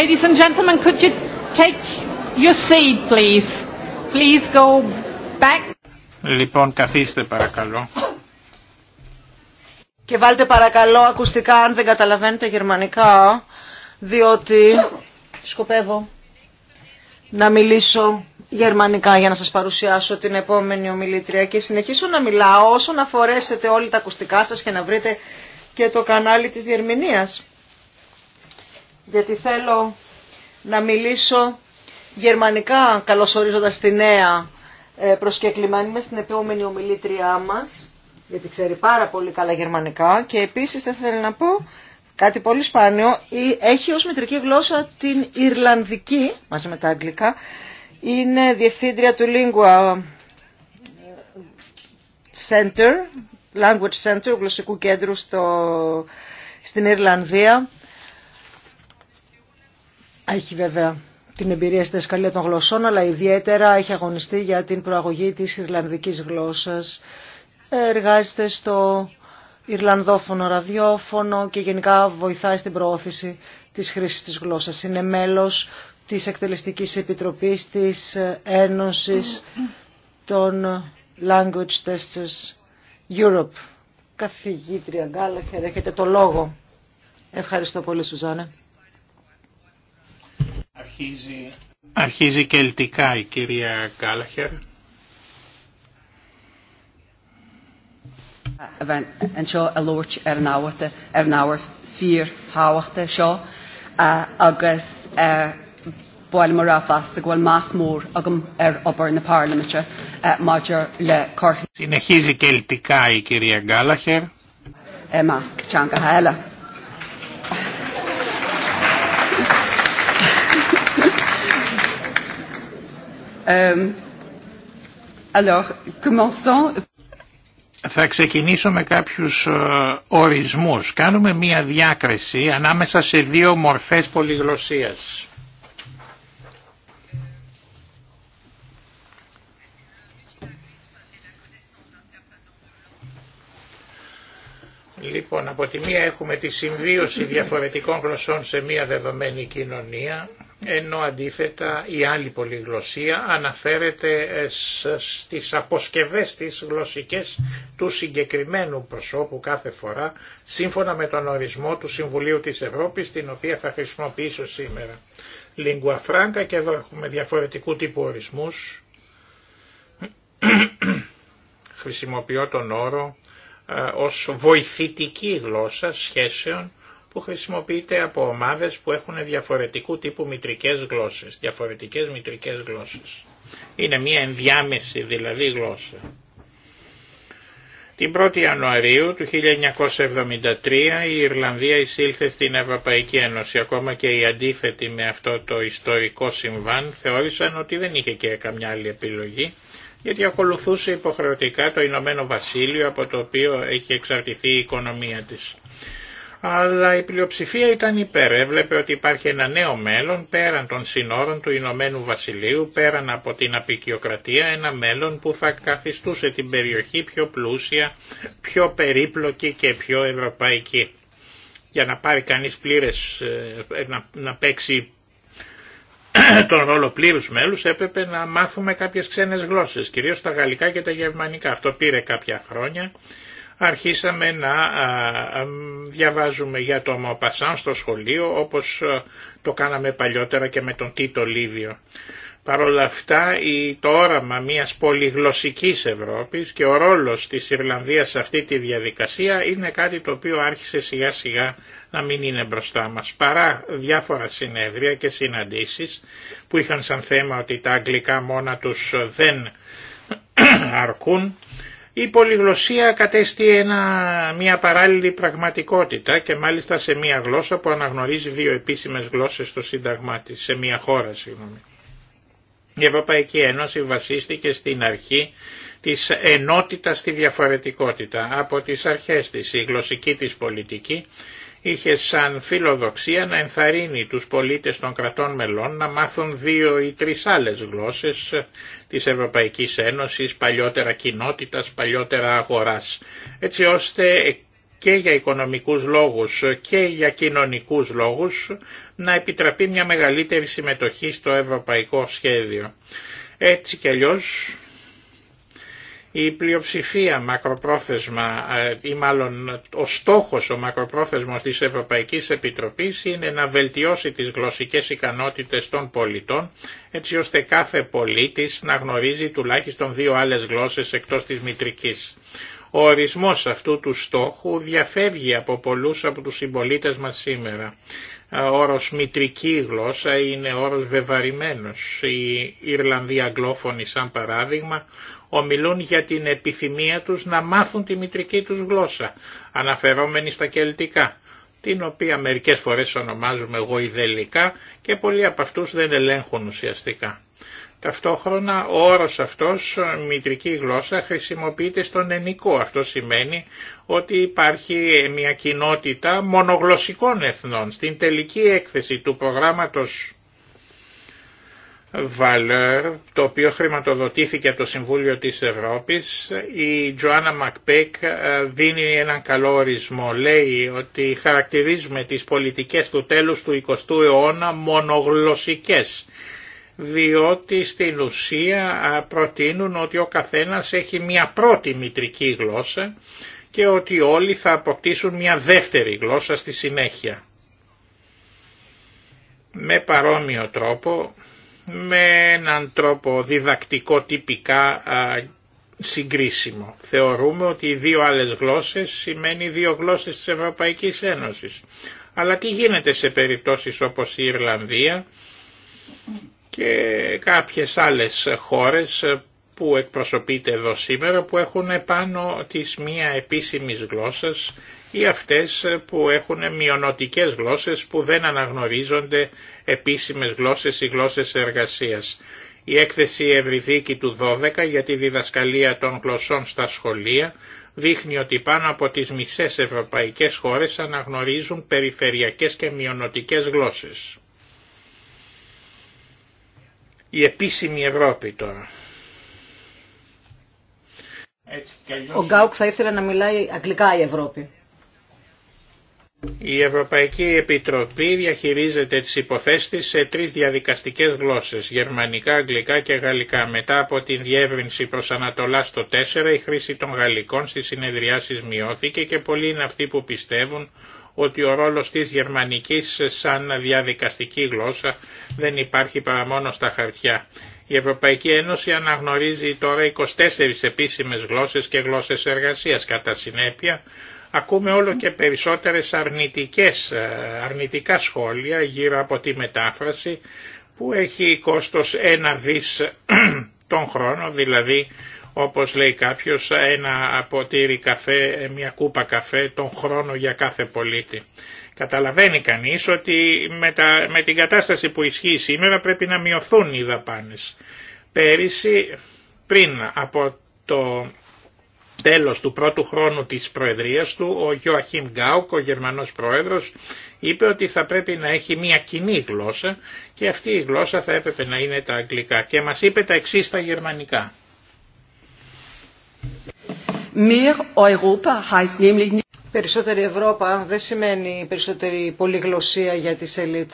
Ladies and gentlemen, could you take your seat, please? Please go back. Λοιπόν, καθίστε παρακαλώ. Και βάλτε παρακαλώ ακουστικά αν δεν καταλαβαίνετε γερμανικά, διότι σκοπεύω να μιλήσω γερμανικά για να σας παρουσιάσω την επόμενη ομιλήτρια και συνεχίσω να μιλάω όσο να φορέσετε όλοι τα ακουστικά σας και να βρείτε και το κανάλι της διερμηνίας γιατί θέλω να μιλήσω γερμανικά καλωσορίζοντας τη νέα ε, προσκεκλημένη με την επόμενη ομιλήτριά μας, γιατί ξέρει πάρα πολύ καλά γερμανικά και επίσης θα θέλω να πω κάτι πολύ σπάνιο, έχει ως μητρική γλώσσα την Ιρλανδική, μαζί με τα Αγγλικά, είναι διευθύντρια του Lingua Center, Language Center, γλωσσικού κέντρου στο, στην Ιρλανδία έχει βέβαια την εμπειρία στη δασκαλία των γλωσσών, αλλά ιδιαίτερα έχει αγωνιστεί για την προαγωγή της Ιρλανδικής γλώσσας. Εργάζεται στο Ιρλανδόφωνο ραδιόφωνο και γενικά βοηθάει στην προώθηση της χρήσης της γλώσσας. Είναι μέλος της Εκτελεστικής Επιτροπής της Ένωσης των Language Testers Europe. Καθηγήτρια Γκάλαχερ, έχετε το λόγο. Ευχαριστώ πολύ Σουζάνε. Αρχίζει, αρχίζει κελτικά η κυρία Κάλαχερ. En seo a loirt ar náhairta ar náhar show a seo agus bhil mar ráfasta bhfuil más mór agam er obair na Parliamente Maidir le corthaí. Συνεχίζει κελτικά η κυρία Γκάλαχερ. Ε, μάσκ, τσάνκα, Euh, Θα ξεκινήσω με κάποιους ε, ορισμούς. Κάνουμε μία διάκριση ανάμεσα σε δύο μορφές πολυγλωσσίας. Λοιπόν, από τη μία έχουμε τη συμβίωση διαφορετικών γλωσσών σε μία δεδομένη κοινωνία ενώ αντίθετα η άλλη πολυγλωσία αναφέρεται ε, στις αποσκευές της γλωσσικές του συγκεκριμένου προσώπου κάθε φορά σύμφωνα με τον ορισμό του Συμβουλίου της Ευρώπης την οποία θα χρησιμοποιήσω σήμερα. Λίγκουα φράγκα και εδώ έχουμε διαφορετικού τύπου ορισμούς. Χρησιμοποιώ τον όρο ε, ως βοηθητική γλώσσα σχέσεων που χρησιμοποιείται από ομάδες που έχουν διαφορετικού τύπου μητρικές γλώσσες, διαφορετικές μητρικές γλώσσες. Είναι μια ενδιάμεση δηλαδή γλώσσα. Την 1η Ιανουαρίου του 1973 η Ιρλανδία εισήλθε στην Ευρωπαϊκή Ένωση. Ακόμα και οι αντίθετοι με αυτό το ιστορικό συμβάν θεώρησαν ότι δεν είχε και καμιά άλλη επιλογή γιατί ακολουθούσε υποχρεωτικά το Ηνωμένο Βασίλειο από το οποίο έχει εξαρτηθεί η οικονομία της αλλά η πλειοψηφία ήταν υπέρ. Έβλεπε ότι υπάρχει ένα νέο μέλλον πέραν των συνόρων του Ηνωμένου Βασιλείου, πέραν από την απεικιοκρατία, ένα μέλλον που θα καθιστούσε την περιοχή πιο πλούσια, πιο περίπλοκη και πιο ευρωπαϊκή. Για να πάρει κανείς πλήρες, ε, να, να παίξει τον ρόλο πλήρους μέλους έπρεπε να μάθουμε κάποιες ξένες γλώσσες, κυρίως τα γαλλικά και τα γερμανικά. Αυτό πήρε κάποια χρόνια αρχίσαμε να διαβάζουμε για το Μοπασάν στο σχολείο όπως το κάναμε παλιότερα και με τον Τίτο Λίβιο. Παρ' όλα αυτά το όραμα μιας πολυγλωσσικής Ευρώπης και ο ρόλος της Ιρλανδίας σε αυτή τη διαδικασία είναι κάτι το οποίο άρχισε σιγά σιγά να μην είναι μπροστά μας. Παρά διάφορα συνέδρια και συναντήσεις που είχαν σαν θέμα ότι τα αγγλικά μόνα τους δεν αρκούν, η πολυγλωσία κατέστη ένα, μια παράλληλη πραγματικότητα και μάλιστα σε μια γλώσσα που αναγνωρίζει δύο επίσημες γλώσσες στο σύνταγμά της, σε μια χώρα συγγνώμη. Η Ευρωπαϊκή Ένωση βασίστηκε στην αρχή της ενότητας στη διαφορετικότητα. Από τις αρχές της η γλωσσική της πολιτική είχε σαν φιλοδοξία να ενθαρρύνει τους πολίτες των κρατών μελών να μάθουν δύο ή τρεις άλλες γλώσσες ε, της Ευρωπαϊκής Ένωσης, παλιότερα κοινότητας, παλιότερα αγοράς, έτσι ώστε και για οικονομικούς λόγους και για κοινωνικούς λόγους να επιτραπεί μια μεγαλύτερη συμμετοχή στο ευρωπαϊκό σχέδιο. Έτσι κι αλλιώς η πλειοψηφία μακροπρόθεσμα ε, ή μάλλον ο στόχος ο μακροπρόθεσμος της Ευρωπαϊκής Επιτροπής είναι να βελτιώσει τις γλωσσικές ικανότητες των πολιτών έτσι ώστε κάθε πολίτης να γνωρίζει τουλάχιστον δύο άλλες γλώσσες εκτός της μητρικής. Ο ορισμός αυτού του στόχου διαφεύγει από πολλούς από τους συμπολίτες μας σήμερα. Ε, όρος μητρική γλώσσα είναι όρος βεβαρημένος. Οι Ιρλανδοί αγγλόφωνοι σαν παράδειγμα ομιλούν για την επιθυμία τους να μάθουν τη μητρική τους γλώσσα, αναφερόμενη στα κελτικά, την οποία μερικές φορές ονομάζουμε γοηδελικά και πολλοί από αυτούς δεν ελέγχουν ουσιαστικά. Ταυτόχρονα ο όρος αυτός, μητρική γλώσσα, χρησιμοποιείται στον ενικό. Αυτό σημαίνει ότι υπάρχει μια κοινότητα μονογλωσσικών εθνών. Στην τελική έκθεση του προγράμματος βαλέρ, το οποίο χρηματοδοτήθηκε από το Συμβούλιο της Ευρώπης, η Τζοάννα Μακπέκ ε, δίνει έναν καλό ορισμό. Λέει ότι χαρακτηρίζουμε τις πολιτικές του τέλους του 20ου αιώνα μονογλωσσικές, διότι στην ουσία ε, προτείνουν ότι ο καθένας έχει μια πρώτη μητρική γλώσσα και ότι όλοι θα αποκτήσουν μια δεύτερη γλώσσα στη συνέχεια. Με παρόμοιο τρόπο, με έναν τρόπο διδακτικό τυπικά συγκρίσιμο. Θεωρούμε ότι οι δύο άλλες γλώσσες σημαίνει δύο γλώσσες της Ευρωπαϊκής Ένωσης. Αλλά τι γίνεται σε περιπτώσεις όπως η Ιρλανδία και κάποιες άλλες χώρες που εκπροσωπείται εδώ σήμερα που έχουν πάνω της μία επίσημης γλώσσας ή αυτές που έχουν μειονοτικές γλώσσες που δεν αναγνωρίζονται επίσημες γλώσσες ή γλώσσες εργασίας. Η έκθεση Ευρυδίκη του 12 για τη διδασκαλία των γλωσσών στα σχολεία δείχνει ότι πάνω από τις μισές ευρωπαϊκές χώρες αναγνωρίζουν περιφερειακές και μειονοτικές γλώσσες. Η επίσημη Ευρώπη τώρα. Ο Γκάουκ θα ήθελε να μιλάει αγγλικά η Ευρώπη. Η Ευρωπαϊκή Επιτροπή διαχειρίζεται τις υποθέσεις σε τρεις διαδικαστικές γλώσσες, γερμανικά, αγγλικά και γαλλικά. Μετά από την διεύρυνση προς Ανατολά στο 4, η χρήση των γαλλικών στις συνεδριάσεις μειώθηκε και πολλοί είναι αυτοί που πιστεύουν ότι ο ρόλος της γερμανικής σαν διαδικαστική γλώσσα δεν υπάρχει παρά μόνο στα χαρτιά. Η Ευρωπαϊκή Ένωση αναγνωρίζει τώρα 24 επίσημες γλώσσες και γλώσσες εργασίας κατά συνέπεια, Ακούμε όλο και περισσότερες αρνητικές, ε, αρνητικά σχόλια γύρω από τη μετάφραση που έχει κόστος ένα δις τον χρόνο, δηλαδή όπως λέει κάποιος ένα ποτήρι καφέ, μια κούπα καφέ τον χρόνο για κάθε πολίτη. Καταλαβαίνει κανείς ότι με, τα, την κατάσταση που ισχύει σήμερα πρέπει να μειωθούν οι δαπάνες. Πέρυσι πριν από το τέλος του πρώτου χρόνου της προεδρίας του ο Γιώαχιμ Γκάουκ, ο Γερμανός Πρόεδρος, είπε ότι θα πρέπει να έχει μια κοινή γλώσσα και αυτή η γλώσσα θα έπρεπε να είναι τα αγγλικά και μας είπε τα εξής στα γερμανικά. Περισσότερη Ευρώπα δεν σημαίνει περισσότερη πολυγλωσία για τις ελίτ,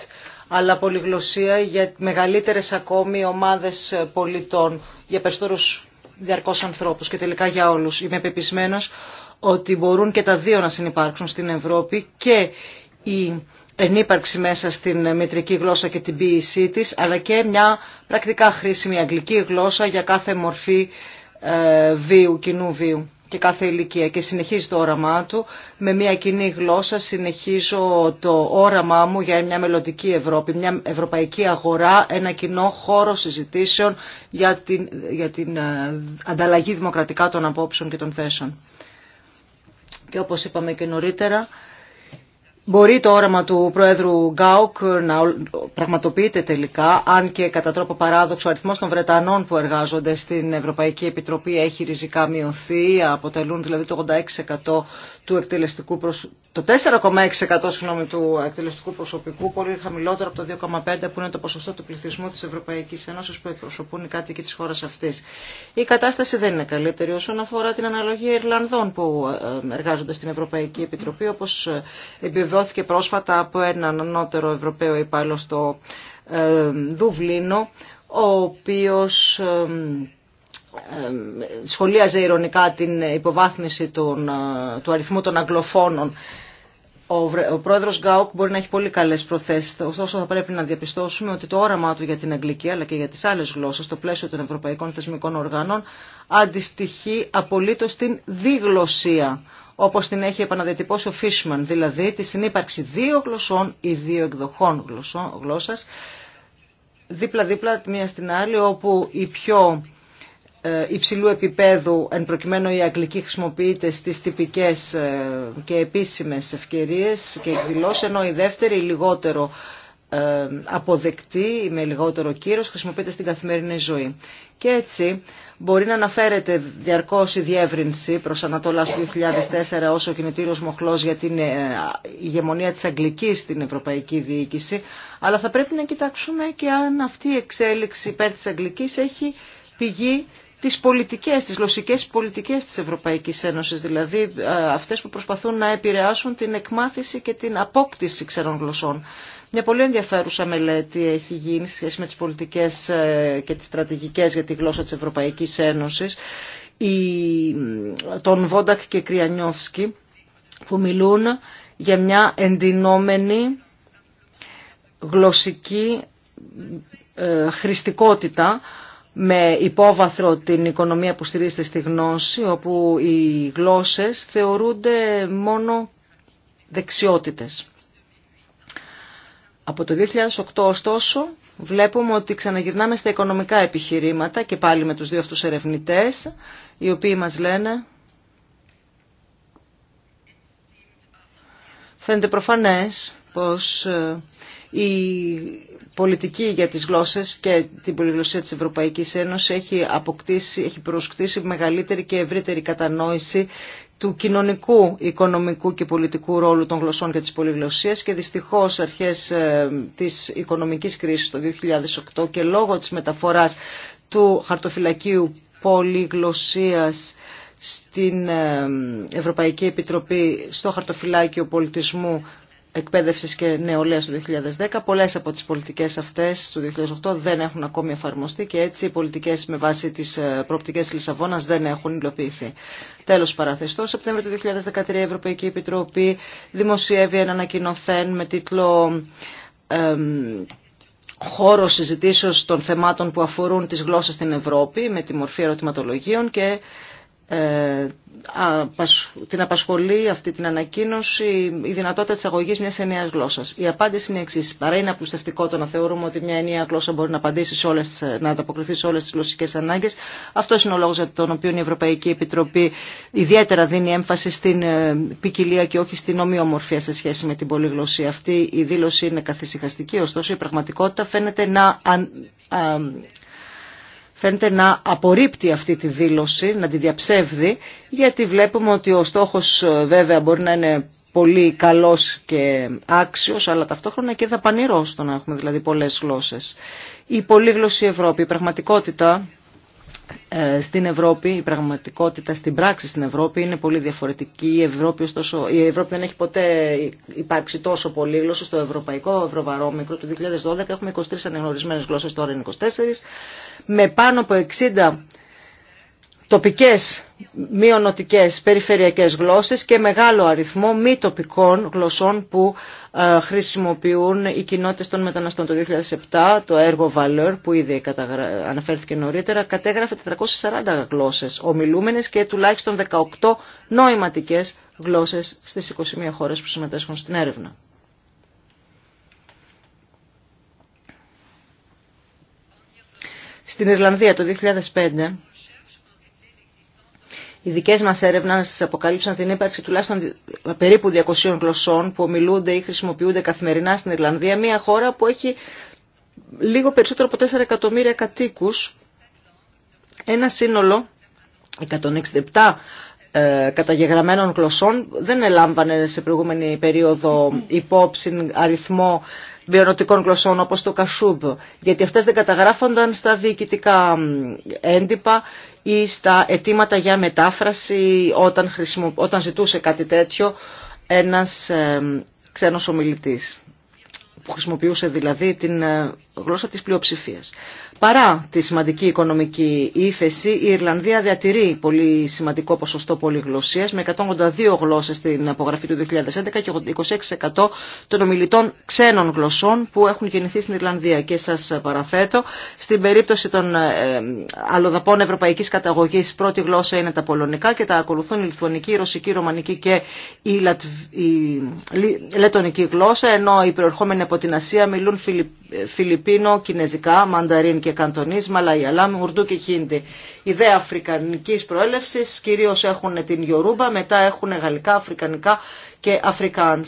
αλλά πολυγλωσία για μεγαλύτερες ακόμη ομάδες πολιτών, για περισσότερους διαρκώς ανθρώπους και τελικά για όλους. Είμαι πεπισμένος ότι μπορούν και τα δύο να συνεπάρξουν στην Ευρώπη και η ενύπαρξη μέσα στην μετρική γλώσσα και την ποιησή της, αλλά και μια πρακτικά χρήσιμη αγγλική γλώσσα για κάθε μορφή ε, βίου, κοινού βίου και κάθε ηλικία και συνεχίζει το όραμά του. Με μια κοινή γλώσσα συνεχίζω το όραμά μου για μια μελλοντική Ευρώπη, μια ευρωπαϊκή αγορά, ένα κοινό χώρο συζητήσεων για την, για την ε, ανταλλαγή δημοκρατικά των απόψεων και των θέσεων. Και όπως είπαμε και νωρίτερα, Μπορεί το όραμα του Προέδρου Γκάουκ να πραγματοποιείται τελικά, αν και κατά τρόπο παράδοξο ο αριθμός των Βρετανών που εργάζονται στην Ευρωπαϊκή Επιτροπή έχει ριζικά μειωθεί, αποτελούν δηλαδή το 86% του εκτελεστικού προσ... το 4,6% του εκτελεστικού προσωπικού, πολύ χαμηλότερο από το 2,5% που είναι το ποσοστό του πληθυσμού της Ευρωπαϊκής Ένωσης που εκπροσωπούν οι κάτοικοι της χώρας αυτή. Η κατάσταση δεν είναι καλύτερη όσον αφορά την αναλογία Ιρλανδών που ε, ε, εργάζονται στην Ευρωπαϊκή Επιτροπή, όπως ε, επιβεβαιώνει δόθηκε πρόσφατα από έναν ανώτερο Ευρωπαίο υπάλληλο στο ε, Δουβλίνο, ο οποίος ε, ε, σχολίαζε ηρωνικά την υποβάθμιση του αριθμού των αγγλοφώνων ο πρόεδρος Γκάουκ μπορεί να έχει πολύ καλές προθέσεις, ωστόσο θα πρέπει να διαπιστώσουμε ότι το όραμά του για την αγγλική αλλά και για τις άλλες γλώσσες στο πλαίσιο των ευρωπαϊκών θεσμικών οργάνων αντιστοιχεί απολύτως στην διγλωσία, όπως την έχει επαναδιατυπώσει ο Φίσμαν. δηλαδή τη συνύπαρξη δύο γλωσσών ή δύο εκδοχών γλώσσας, δίπλα-δίπλα μία στην άλλη, όπου η πιο ε, υψηλού επίπεδου, εν προκειμένου η αγγλική χρησιμοποιείται στις τυπικές ε, και επίσημες ευκαιρίες και εκδηλώσει, ενώ η δεύτερη, η λιγότερο ε, αποδεκτή, με λιγότερο κύρος, χρησιμοποιείται στην καθημερινή ζωή. Και έτσι μπορεί να αναφέρεται διαρκώς η διεύρυνση προς ανατόλα του 2004 ως ο κινητήριος μοχλός για την ηγεμονία της Αγγλικής στην Ευρωπαϊκή Διοίκηση, αλλά θα πρέπει να κοιτάξουμε και αν αυτή η εξέλιξη υπέρ της Αγγλικής έχει πηγή τις πολιτικές, τις γλωσσικές πολιτικές της Ευρωπαϊκής Ένωσης, δηλαδή ε, αυτές που προσπαθούν να επηρεάσουν την εκμάθηση και την απόκτηση ξένων γλωσσών. Μια πολύ ενδιαφέρουσα μελέτη έχει γίνει σε σχέση με τις πολιτικές ε, και τις στρατηγικές για τη γλώσσα της Ευρωπαϊκής Ένωσης, τον Βόντακ και Κριανιόφσκι, που μιλούν για μια εντυνόμενη γλωσσική ε, χρηστικότητα με υπόβαθρο την οικονομία που στηρίζεται στη γνώση, όπου οι γλώσσες θεωρούνται μόνο δεξιότητες. Από το 2008 ωστόσο βλέπουμε ότι ξαναγυρνάμε στα οικονομικά επιχειρήματα και πάλι με τους δύο αυτούς ερευνητές οι οποίοι μας λένε φαίνεται προφανές πως ε, οι πολιτική για τις γλώσσες και την πολυγλωσσία της Ευρωπαϊκής Ένωσης έχει, αποκτήσει, έχει προσκτήσει μεγαλύτερη και ευρύτερη κατανόηση του κοινωνικού, οικονομικού και πολιτικού ρόλου των γλωσσών και της πολυγλωσσίας και δυστυχώς αρχές ε, της οικονομικής κρίσης το 2008 και λόγω της μεταφοράς του χαρτοφυλακίου πολυγλωσσίας στην ε, Ευρωπαϊκή Επιτροπή στο χαρτοφυλάκιο πολιτισμού εκπαίδευσης και νεολαίας του 2010. Πολλές από τις πολιτικές αυτές του 2008 δεν έχουν ακόμη εφαρμοστεί και έτσι οι πολιτικές με βάση τις ε, προοπτικές Λισαβόνας δεν έχουν υλοποιηθεί. Τέλος παραθεστώ, Σεπτέμβριο του 2013 η Ευρωπαϊκή Επιτροπή δημοσιεύει ένα ανακοινωθέν με τίτλο χώρο συζητήσεως των θεμάτων που αφορούν τις γλώσσες στην Ευρώπη με τη μορφή ερωτηματολογίων και ε, την απασχολεί αυτή την ανακοίνωση η δυνατότητα της αγωγής μιας ενιαίας γλώσσας. Η απάντηση είναι εξή. Παρά είναι απλουστευτικό το να θεωρούμε ότι μια ενιαία γλώσσα μπορεί να, σε όλες, να ανταποκριθεί σε όλες τις γλωσσικές ανάγκες. αυτό είναι ο λόγος για τον οποίο η Ευρωπαϊκή Επιτροπή ιδιαίτερα δίνει έμφαση στην ε, ποικιλία και όχι στην ομοιομορφία σε σχέση με την πολυγλωσσία. Αυτή η δήλωση είναι καθησυχαστική, ωστόσο η πραγματικότητα φαίνεται να φαίνεται να απορρίπτει αυτή τη δήλωση, να τη διαψεύδει, γιατί βλέπουμε ότι ο στόχος ε, βέβαια μπορεί να είναι πολύ καλός και άξιος, αλλά ταυτόχρονα και δαπανηρός το να έχουμε δηλαδή πολλές γλώσσες. Η πολύγλωση Ευρώπη, η πραγματικότητα ε, στην Ευρώπη, η πραγματικότητα στην πράξη στην Ευρώπη είναι πολύ διαφορετική. Η Ευρώπη, δεν έχει ποτέ υπάρξει τόσο πολύ γλώσσα. Στο Ευρωπαϊκό Ευρωβαρόμικρο του 2012 έχουμε 23 αναγνωρισμένε γλώσσες, τώρα είναι 24, με πάνω από 60 τοπικές μειονοτικές περιφερειακές γλώσσες και μεγάλο αριθμό μη τοπικών γλωσσών που ε, χρησιμοποιούν οι κοινότητες των μεταναστών. Το 2007 το έργο Valor που ήδη αναφέρθηκε νωρίτερα κατέγραφε 440 γλώσσες ομιλούμενες και τουλάχιστον 18 νοηματικές γλώσσες στις 21 χώρες που συμμετέσχουν στην έρευνα. Στην Ιρλανδία το 2005 οι δικές μας έρευνες αποκαλύψαν την ύπαρξη τουλάχιστον περίπου 200 γλωσσών που ομιλούνται ή χρησιμοποιούνται καθημερινά στην Ιρλανδία, μια χώρα που έχει λίγο περισσότερο από 4 εκατομμύρια κατοίκους, ένα σύνολο 167 ε, καταγεγραμμένων γλωσσών δεν ελάμβανε σε προηγούμενη περίοδο υπόψη αριθμό βιονοτικών γλωσσών όπως το Κασούμπ, γιατί αυτές δεν καταγράφονταν στα διοικητικά έντυπα ή στα αιτήματα για μετάφραση όταν, χρησιμο... όταν ζητούσε κάτι τέτοιο ένας ε, ξένος ομιλητής που χρησιμοποιούσε δηλαδή την ε, γλώσσα της πλειοψηφίας. Παρά τη σημαντική οικονομική ύφεση, η Ιρλανδία διατηρεί πολύ σημαντικό ποσοστό πολυγλωσσίας με 182 γλώσσες στην απογραφή του 2011 και 26% των ομιλητών ξένων γλωσσών που έχουν γεννηθεί στην Ιρλανδία. Και σας παραθέτω, στην περίπτωση των ε, αλλοδαπών ευρωπαϊκής καταγωγής πρώτη γλώσσα είναι τα πολωνικά και τα ακολουθούν η λιθουανική, η ρωσική, η ρωμανική και η, Λατβ... λετωνική γλώσσα, ενώ οι προερχόμενοι από την Ασία μιλούν ε, φιλιπ φιλιππίνο, κινέζικα, μανταρίν και Καντονή, μαλάι, ουρντού και χίντι. Ιδέα Αφρικανική πρόέλευση. Κυρίω έχουν την Ιωρούμπα, μετά έχουν γαλλικά, αφρικανικά και Αφρικάν.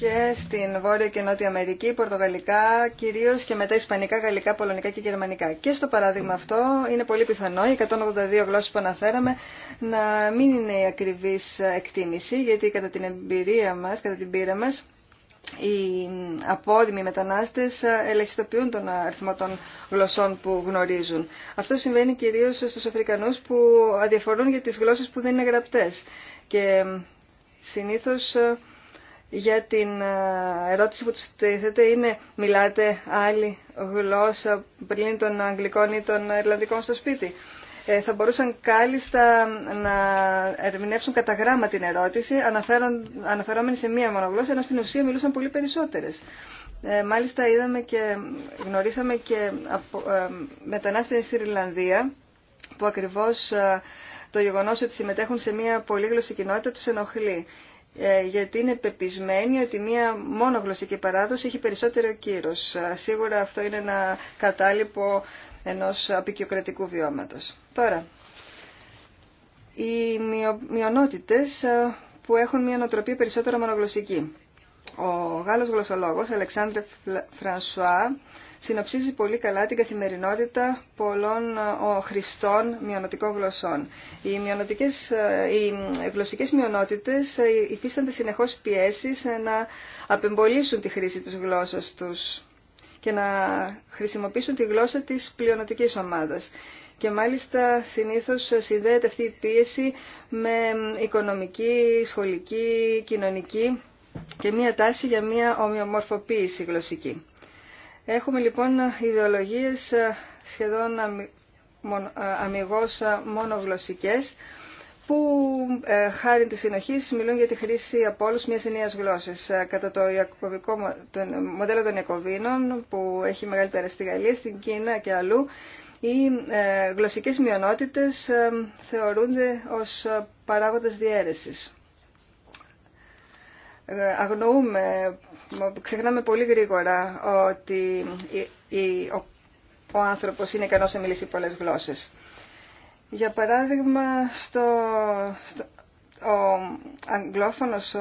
Και στην Βόρεια και Νότια Αμερική, Πορτογαλικά κυρίω και μετά Ισπανικά, Γαλλικά, Πολωνικά και Γερμανικά. Και στο παράδειγμα αυτό είναι πολύ πιθανό οι 182 γλώσσε που αναφέραμε να μην είναι η ακριβή εκτίμηση, γιατί κατά την εμπειρία μα, κατά την πείρα μα, οι απόδημοι μετανάστες ε, ελεγχιστοποιούν τον αριθμό των γλωσσών που γνωρίζουν. Αυτό συμβαίνει κυρίως στους Αφρικανούς που αδιαφορούν για τις γλώσσες που δεν είναι γραπτές. Και συνήθως ε, για την ε, ερώτηση που τους θέτε είναι μιλάτε άλλη γλώσσα πριν των Αγγλικών ή των Ιρλανδικών στο σπίτι. Ε, θα μπορούσαν κάλλιστα να ερμηνεύσουν κατά γράμμα την ερώτηση αναφερόμενοι σε μία μονογλώσσα, ενώ στην ουσία μιλούσαν πολύ περισσότερες. Ε, μάλιστα είδαμε και γνωρίσαμε και από, ε, μετανάστες στην Ιρλανδία που ακριβώς το γεγονός ότι συμμετέχουν σε μία πολύγλωση κοινότητα τους ενοχλεί γιατί είναι πεπισμένοι ότι μία μόνο γλωσσική παράδοση έχει περισσότερο κύρος. Σίγουρα αυτό είναι ένα κατάλοιπο ενός απεικιοκρατικού βιώματος. Τώρα, οι μειονότητες ε, που έχουν μια νοοτροπία περισσότερο μονογλωσσική. Ο Γάλλος γλωσσολόγος Αλεξάνδρε Φρανσουά συνοψίζει πολύ καλά την καθημερινότητα πολλών ε, χρηστών μειονοτικών γλωσσών. Οι, ε, οι γλωσσικές μειονότητες υφίστανται συνεχώς πιέσεις να απεμπολίσουν τη χρήση της γλώσσας τους και να χρησιμοποιήσουν τη γλώσσα της πλειονοτικής ομάδας. Και μάλιστα συνήθως συνδέεται αυτή η πίεση με οικονομική, σχολική, κοινωνική και μια τάση για μια ομοιομορφοποίηση γλωσσική. Έχουμε λοιπόν ιδεολογίες σχεδόν αμυγός μόνο γλωσσικές που ε, χάρη τη συνοχή μιλούν για τη χρήση από όλους μιας ενιαίας γλώσσας. Ε, κατά το, το μοντέλο των Ιακωβίνων που έχει μεγαλύτερα στη Γαλλία, στην Κίνα και αλλού, οι ε, γλωσσικές μειονότητες θεωρούνται ως παράγοντας διαίρεσης. Αγνοούμε, ξεχνάμε πολύ γρήγορα ότι ο, άνθρωπος είναι ικανός να μιλήσει πολλές γλώσσες. Για παράδειγμα, στο, στο ο αγγλόφωνος ο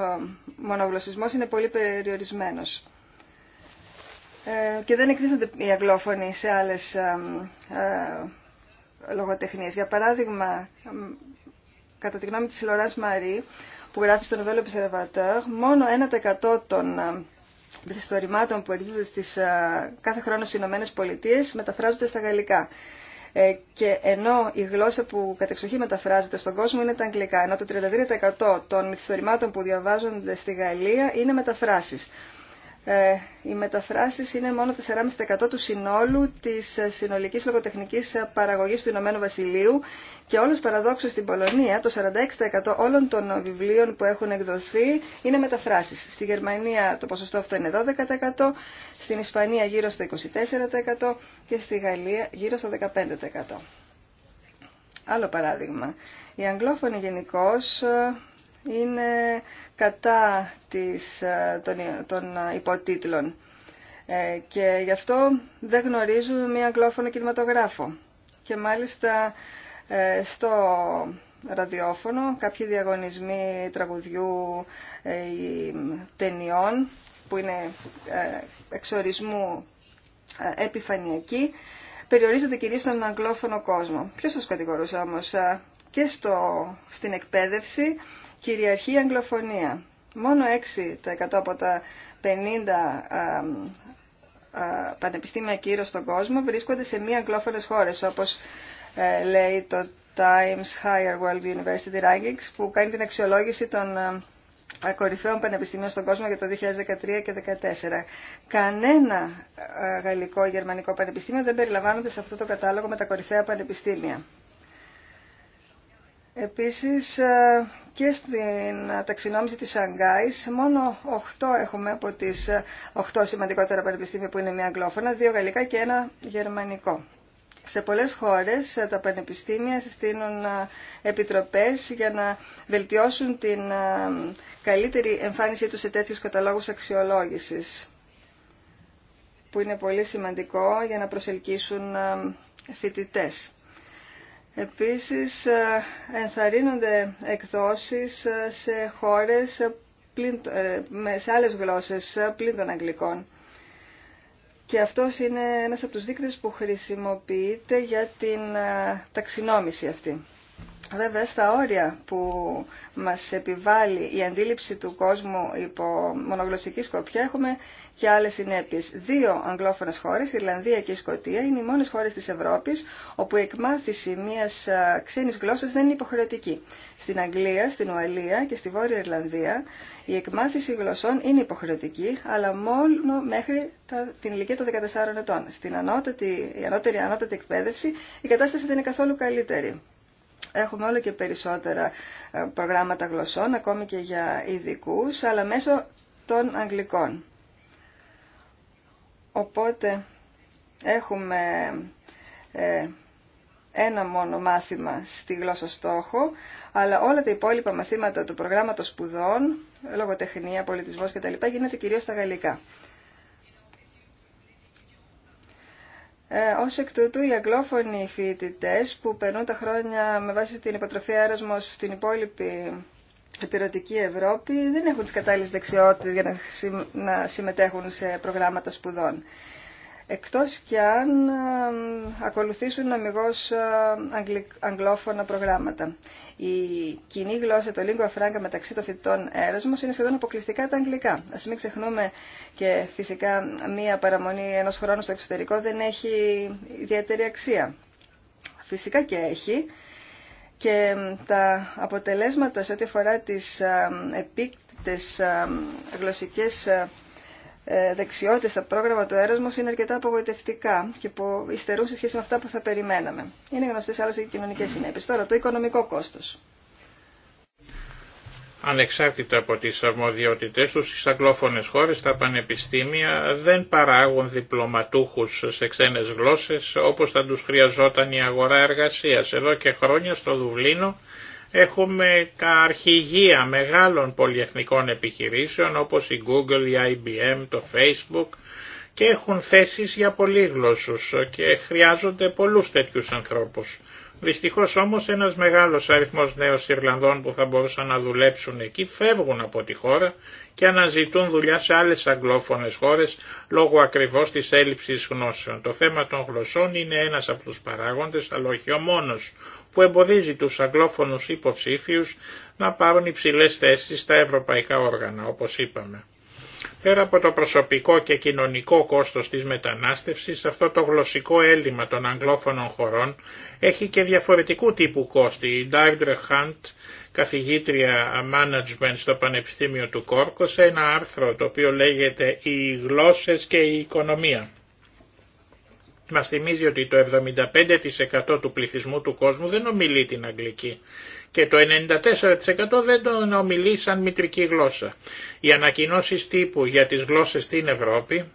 μονογλωσσισμός είναι πολύ περιορισμένος ε, και δεν εκτίθενται οι αγγλόφωνοι σε άλλες ε, ε λογοτεχνίες. Για παράδειγμα, ε, κατά τη γνώμη της Λοράς Μαρή, που γράφει στο Νοβέλο Observateur, μόνο 1% των ε, πληθυστορημάτων που εκδίδονται στις, κάθε χρόνο στις Ηνωμένες Πολιτείες μεταφράζονται στα γαλλικά. Ε, και ενώ η γλώσσα που κατεξοχή μεταφράζεται στον κόσμο είναι τα αγγλικά, ενώ το 33% των μυθιστορημάτων που διαβάζονται στη Γαλλία είναι μεταφράσεις. Ε, οι μεταφράσεις είναι μόνο 4,5% του συνόλου της συνολικής λογοτεχνικής παραγωγής του Ηνωμένου Βασιλείου και όλος παραδόξως στην Πολωνία το 46% όλων των βιβλίων που έχουν εκδοθεί είναι μεταφράσεις. Στη Γερμανία το ποσοστό αυτό είναι 12%, στην Ισπανία γύρω στο 24% και στη Γαλλία γύρω στο 15%. Άλλο παράδειγμα, οι αγγλόφωνοι γενικώ είναι κατά της, ε, των, υποτίτλων ε, και γι' αυτό δεν γνωρίζουν μία αγγλόφωνο κινηματογράφο. Και μάλιστα ε, στο ραδιόφωνο κάποιοι διαγωνισμοί τραγουδιού ταινιών που είναι εξορισμού επιφανειακοί περιορίζονται κυρίως στον αγγλόφωνο κόσμο. Ποιος σας κατηγορούσε όμως και στο, στην εκπαίδευση κυριαρχεί η Αγγλοφωνία. Μόνο 6% από τα 50 πανεπιστήμια κύριο στον κόσμο βρίσκονται σε μη αγγλόφωνες χώρες, όπως ε, λέει το Times Higher World University Rankings, που κάνει την αξιολόγηση των ε, κορυφαίων πανεπιστημίων στον κόσμο για το 2013 και 2014. Κανένα ε, γαλλικό ή γερμανικό πανεπιστήμιο δεν περιλαμβάνονται σε αυτό το κατάλογο με τα κορυφαία πανεπιστήμια. Επίσης ε, και στην ταξινόμηση της Σανγκάης μόνο 8 έχουμε από τις 8 ε, σημαντικότερα πανεπιστήμια που είναι μια αγγλόφωνα, δύο γαλλικά και ένα γερμανικό. Σε πολλές χώρες ε, τα πανεπιστήμια συστήνουν επιτροπές για να βελτιώσουν την καλύτερη εμφάνισή τους σε τέτοιους καταλόγους αξιολόγησης, που είναι πολύ σημαντικό για να προσελκύσουν φοιτητές. Επίσης ε, ενθαρρύνονται εκδόσεις ε, σε χώρες ε, σε άλλες γλώσσες πλην των αγγλικών. Και αυτός είναι ένας από τους δείκτες που χρησιμοποιείται για την ταξινόμηση αυτή. Βέβαια, στα όρια που μας επιβάλλει η αντίληψη του κόσμου υπό μονογλωσσική σκοπιά έχουμε και άλλε συνέπειε, Δύο αγγλόφωνε χώρε, χώρες, Ιρλανδία και η Σκοτία, είναι οι μόνε χώρε τη Ευρώπη, όπου η εκμάθηση μια ε, ξένης γλώσσα δεν είναι υποχρεωτική. Στην Αγγλία, στην Ουαλία και στη Βόρεια Ιρλανδία η εκμάθηση γλωσσών είναι υποχρεωτική, αλλά μόνο μέχρι την ηλικία των 14 ετών. Στην ανώτατη, η ανώτερη ανώτατη εκπαίδευση η κατάσταση δεν είναι καθόλου καλύτερη. Έχουμε όλο και περισσότερα ε, προγράμματα γλωσσών, ακόμη και για ειδικού, αλλά μέσω των Αγγλικών. Οπότε έχουμε ε, ένα μόνο μάθημα στη γλώσσα στόχο, αλλά όλα τα υπόλοιπα μαθήματα του προγράμματος σπουδών, λογοτεχνία, πολιτισμός κτλ. γίνεται κυρίως στα γαλλικά. Ε, Ω εκ τούτου, οι αγγλόφωνοι φοιτητέ που περνούν τα χρόνια με βάση την υποτροφία έρασμο στην υπόλοιπη επιρωτική Ευρώπη δεν έχουν τις κατάλληλες δεξιότητες για να συμμετέχουν σε προγράμματα σπουδών. Εκτός κι αν ακολουθήσουν αμυγός αγγλόφωνα προγράμματα. Η κοινή γλώσσα, το lingua franca μεταξύ των φοιτητών έρασμος είναι σχεδόν αποκλειστικά τα αγγλικά. Ας μην ξεχνούμε και φυσικά μία παραμονή ενός χρόνου στο εξωτερικό δεν έχει ιδιαίτερη αξία. Φυσικά και έχει, και τα αποτελέσματα σε ό,τι αφορά τις επίκτητες γλωσσικές ε, δεξιότητες στα πρόγραμμα του Έρασμος είναι αρκετά απογοητευτικά και που υστερούν σε σχέση με αυτά που θα περιμέναμε. Είναι γνωστές άλλες και κοινωνικές συνέπειες. Τώρα, το οικονομικό κόστος ανεξάρτητα από τις αρμοδιότητές τους στις αγγλόφωνες χώρες τα πανεπιστήμια δεν παράγουν διπλωματούχους σε ξένες γλώσσες όπως θα τους χρειαζόταν η αγορά εργασίας. Εδώ και χρόνια στο Δουβλίνο έχουμε τα αρχηγεία μεγάλων πολυεθνικών επιχειρήσεων όπως η Google, η IBM, το Facebook και έχουν θέσεις για πολύγλωσσους και χρειάζονται πολλούς τέτοιους ανθρώπους. Δυστυχώς όμως ένας μεγάλος αριθμός νέων Ιρλανδών που θα μπορούσαν να δουλέψουν εκεί φεύγουν από τη χώρα και αναζητούν δουλειά σε άλλες αγγλόφωνες χώρες λόγω ακριβώς της έλλειψης γνώσεων. Το θέμα των γλωσσών είναι ένας από τους παράγοντες, αλλά όχι ο μόνος, που εμποδίζει τους αγγλόφωνους υποψήφιους να πάρουν υψηλές θέσεις στα ευρωπαϊκά όργανα, όπως είπαμε. Πέρα από το προσωπικό και κοινωνικό κόστος της μετανάστευσης, αυτό το γλωσσικό έλλειμμα των αγγλόφωνων χωρών έχει και διαφορετικού τύπου κόστη. Η Ντάιντρε Hunt καθηγήτρια management στο Πανεπιστήμιο του Κόρκο, σε ένα άρθρο το οποίο λέγεται «Οι γλώσσες και η οικονομία». Μας θυμίζει ότι το 75% του πληθυσμού του κόσμου δεν ομιλεί την αγγλική και το 94% δεν τον ομιλεί σαν μητρική γλώσσα. Οι ανακοινώσεις τύπου για τις γλώσσες στην Ευρώπη,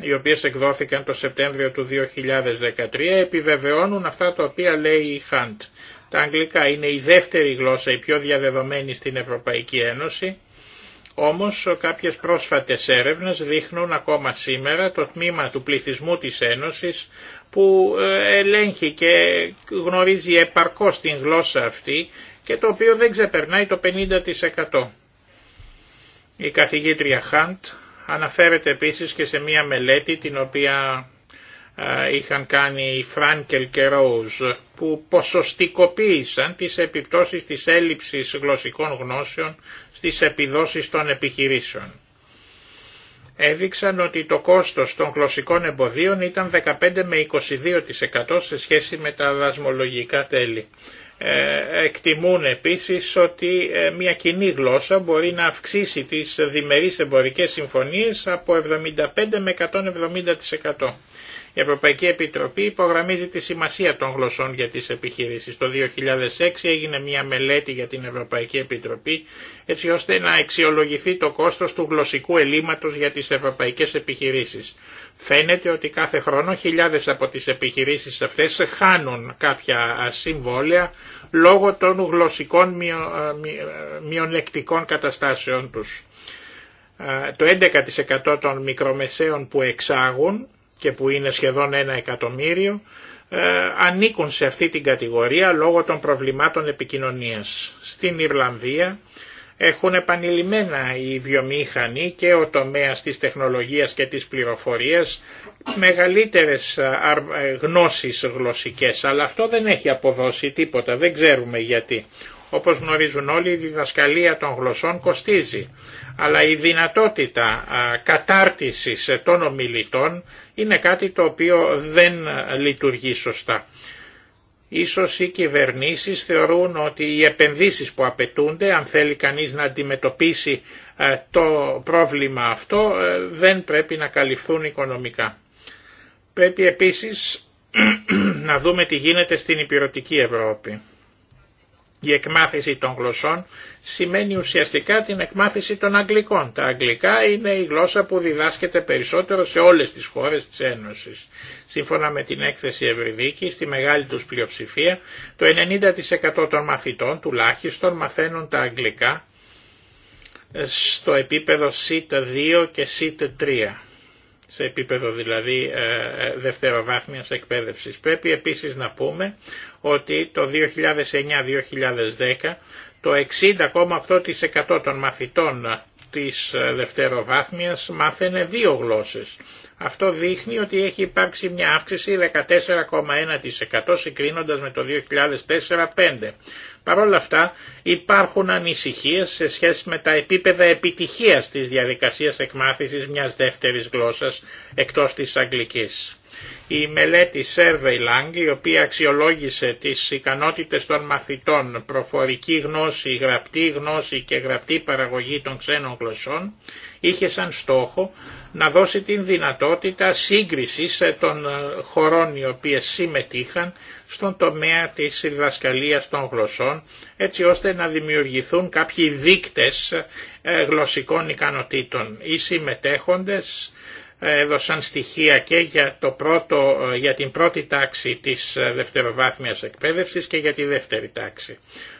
οι οποίες εκδόθηκαν το Σεπτέμβριο του 2013, επιβεβαιώνουν αυτά τα οποία λέει η Χάντ. Τα αγγλικά είναι η δεύτερη γλώσσα, η πιο διαδεδομένη στην Ευρωπαϊκή Ένωση, όμως κάποιες πρόσφατες έρευνες δείχνουν ακόμα σήμερα το τμήμα του πληθυσμού της Ένωσης που ε, ελέγχει και γνωρίζει επαρκώς την γλώσσα αυτή και το οποίο δεν ξεπερνάει το 50%. Η καθηγήτρια Χάντ αναφέρεται επίσης και σε μία μελέτη την οποία ε, είχαν κάνει οι Φράνκελ και Ρόουζ που ποσοστικοποίησαν τις επιπτώσεις της έλλειψης γλωσσικών γνώσεων στις επιδόσεις των επιχειρήσεων έδειξαν ότι το κόστος των γλωσσικών εμποδίων ήταν 15 με 22% σε σχέση με τα δασμολογικά τέλη. Ε, εκτιμούν επίσης ότι ε, μια κοινή γλώσσα μπορεί να αυξήσει τις διμερείς εμπορικές συμφωνίες από 75 με 170%. Η Ευρωπαϊκή Επιτροπή υπογραμμίζει τη σημασία των γλωσσών για τις επιχειρήσεις. Το 2006 έγινε μια μελέτη για την Ευρωπαϊκή Επιτροπή έτσι ώστε να αξιολογηθεί το κόστος του γλωσσικού ελλείμματος για τις ευρωπαϊκές επιχειρήσεις. Φαίνεται ότι κάθε χρόνο χιλιάδες από τις επιχειρήσεις αυτές χάνουν κάποια συμβόλαια λόγω των γλωσσικών μειο... μειονεκτικών καταστάσεων τους. Το 11% των μικρομεσαίων που εξάγουν και που είναι σχεδόν ένα εκατομμύριο ε, ανήκουν σε αυτή την κατηγορία λόγω των προβλημάτων επικοινωνίας. Στην Ιρλανδία έχουν επανειλημμένα οι βιομήχανοι και ο τομέας της τεχνολογίας και της πληροφορίας μεγαλύτερες ε, ε, γνώσεις γλωσσικές, αλλά αυτό δεν έχει αποδώσει τίποτα, δεν ξέρουμε γιατί. Όπως γνωρίζουν όλοι η διδασκαλία των γλωσσών κοστίζει, αλλά η δυνατότητα κατάρτισης των ομιλητών είναι κάτι το οποίο δεν λειτουργεί σωστά. Ίσως οι κυβερνήσεις θεωρούν ότι οι επενδύσεις που απαιτούνται, αν θέλει κανείς να αντιμετωπίσει το πρόβλημα αυτό, δεν πρέπει να καλυφθούν οικονομικά. Πρέπει επίσης να δούμε τι γίνεται στην υπηρετική Ευρώπη. Η εκμάθηση των γλωσσών σημαίνει ουσιαστικά την εκμάθηση των αγγλικών. Τα αγγλικά είναι η γλώσσα που διδάσκεται περισσότερο σε όλες τις χώρες της Ένωσης. Σύμφωνα με την έκθεση Ευρυδίκη, στη μεγάλη τους πλειοψηφία, το 90% των μαθητών τουλάχιστον μαθαίνουν τα αγγλικά στο επίπεδο SIT 2 και συτ 3 σε επίπεδο δηλαδή ε, ε, δευτεροβάθμιας εκπαίδευσης. Πρέπει επίσης να πούμε ότι το 2009-2010 το 60,8% των μαθητών της ε, δευτεροβάθμιας μάθαινε δύο γλώσσες. Αυτό δείχνει ότι έχει υπάρξει μια αύξηση 14,1% συγκρίνοντας με το 2004-5. Παρ' όλα αυτά υπάρχουν ανησυχίες σε σχέση με τα επίπεδα επιτυχίας της διαδικασίας εκμάθησης μιας δεύτερης γλώσσας εκτός της αγγλικής. Η μελέτη Survey Lang, η οποία αξιολόγησε τις ικανότητες των μαθητών, προφορική γνώση, γραπτή γνώση και γραπτή παραγωγή των ξένων γλωσσών, είχε σαν στόχο να δώσει την δυνατότητα σύγκρισης των χωρών οι οποίες συμμετείχαν στον τομέα της διδασκαλίας των γλωσσών, έτσι ώστε να δημιουργηθούν κάποιοι δείκτες ε, γλωσσικών ικανοτήτων. ή συμμετέχοντες έδωσαν στοιχεία και για, το πρώτο, ε, για την πρώτη τάξη της ε, δευτεροβάθμιας εκπαίδευσης και για τη δεύτερη τάξη.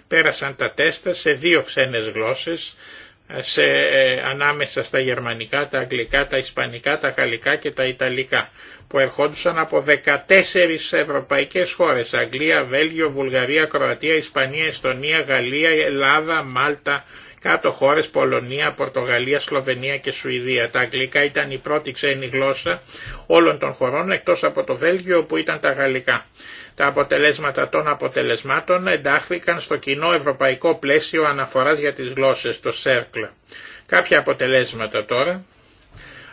Πέρασαν τα τέστα σε δύο ξένες γλώσσες, ε, σε, ανάμεσα στα γερμανικά, τα αγγλικά, τα ισπανικά, τα γαλλικά και τα ιταλικά, που ερχόντουσαν από 14 ευρωπαϊκές χώρες, Αγγλία, Βέλγιο, Βουλγαρία, Κροατία, Ισπανία, Εστονία, Γαλλία, Ελλάδα, Μάλτα, κάτω χώρες Πολωνία, Πορτογαλία, Σλοβενία και Σουηδία. Τα αγγλικά ήταν η πρώτη ξένη γλώσσα όλων των χωρών εκτός από το Βέλγιο που ήταν τα γαλλικά. Τα αποτελέσματα των αποτελεσμάτων εντάχθηκαν στο κοινό ευρωπαϊκό πλαίσιο αναφοράς για τις γλώσσες, το ΣΕΡΚΛ. Κάποια αποτελέσματα τώρα.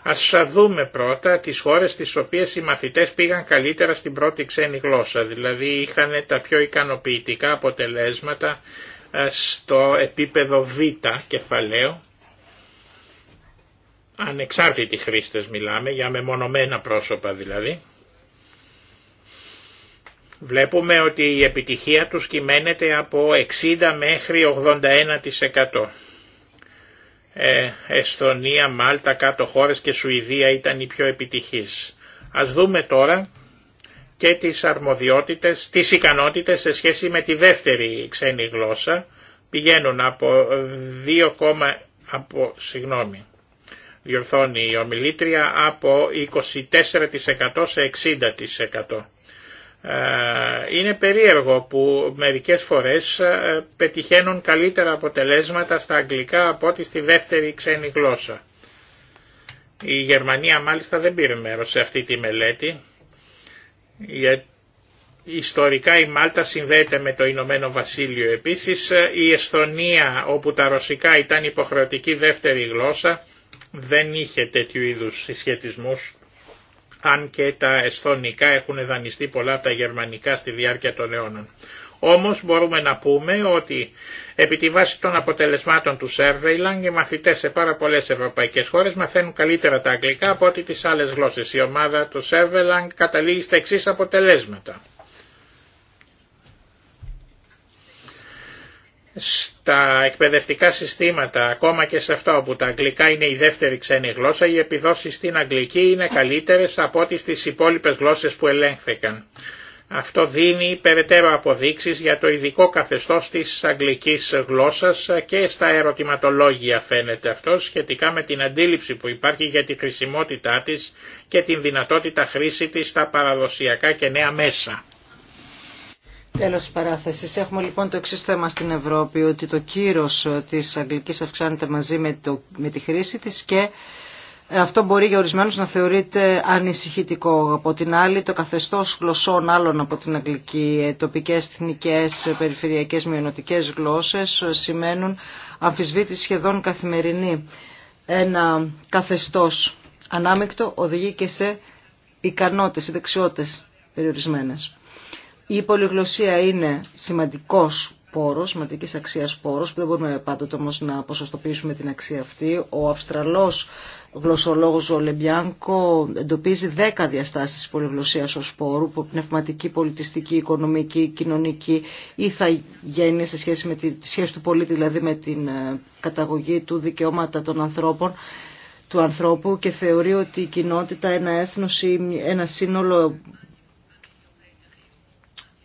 Ας δούμε πρώτα τις χώρες στις οποίες οι μαθητές πήγαν καλύτερα στην πρώτη ξένη γλώσσα, δηλαδή είχαν τα πιο ικανοποιητικά αποτελέσματα στο επίπεδο Β κεφαλαίο, ανεξάρτητοι χρήστες μιλάμε, για μεμονωμένα πρόσωπα δηλαδή, βλέπουμε ότι η επιτυχία τους κυμαίνεται από 60 μέχρι 81%. Ε, Εστονία, Μάλτα, κάτω χώρες και Σουηδία ήταν οι πιο επιτυχείς. Ας δούμε τώρα και τις αρμοδιότητες, τις ικανότητες σε σχέση με τη δεύτερη ξένη γλώσσα πηγαίνουν από 2, από, συγγνώμη, διορθώνει η ομιλήτρια από 24% σε 60%. Ε, είναι περίεργο που μερικές φορές ε, πετυχαίνουν καλύτερα αποτελέσματα στα αγγλικά από ό,τι στη δεύτερη ξένη γλώσσα. Η Γερμανία μάλιστα δεν πήρε μέρος σε αυτή τη μελέτη για... Ιστορικά η Μάλτα συνδέεται με το Ηνωμένο Βασίλειο επίσης. Η Εσθονία όπου τα ρωσικά ήταν υποχρεωτική δεύτερη γλώσσα δεν είχε τέτοιου είδους συσχετισμούς αν και τα εσθονικά έχουν δανειστεί πολλά από τα γερμανικά στη διάρκεια των αιώνων. Όμως μπορούμε να πούμε ότι επί τη βάση των αποτελεσμάτων του Surveylang οι μαθητές σε πάρα πολλές ευρωπαϊκές χώρες μαθαίνουν καλύτερα τα αγγλικά από ό,τι τις άλλες γλώσσες. Η ομάδα του Surveylang καταλήγει στα εξή αποτελέσματα. στα εκπαιδευτικά συστήματα, ακόμα και σε αυτά όπου τα αγγλικά είναι η δεύτερη ξένη γλώσσα, οι επιδόσεις στην αγγλική είναι καλύτερες από ό,τι στις υπόλοιπες γλώσσες που ελέγχθηκαν. Αυτό δίνει περαιτέρω αποδείξεις για το ειδικό καθεστώς της αγγλικής γλώσσας και στα ερωτηματολόγια φαίνεται αυτό σχετικά με την αντίληψη που υπάρχει για τη χρησιμότητά της και την δυνατότητα χρήση της στα παραδοσιακά και νέα μέσα. Τέλος παράθεσης. Έχουμε λοιπόν το εξής θέμα στην Ευρώπη, ότι το κύρος της αγγλικής αυξάνεται μαζί με, το, με τη χρήση της και αυτό μπορεί για ορισμένους να θεωρείται ανησυχητικό. Από την άλλη, το καθεστώς γλωσσών άλλων από την αγγλική, ε, τοπικές, εθνικές, ε, περιφερειακές, μειονοτικές γλώσσες ε, σημαίνουν αμφισβήτηση σχεδόν καθημερινή. Ένα καθεστώς ανάμεικτο οδηγεί και σε ικανότητες, δεξιότητες περιορισμένες. Η πολυγλωσία είναι σημαντικός πόρος, σημαντικής αξίας πόρος, που δεν μπορούμε πάντοτε όμω να ποσοστοποιήσουμε την αξία αυτή. Ο αυστραλό, γλωσσολόγο Ζολεμπιάνκο εντοπίζει δέκα διαστάσει τη πολυγλωσία ω πόρου, πνευματική, πολιτιστική, οικονομική, κοινωνική ή θα γίνει σε σχέση με τη σχέση του πολίτη, δηλαδή με την ε, καταγωγή του δικαιώματα των ανθρώπων του ανθρώπου και θεωρεί ότι η κοινότητα, ένα έθνος ή ένα σύνολο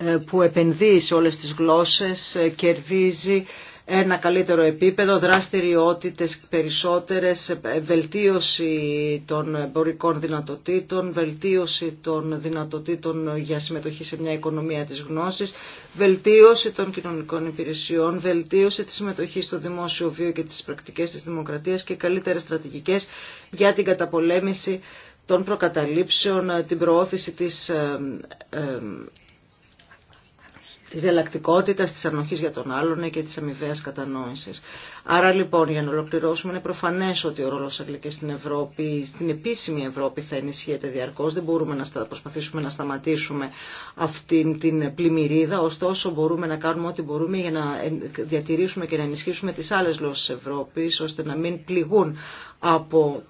ε, που επενδύει σε όλες τις γλώσσες, ε, κερδίζει ένα καλύτερο επίπεδο, δραστηριότητες περισσότερες, ε, βελτίωση των εμπορικών δυνατοτήτων, βελτίωση των δυνατοτήτων για συμμετοχή σε μια οικονομία της γνώσης, βελτίωση των κοινωνικών υπηρεσιών, βελτίωση της συμμετοχής στο δημόσιο βίο και τις πρακτικές της δημοκρατίας και καλύτερες στρατηγικές για την καταπολέμηση των προκαταλήψεων, την προώθηση της Τη διαλλακτικότητας, τη ανοχή για τον άλλον και τη αμοιβαία κατανόηση. Άρα λοιπόν για να ολοκληρώσουμε είναι προφανέ ότι ο ρόλος Αγγλική στην Ευρώπη, στην επίσημη Ευρώπη θα ενισχύεται διαρκώ. Δεν μπορούμε να προσπαθήσουμε να σταματήσουμε αυτή την πλημμυρίδα, ωστόσο μπορούμε να κάνουμε ό,τι μπορούμε για να διατηρήσουμε και να ενισχύσουμε τι άλλε γλώσσε Ευρώπη, ώστε να μην πληγούν από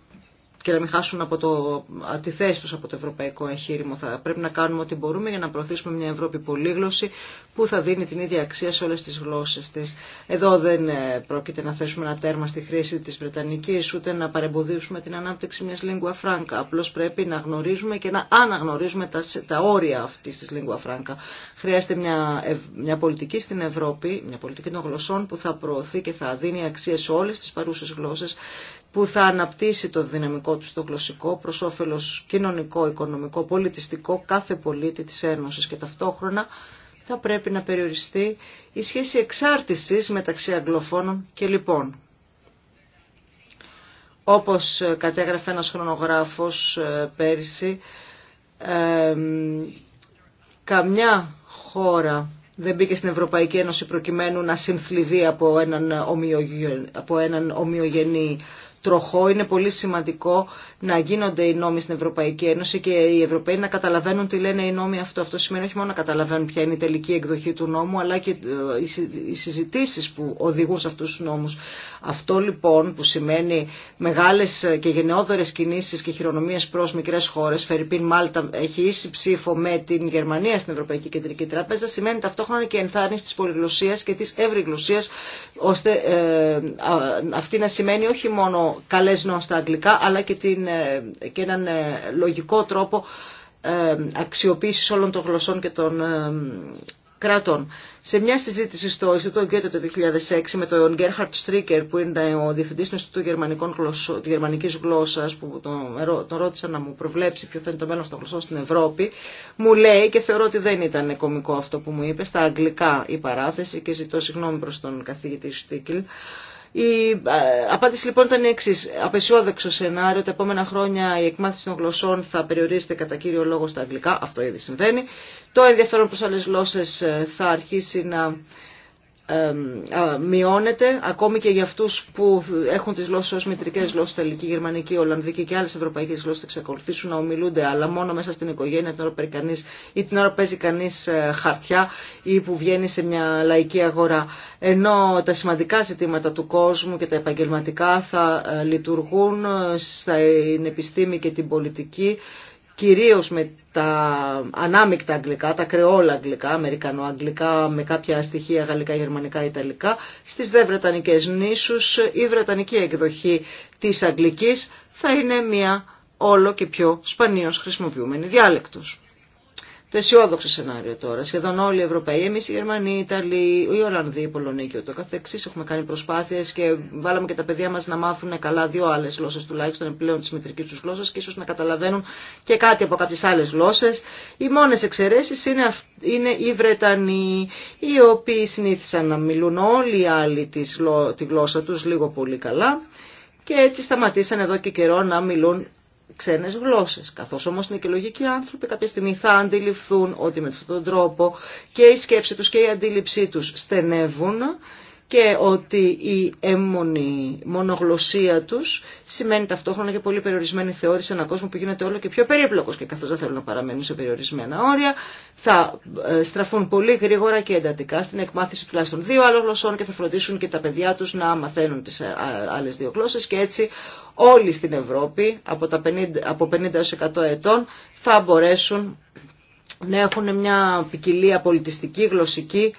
και να μην χάσουν από το, τη θέση τους από το ευρωπαϊκό εγχείρημα. Θα πρέπει να κάνουμε ό,τι μπορούμε για να προωθήσουμε μια Ευρώπη πολύγλωση που θα δίνει την ίδια αξία σε όλες τις γλώσσες της. Εδώ δεν ε, πρόκειται να θέσουμε ένα τέρμα στη χρήση της Βρετανικής ούτε να παρεμποδίσουμε την ανάπτυξη μιας lingua franca. Απλώς πρέπει να γνωρίζουμε και να αναγνωρίζουμε τα, τα όρια αυτής της lingua franca. Χρειάζεται μια, μια πολιτική στην Ευρώπη, μια πολιτική των γλωσσών που θα προωθεί και θα δίνει αξία σε όλες τις παρούσες γλώσσες που θα αναπτύσσει το δυναμικό του στο γλωσσικό προ όφελο κοινωνικό, οικονομικό, πολιτιστικό κάθε πολίτη τη Ένωσης και ταυτόχρονα θα πρέπει να περιοριστεί η σχέση εξάρτησης μεταξύ αγγλοφώνων και λοιπόν. Όπως κατέγραφε ένας χρονογράφος ε, πέρυσι, καμιά χώρα δεν μπήκε στην Ευρωπαϊκή Ένωση προκειμένου να συνθλιβεί από έναν, ομοιογενή τροχό. Είναι πολύ σημαντικό να γίνονται οι νόμοι στην Ευρωπαϊκή Ένωση και οι Ευρωπαίοι να καταλαβαίνουν τι λένε οι νόμοι αυτό. Αυτό σημαίνει όχι μόνο να καταλαβαίνουν ποια είναι η τελική εκδοχή του νόμου, αλλά και ε, οι συζητήσει που οδηγούν σε αυτού του νόμου. Αυτό λοιπόν που σημαίνει μεγάλε και γενναιόδορε κινήσει και χειρονομίε προ μικρέ χώρε, Φερρυπίν Μάλτα έχει ίση ψήφο με την Γερμανία στην Ευρωπαϊκή Κεντρική Τράπεζα, σημαίνει ταυτόχρονα και ενθάρρυνση τη πολυγλωσία και τη ευρυγλωσία, ώστε ε, αυτή να σημαίνει όχι μόνο καλές στα αγγλικά αλλά και, την, ε, και έναν ε, λογικό τρόπο ε, αξιοποίησης όλων των γλωσσών και των κράτων. Σε μια συζήτηση στο Ινστιτούτο Γκέτο το 2006 με τον Γκέρχαρτ Στρίκερ που είναι ο Διευθυντή του Ινστιτούτου γερμανική γλώσσα, που τον, τον ρώτησα να μου προβλέψει ποιο θα είναι το μέλλον των γλωσσών στην Ευρώπη μου λέει και θεωρώ ότι δεν ήταν κωμικό αυτό που μου είπε στα αγγλικά η παράθεση και ζητώ συγγνώμη προ τον καθηγητή Στίκελ η ε, απάντηση λοιπόν ήταν η εξή. Απεσιόδοξο σενάριο. Τα επόμενα χρόνια η εκμάθηση των γλωσσών θα περιορίζεται κατά κύριο λόγο στα αγγλικά. Αυτό ήδη συμβαίνει. Το ενδιαφέρον προ άλλε γλώσσε ε, θα αρχίσει να μειώνεται ακόμη και για αυτούς που έχουν τις γλώσσες ως μητρικές γλώσσες, τελική, γερμανική, ολλανδική και άλλες ευρωπαϊκές γλώσσες εξακολουθήσουν να ομιλούνται αλλά μόνο μέσα στην οικογένεια την ώρα ή την ώρα παίζει κανείς ε, χαρτιά ή που βγαίνει σε μια λαϊκή αγορά. Ενώ τα σημαντικά ζητήματα του κόσμου και τα επαγγελματικά θα ε, λειτουργούν ε, στην επιστήμη και την πολιτική κυρίως με τα ανάμεικτα αγγλικά, τα κρεόλα αγγλικά, αμερικανοαγγλικά, με κάποια στοιχεία γαλλικά, γερμανικά, ιταλικά. Στις δε βρετανικές νήσους η βρετανική εκδοχή της αγγλικής θα είναι μια όλο και πιο σπανίως χρησιμοποιούμενη διάλεκτος το αισιόδοξο σενάριο τώρα. Σχεδόν όλοι οι Ευρωπαίοι, εμεί οι Γερμανοί, οι Ιταλοί, οι Ολλανδοί, οι Πολωνοί και ούτω καθεξή έχουμε κάνει προσπάθειε και βάλαμε και τα παιδιά μα να μάθουν καλά δύο άλλε γλώσσε τουλάχιστον επιπλέον τη μητρική του γλώσσα και ίσω να καταλαβαίνουν και κάτι από κάποιε άλλε γλώσσε. Οι μόνε εξαιρέσει είναι, είναι οι Βρετανοί, οι οποίοι συνήθισαν να μιλούν όλοι οι άλλοι τη γλώσσα του λίγο πολύ καλά και έτσι σταματήσαν εδώ και καιρό να μιλούν ξένες γλώσσες. Καθώς όμως είναι και λογικοί άνθρωποι, κάποια στιγμή θα αντιληφθούν ότι με αυτόν τον τρόπο και η σκέψη του και η αντίληψή του στενεύουν και ότι η έμμονη μονογλωσία τους σημαίνει ταυτόχρονα και πολύ περιορισμένη θεώρηση σε έναν κόσμο που γίνεται όλο και πιο περίπλοκος και καθώ δεν θέλουν να παραμένουν σε περιορισμένα όρια θα ε, στραφούν πολύ γρήγορα και εντατικά στην εκμάθηση τουλάχιστον δύο άλλων γλωσσών και θα φροντίσουν και τα παιδιά του να μαθαίνουν τι ε, άλλε δύο γλώσσε. και έτσι όλοι στην Ευρώπη από, τα 50, από 50 100 ετών θα μπορέσουν να έχουν μια ποικιλία πολιτιστική, γλωσσική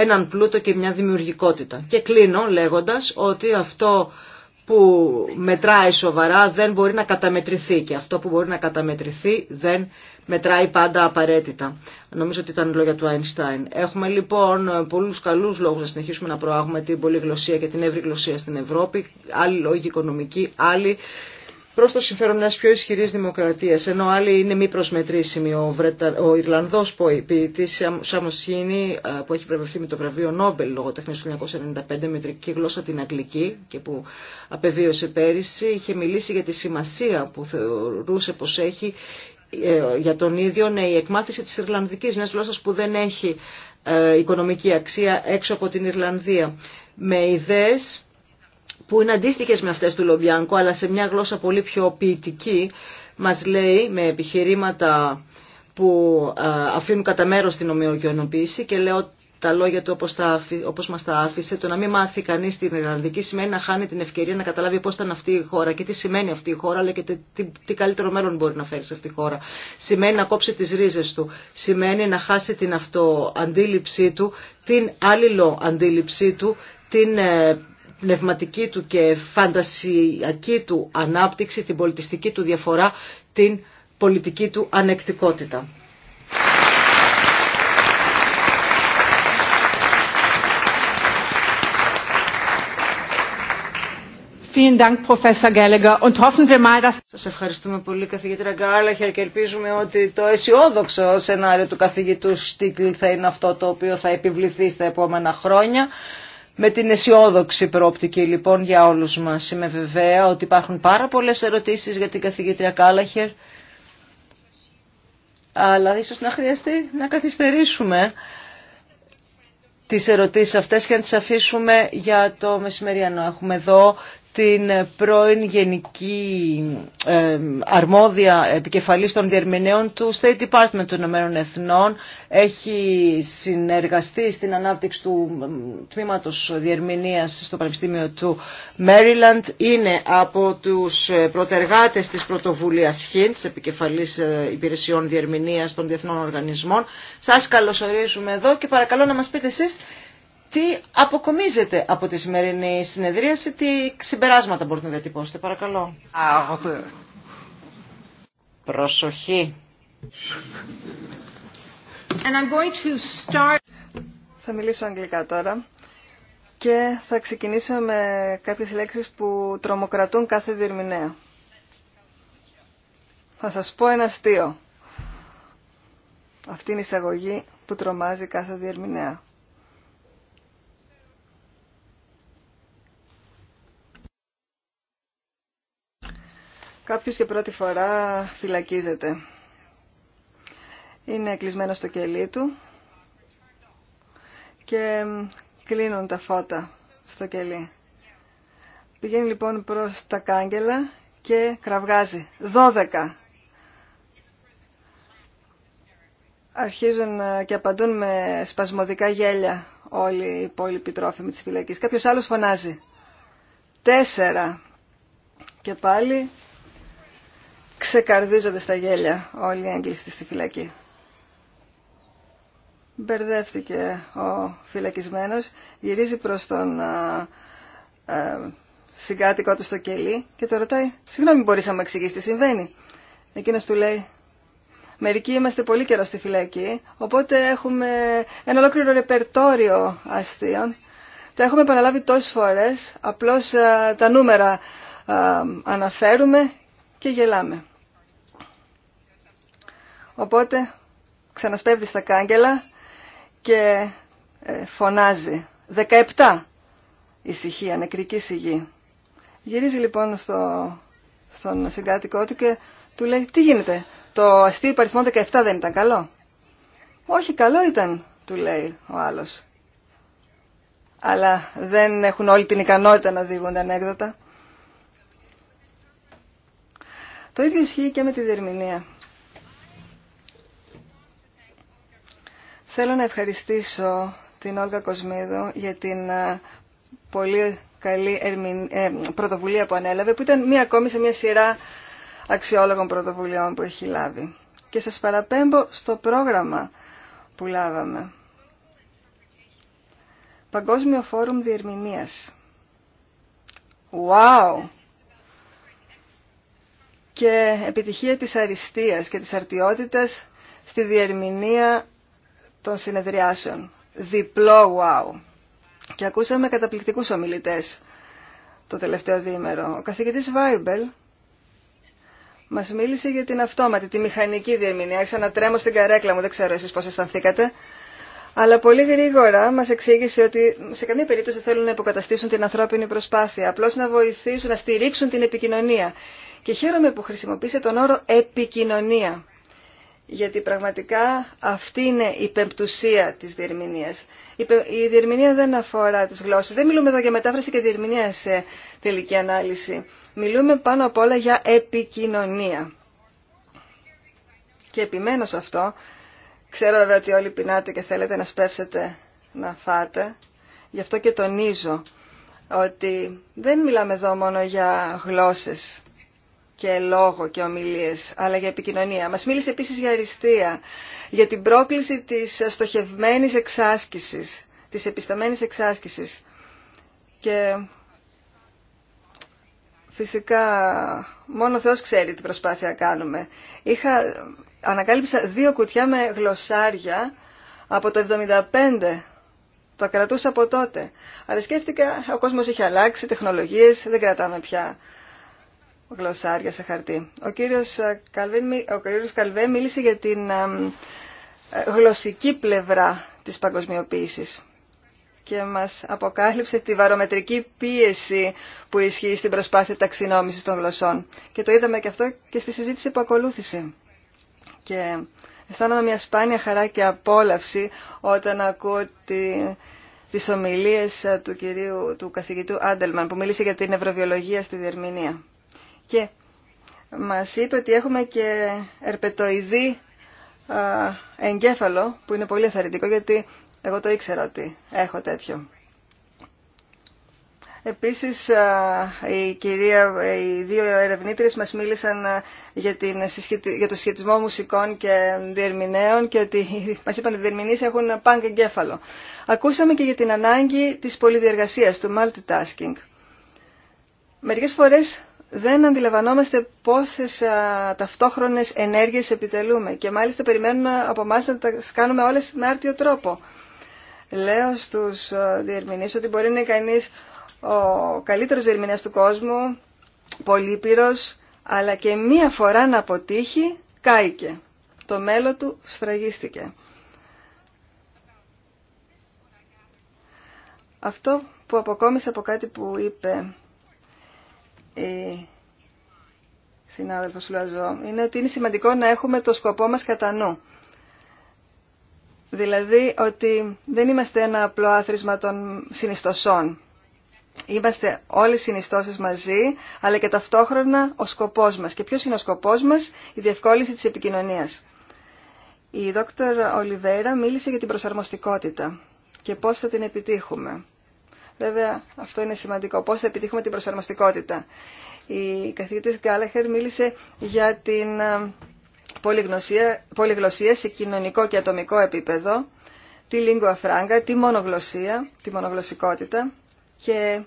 έναν πλούτο και μια δημιουργικότητα. Και κλείνω λέγοντας ότι αυτό που μετράει σοβαρά δεν μπορεί να καταμετρηθεί και αυτό που μπορεί να καταμετρηθεί δεν μετράει πάντα απαραίτητα. Νομίζω ότι ήταν λόγια του Αϊνστάιν. Έχουμε λοιπόν πολλούς καλούς λόγους να συνεχίσουμε να προάγουμε την πολυγλωσία και την ευρυγλωσία στην Ευρώπη, άλλοι λόγοι οικονομικοί, άλλοι προ το συμφέρον μια πιο ισχυρή δημοκρατία. Ενώ άλλοι είναι μη προσμετρήσιμοι. Ο, Βρετα... ο Ιρλανδό ποιητή Σαμοσίνη, που έχει βρεβευτεί με το βραβείο Νόμπελ λογοτεχνία του 1995, μετρική γλώσσα την αγγλική και που απεβίωσε πέρυσι, είχε μιλήσει για τη σημασία που θεωρούσε πω έχει ε, για τον ίδιο ναι, η εκμάθηση της Ιρλανδικής, μιας γλώσσας που δεν έχει ε, οικονομική αξία έξω από την Ιρλανδία. Με ιδέες που είναι αντίστοιχε με αυτές του Λομπιάνκο αλλά σε μια γλώσσα πολύ πιο ποιητική μας λέει με επιχειρήματα που ε, αφήνουν κατά μέρο την ομοιογενοποίηση και λέω τα λόγια του όπως, τα, όπως μας τα άφησε, το να μην μάθει κανείς την Ιρλανδική σημαίνει να χάνει την ευκαιρία να καταλάβει πώς ήταν αυτή η χώρα και τι σημαίνει αυτή η χώρα, αλλά και τι, τι καλύτερο μέλλον μπορεί να φέρει σε αυτή η χώρα. Σημαίνει να κόψει τις ρίζες του, σημαίνει να χάσει την αυτοαντίληψή του, την άλληλο αντίληψή του, την ε, πνευματική του και φαντασιακή του ανάπτυξη, την πολιτιστική του διαφορά, την πολιτική του ανεκτικότητα. Σα ευχαριστούμε πολύ καθηγήτρια Γκάλαχερ και ελπίζουμε ότι το αισιόδοξο σενάριο του καθηγητού Στίκλ θα είναι αυτό το οποίο θα επιβληθεί στα επόμενα χρόνια. Με την αισιόδοξη πρόπτικη λοιπόν για όλους μας είμαι βεβαία ότι υπάρχουν πάρα πολλές ερωτήσεις για την καθηγήτρια Κάλαχερ αλλά ίσως να χρειαστεί να καθυστερήσουμε τις ερωτήσεις αυτές και να τις αφήσουμε για το μεσημεριανό. Έχουμε εδώ την πρώην Γενική Αρμόδια Επικεφαλής των Διερμηνέων του State Department των Ηνωμένων Εθνών. Έχει συνεργαστεί στην ανάπτυξη του τμήματος διερμηνίας στο Πανεπιστήμιο του Maryland. Είναι από τους ε, προτεργάτες της πρωτοβουλίας HINTS, Επικεφαλής ε, Υπηρεσιών Διερμηνίας των Διεθνών Οργανισμών. Σας καλωσορίζουμε εδώ και παρακαλώ να μας πείτε εσείς τι αποκομίζετε από τη σημερινή συνεδρίαση, τι συμπεράσματα μπορείτε να διατυπώσετε, παρακαλώ. Προσοχή. start... Θα μιλήσω αγγλικά τώρα και θα ξεκινήσω με κάποιες λέξεις που τρομοκρατούν κάθε διερμηνέα. Θα σας πω ένα αστείο. Αυτή είναι η εισαγωγή που τρομάζει κάθε διερμηνέα. Κάποιος και πρώτη φορά φυλακίζεται. Είναι κλεισμένο στο κελί του και κλείνουν τα φώτα στο κελί. Πηγαίνει λοιπόν προς τα κάγκελα και κραυγάζει. Δώδεκα. Αρχίζουν και απαντούν με σπασμωδικά γέλια όλοι οι υπόλοιποι τρόφιμοι της φυλακής. Κάποιος άλλος φωνάζει. Τέσσερα. Και πάλι ξεκαρδίζονται στα γέλια όλοι οι έγκλειστοι στη φυλακή. Μπερδεύτηκε ο φυλακισμένος, γυρίζει προς τον α, συγκάτοικο του στο κελί και το ρωτάει «Συγγνώμη, μπορείς να μου εξηγήσει τι συμβαίνει» Εκείνος του λέει Μερικοί είμαστε πολύ καιρό στη φυλακή, οπότε έχουμε ένα ολόκληρο ρεπερτόριο αστείων. Τα έχουμε επαναλάβει τόσες φορές, απλώς τα νούμερα αναφέρουμε και γελάμε. Οπότε ξανασπέβδει στα κάγκελα και ε, φωνάζει. 17 ησυχία, νεκρική σιγή. Γυρίζει λοιπόν στο, στον συγκάτοικό του και του λέει τι γίνεται, το αστείο υπαριθμό 17 δεν ήταν καλό. Όχι καλό ήταν, του λέει ο άλλος. Αλλά δεν έχουν όλη την ικανότητα να δίγονται ανέκδοτα. Το ίδιο ισχύει και με τη διερμηνία. Θέλω να ευχαριστήσω την Όλγα Κοσμίδου για την ε, πολύ καλή ε, πρωτοβουλία που ανέλαβε, που ήταν μία ακόμη σε μία σειρά αξιόλογων πρωτοβουλειών που έχει λάβει. Και σας παραπέμπω στο πρόγραμμα που λάβαμε. Παγκόσμιο Φόρουμ Διερμηνίας. Wow! και επιτυχία της αριστείας και της αρτιότητας στη διερμηνία των συνεδριάσεων. Διπλό wow. Και ακούσαμε καταπληκτικούς ομιλητές το τελευταίο διήμερο. Ο καθηγητής Βάιμπελ μας μίλησε για την αυτόματη, τη μηχανική διερμηνία. Άρχισα να τρέμω στην καρέκλα μου, δεν ξέρω εσείς πώς αισθανθήκατε. Αλλά πολύ γρήγορα μας εξήγησε ότι σε καμία περίπτωση θέλουν να υποκαταστήσουν την ανθρώπινη προσπάθεια, απλώς να βοηθήσουν, να στηρίξουν την επικοινωνία. Και χαίρομαι που χρησιμοποίησε τον όρο επικοινωνία. Γιατί πραγματικά αυτή είναι η πεμπτουσία της διερμηνίας. Η διερμηνία δεν αφορά τις γλώσσες. Δεν μιλούμε εδώ για μετάφραση και διερμηνία σε τελική ανάλυση. Μιλούμε πάνω απ' όλα για επικοινωνία. Και επιμένω σε αυτό. Ξέρω βέβαια ότι όλοι πεινάτε και θέλετε να σπεύσετε να φάτε. Γι' αυτό και τονίζω ότι δεν μιλάμε εδώ μόνο για γλώσσες και λόγο και ομιλίες, αλλά για επικοινωνία. Μας μίλησε επίσης για αριστεία, για την πρόκληση της στοχευμένης εξάσκησης, της επισταμένης εξάσκησης. Και φυσικά μόνο ο Θεός ξέρει τι προσπάθεια κάνουμε. Είχα, ανακάλυψα δύο κουτιά με γλωσσάρια από το 75 τα κρατούσα από τότε. Αλλά σκέφτηκα, ο κόσμος έχει αλλάξει, τεχνολογίες, δεν κρατάμε πια γλωσσάρια σε χαρτί. Ο κύριος ε, Καλβέ, ο κύριος μίλησε για την ε, ε, γλωσσική πλευρά της παγκοσμιοποίησης και μας αποκάλυψε τη βαρομετρική πίεση που ισχύει στην προσπάθεια ταξινόμησης των γλωσσών. Και το είδαμε και αυτό και στη συζήτηση που ακολούθησε. Και αισθάνομαι μια σπάνια χαρά και απόλαυση όταν ακούω τη, τις ομιλίες του κυρίου του καθηγητού Άντελμαν που μίλησε για την ευρωβιολογία στη Διερμηνία. Και μας είπε ότι έχουμε και ερπετοειδή εγκέφαλο που είναι πολύ αθαρρυντικό γιατί εγώ το ήξερα ότι έχω τέτοιο. Επίσης, η κυρία, οι δύο ερευνήτρες μας μίλησαν για, την, το σχετισμό μουσικών και διερμηνέων και ότι μας είπαν ότι οι διερμηνείς έχουν πανκ εγκέφαλο. Ακούσαμε και για την ανάγκη της πολυδιεργασίας, του multitasking. Μερικές φορές δεν αντιλαμβανόμαστε πόσες α, ταυτόχρονες ενέργειες επιτελούμε και μάλιστα περιμένουμε από εμά να τα κάνουμε όλες με άρτιο τρόπο. Λέω στους διερμηνείς ότι μπορεί να είναι κανείς ο καλύτερος διερμηνέας του κόσμου, πολύπυρος, αλλά και μία φορά να αποτύχει, κάηκε. Το μέλλον του σφραγίστηκε. Αυτό που αποκόμισα από κάτι που είπε η συνάδελφος Λουαζό, είναι ότι είναι σημαντικό να έχουμε το σκοπό μας κατά νου. Δηλαδή ότι δεν είμαστε ένα απλό άθροισμα των συνιστοσών. Είμαστε όλοι συνιστώσει μαζί, αλλά και ταυτόχρονα ο σκοπός μας. Και ποιο είναι ο σκοπός μας, η διευκόλυνση της επικοινωνίας. Η δόκτωρ Ολιβέρα μίλησε για την προσαρμοστικότητα και πώ θα την επιτύχουμε. Βέβαια, αυτό είναι σημαντικό. Πώς θα επιτύχουμε την προσαρμοστικότητα. Η καθηγήτης Γκάλαχερ μίλησε για την ε, πολυγλωσία σε κοινωνικό και ατομικό επίπεδο, τη lingua franca, τη μονογλωσία, τη μονογλωσσικότητα και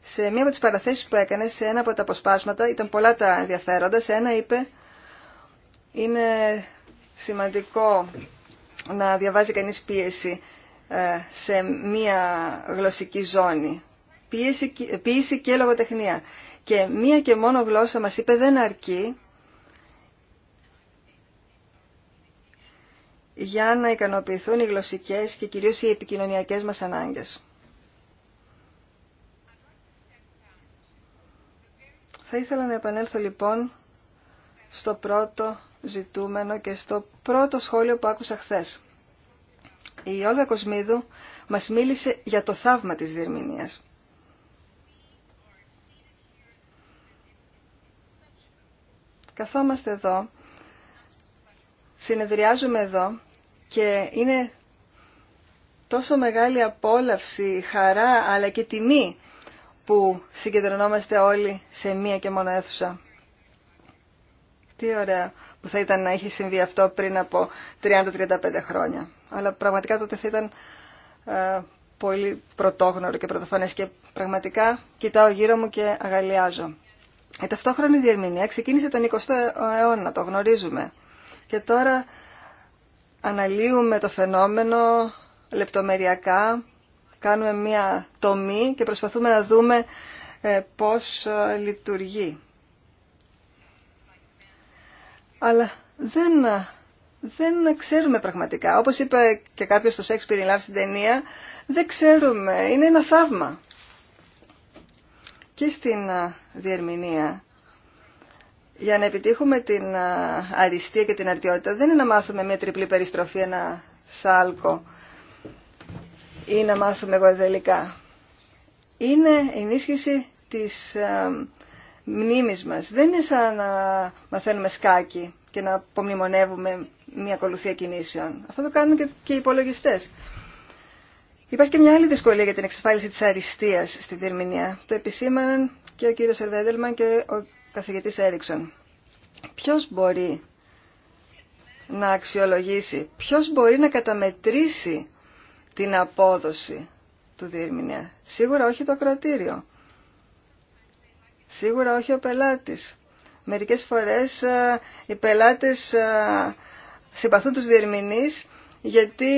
σε μία από τις παραθέσεις που έκανε, σε ένα από τα αποσπάσματα, ήταν πολλά τα ενδιαφέροντα, σε ένα είπε είναι σημαντικό να διαβάζει κανείς πίεση ε, σε μία γλωσσική ζώνη. Ποιήση, και λογοτεχνία. Και μία και μόνο γλώσσα μας είπε δεν αρκεί για να ικανοποιηθούν οι γλωσσικές και κυρίως οι επικοινωνιακές μας ανάγκες. Θα ήθελα να επανέλθω λοιπόν στο πρώτο ζητούμενο και στο πρώτο σχόλιο που άκουσα χθες η Όλγα Κοσμίδου μας μίλησε για το θαύμα της διερμηνίας. Καθόμαστε εδώ, συνεδριάζουμε εδώ και είναι τόσο μεγάλη απόλαυση, χαρά αλλά και τιμή που συγκεντρωνόμαστε όλοι σε μία και μόνο αίθουσα. Τι ωραία που θα ήταν να είχε συμβεί αυτό πριν από 30-35 χρόνια αλλά πραγματικά τότε θα ήταν ε, πολύ πρωτόγνωρο και πρωτοφανές και πραγματικά κοιτάω γύρω μου και αγαλιάζω. Η ταυτόχρονη διερμηνία ξεκίνησε τον 20ο αιώνα, το γνωρίζουμε. Και τώρα αναλύουμε το φαινόμενο λεπτομεριακά, κάνουμε μία τομή και προσπαθούμε να δούμε ε, πώς ε, λειτουργεί. Αλλά δεν δεν ξέρουμε πραγματικά. Όπως είπε και κάποιος στο Shakespeare in Love στην ταινία, δεν ξέρουμε. Είναι ένα θαύμα. Και στην διερμηνία, για να επιτύχουμε την αριστεία και την αρτιότητα, δεν είναι να μάθουμε μια τριπλή περιστροφή, ένα σάλκο ή να μάθουμε γοεδελικά. Είναι ενίσχυση της μνήμης μας. Δεν είναι σαν να μαθαίνουμε σκάκι και να απομνημονεύουμε μια ακολουθία κινήσεων. Αυτό το κάνουν και οι υπολογιστέ. Υπάρχει και μια άλλη δυσκολία για την εξασφάλιση της αριστεία στη Δερμηνία. Το επισήμαναν και ο κύριος Ερβέντελμαν και ο καθηγητής Έριξον. Ποιο μπορεί να αξιολογήσει, ποιο μπορεί να καταμετρήσει την απόδοση του Διερμηνία. Σίγουρα όχι το ακροατήριο. Σίγουρα όχι ο πελάτης. Μερικές φορές ε, οι πελάτες ε, συμπαθούν τους διερμηνείς γιατί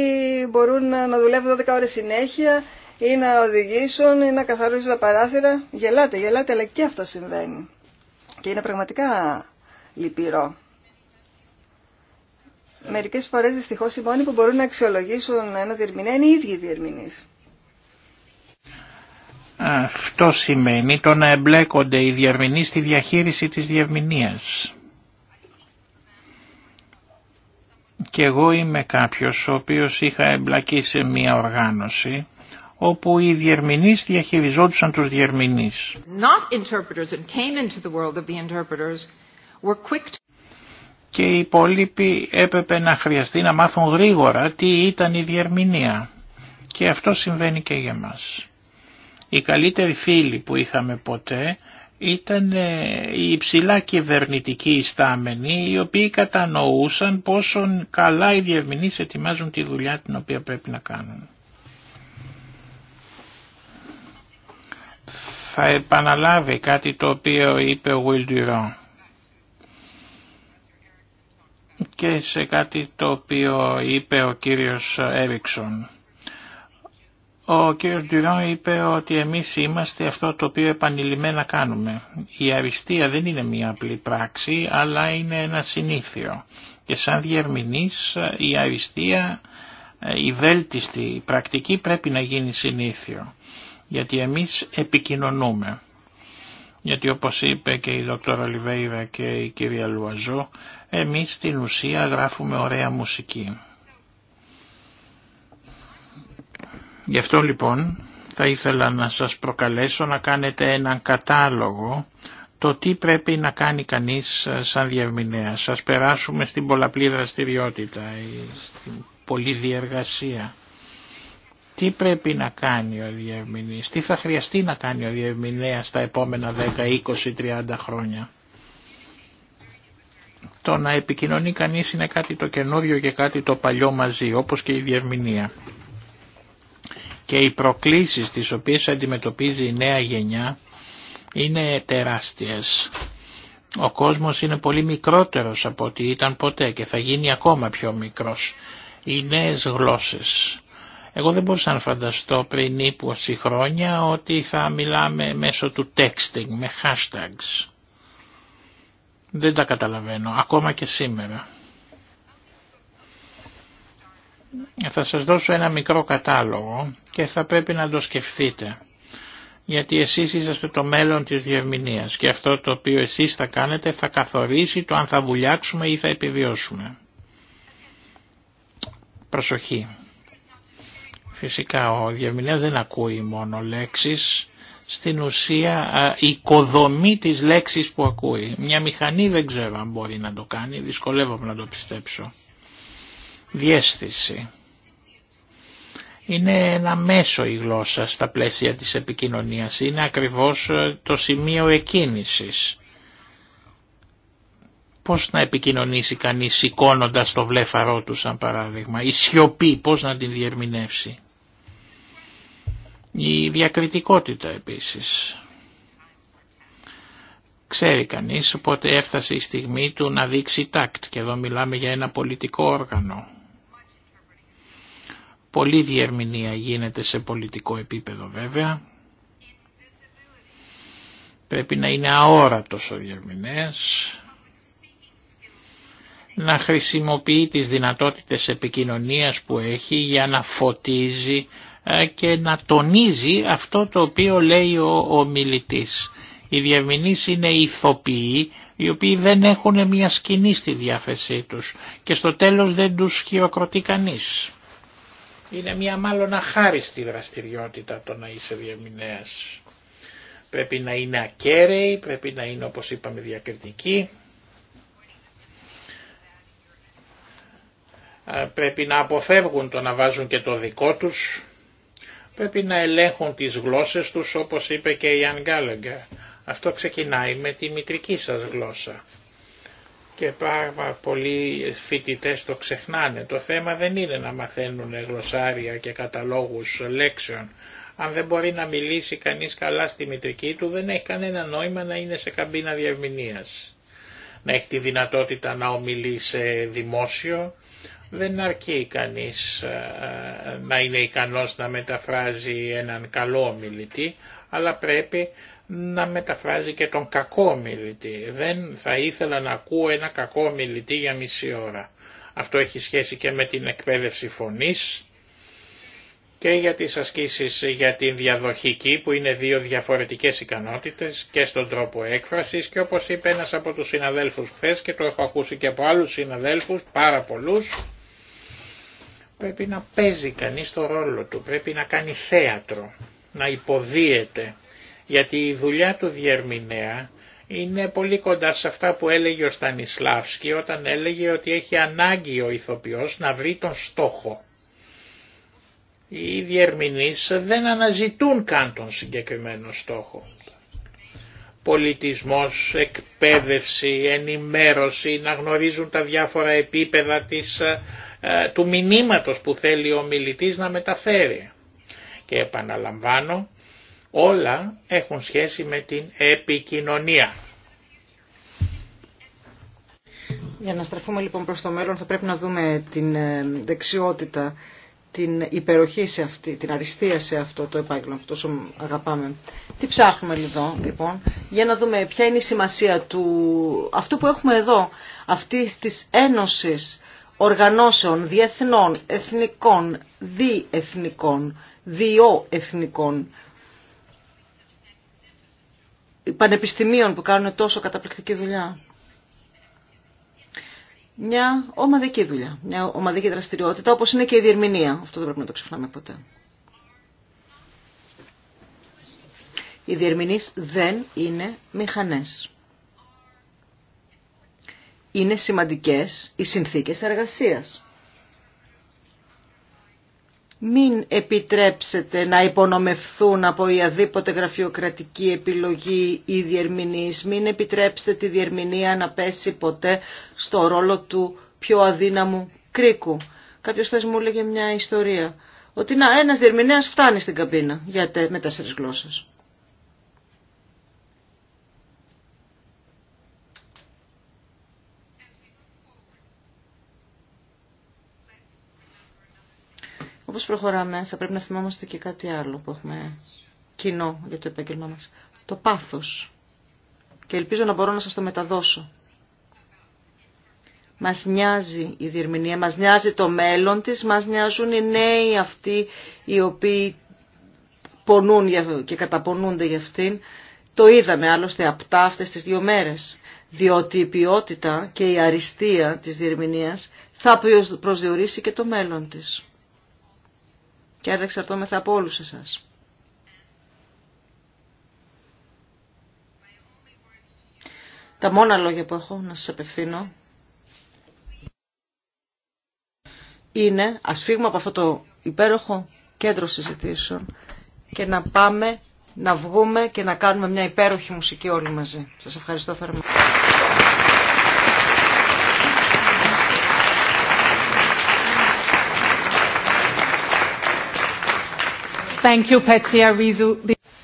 μπορούν να δουλεύουν 12 ώρες συνέχεια ή να οδηγήσουν ή να καθαρίζουν τα παράθυρα. Γελάτε, γελάτε, αλλά και αυτό συμβαίνει. Και είναι πραγματικά λυπηρό. Μερικές φορές δυστυχώς οι μόνοι που μπορούν να αξιολογήσουν ένα διερμηνέα είναι οι ίδιοι διερμηνείς. Αυτό σημαίνει το να εμπλέκονται οι διερμηνεί στη διαχείριση της διαρμηνίας. Και εγώ είμαι κάποιος ο οποίος είχα εμπλακεί σε μια οργάνωση όπου οι διερμηνείς διαχειριζόντουσαν τους διερμηνείς. Και οι υπόλοιποι έπρεπε να χρειαστεί να μάθουν γρήγορα τι ήταν η διερμηνία. Και αυτό συμβαίνει και για μας. Οι καλύτεροι φίλοι που είχαμε ποτέ ήταν ε, οι υψηλά κυβερνητικοί ιστάμενοι οι οποίοι κατανοούσαν πόσο καλά οι διευμηνείς ετοιμάζουν τη δουλειά την οποία πρέπει να κάνουν. Θα επαναλάβει κάτι το οποίο είπε ο Will και σε κάτι το οποίο είπε ο κύριος Έριξον. Ο κ. Ντουρόν είπε ότι εμείς είμαστε αυτό το οποίο επανειλημμένα κάνουμε. Η αριστεία δεν είναι μία απλή πράξη, αλλά είναι ένα συνήθιο. Και σαν διερμηνής η αριστεία, η βέλτιστη πρακτική πρέπει να γίνει συνήθιο. Γιατί εμείς επικοινωνούμε. Γιατί όπως είπε και η Δόκτωρα Λιβέιρα και η κυρία Λουαζό, εμείς στην ουσία γράφουμε ωραία μουσική. Γι' αυτό λοιπόν θα ήθελα να σας προκαλέσω να κάνετε έναν κατάλογο το τι πρέπει να κάνει κανείς ε, σαν διευμηνέα. Σας περάσουμε στην πολλαπλή δραστηριότητα, ε, στην διεργασία. Τι πρέπει να κάνει ο διευμηνής, τι θα χρειαστεί να κάνει ο διευμηνέας στα επόμενα 10, 20, 30 χρόνια. Το να επικοινωνεί κανείς είναι κάτι το καινούριο και κάτι το παλιό μαζί, όπως και η διευμηνία και οι προκλήσεις τις οποίες αντιμετωπίζει η νέα γενιά είναι τεράστιες. Ο κόσμος είναι πολύ μικρότερος από ό,τι ήταν ποτέ και θα γίνει ακόμα πιο μικρός. Οι νέες γλώσσες. Εγώ δεν μπορούσα να φανταστώ πριν 20 χρόνια ότι θα μιλάμε μέσω του texting, με hashtags. Δεν τα καταλαβαίνω, ακόμα και σήμερα. Θα σας δώσω ένα μικρό κατάλογο και θα πρέπει να το σκεφτείτε. Γιατί εσείς είσαστε το μέλλον της διευμηνίας και αυτό το οποίο εσείς θα κάνετε θα καθορίσει το αν θα βουλιάξουμε ή θα επιβιώσουμε. Προσοχή. Φυσικά ο διευμηνέας δεν ακούει μόνο λέξεις, στην ουσία η οικοδομή της λέξης που ακούει. Μια μηχανή δεν ξέρω αν μπορεί να το κάνει, δυσκολεύομαι να το πιστέψω διέστηση. Είναι ένα μέσο η γλώσσα στα πλαίσια της επικοινωνίας. Είναι ακριβώς ε, το σημείο εκκίνησης. Πώς να επικοινωνήσει κανείς σηκώνοντα το βλέφαρό του σαν παράδειγμα. Η σιωπή πώς να την διερμηνεύσει. Η διακριτικότητα επίσης. Ξέρει κανείς οπότε έφτασε η στιγμή του να δείξει τάκτ και εδώ μιλάμε για ένα πολιτικό όργανο Πολλή διερμηνία γίνεται σε πολιτικό επίπεδο βέβαια. Πρέπει να είναι αόρατος ο διερμηνέας. Να χρησιμοποιεί τις δυνατότητες επικοινωνίας που έχει για να φωτίζει ε, και να τονίζει αυτό το οποίο λέει ο, ο μιλητής. Οι διερμηνείς είναι ηθοποιοί οι οποίοι δεν έχουν μια σκηνή στη διάθεσή τους και στο τέλος δεν τους χειροκροτεί κανείς. Είναι μια μάλλον αχάριστη δραστηριότητα το να είσαι διαμηνέας. Πρέπει να είναι ακέραιοι, πρέπει να είναι όπως είπαμε διακριτική. Πρέπει να αποφεύγουν το να βάζουν και το δικό τους. Πρέπει να ελέγχουν τις γλώσσες τους όπως είπε και η Αν Αυτό ξεκινάει με τη μητρική σας γλώσσα και πάρα πολλοί φοιτητέ το ξεχνάνε. Το θέμα δεν είναι να μαθαίνουν γλωσσάρια και καταλόγους λέξεων. Αν δεν μπορεί να μιλήσει κανείς καλά στη μητρική του δεν έχει κανένα νόημα να είναι σε καμπίνα διαρμηνίας. Να έχει τη δυνατότητα να ομιλεί σε δημόσιο. Δεν αρκεί κανείς ε, να είναι ικανός να μεταφράζει έναν καλό ομιλητή, αλλά πρέπει να μεταφράζει και τον κακό μιλητή. Δεν θα ήθελα να ακούω ένα κακό μιλητή για μισή ώρα. Αυτό έχει σχέση και με την εκπαίδευση φωνής και για τις ασκήσεις για την διαδοχική που είναι δύο διαφορετικές ικανότητες και στον τρόπο έκφρασης και όπως είπε ένας από τους συναδέλφους χθε και το έχω ακούσει και από άλλους συναδέλφους, πάρα πολλούς, πρέπει να παίζει κανείς το ρόλο του, πρέπει να κάνει θέατρο, να υποδίεται γιατί η δουλειά του διερμηνέα είναι πολύ κοντά σε αυτά που έλεγε ο Στανισλάβσκι όταν έλεγε ότι έχει ανάγκη ο ηθοποιός να βρει τον στόχο. Οι διερμηνείς δεν αναζητούν καν τον συγκεκριμένο στόχο. Πολιτισμός, εκπαίδευση, ενημέρωση, να γνωρίζουν τα διάφορα επίπεδα της, ε, ε, του μηνύματος που θέλει ο μιλητής να μεταφέρει. Και επαναλαμβάνω, Όλα έχουν σχέση με την επικοινωνία. Για να στραφούμε λοιπόν προς το μέλλον θα πρέπει να δούμε την ε, δεξιότητα, την υπεροχή σε αυτή, την αριστεία σε αυτό το επάγγελμα που τόσο αγαπάμε. Τι ψάχνουμε εδώ λοιπόν, για να δούμε ποια είναι η σημασία του αυτού που έχουμε εδώ, αυτή της ένωσης οργανώσεων διεθνών, εθνικών, διεθνικών, διοεθνικών, πανεπιστημίων που κάνουν τόσο καταπληκτική δουλειά. Μια ομαδική δουλειά, μια ομαδική δραστηριότητα, όπως είναι και η διερμηνία. Αυτό δεν πρέπει να το ξεχνάμε ποτέ. Οι διερμηνείς δεν είναι μηχανές. Είναι σημαντικές οι συνθήκες εργασίας μην επιτρέψετε να υπονομευθούν από οποιαδήποτε γραφειοκρατική επιλογή ή διερμηνείς, μην επιτρέψετε τη διερμηνία να πέσει ποτέ στο ρόλο του πιο αδύναμου κρίκου. Κάποιος θες μου έλεγε μια ιστορία, ότι να ένας διερμηνέας φτάνει στην καμπίνα για με τέσσερις γλώσσες. Όπως προχωράμε θα πρέπει να θυμόμαστε και κάτι άλλο που έχουμε κοινό για το επέγγελμά μας. Το πάθος. Και ελπίζω να μπορώ να σας το μεταδώσω. Μας νοιάζει η διερμηνία, μας νοιάζει το μέλλον της, μας νοιάζουν οι νέοι αυτοί οι οποίοι πονούν και καταπονούνται για αυτήν. Το είδαμε άλλωστε απτά αυτές τις δύο μέρες, διότι η ποιότητα και η αριστεία της διερμηνίας θα προσδιορίσει και το μέλλον της και άρα εξαρτώμεθα από όλους εσάς. Τα μόνα λόγια που έχω να σας απευθύνω είναι ας φύγουμε από αυτό το υπέροχο κέντρο συζητήσεων και να πάμε να βγούμε και να κάνουμε μια υπέροχη μουσική όλοι μαζί. Σας ευχαριστώ θερμά.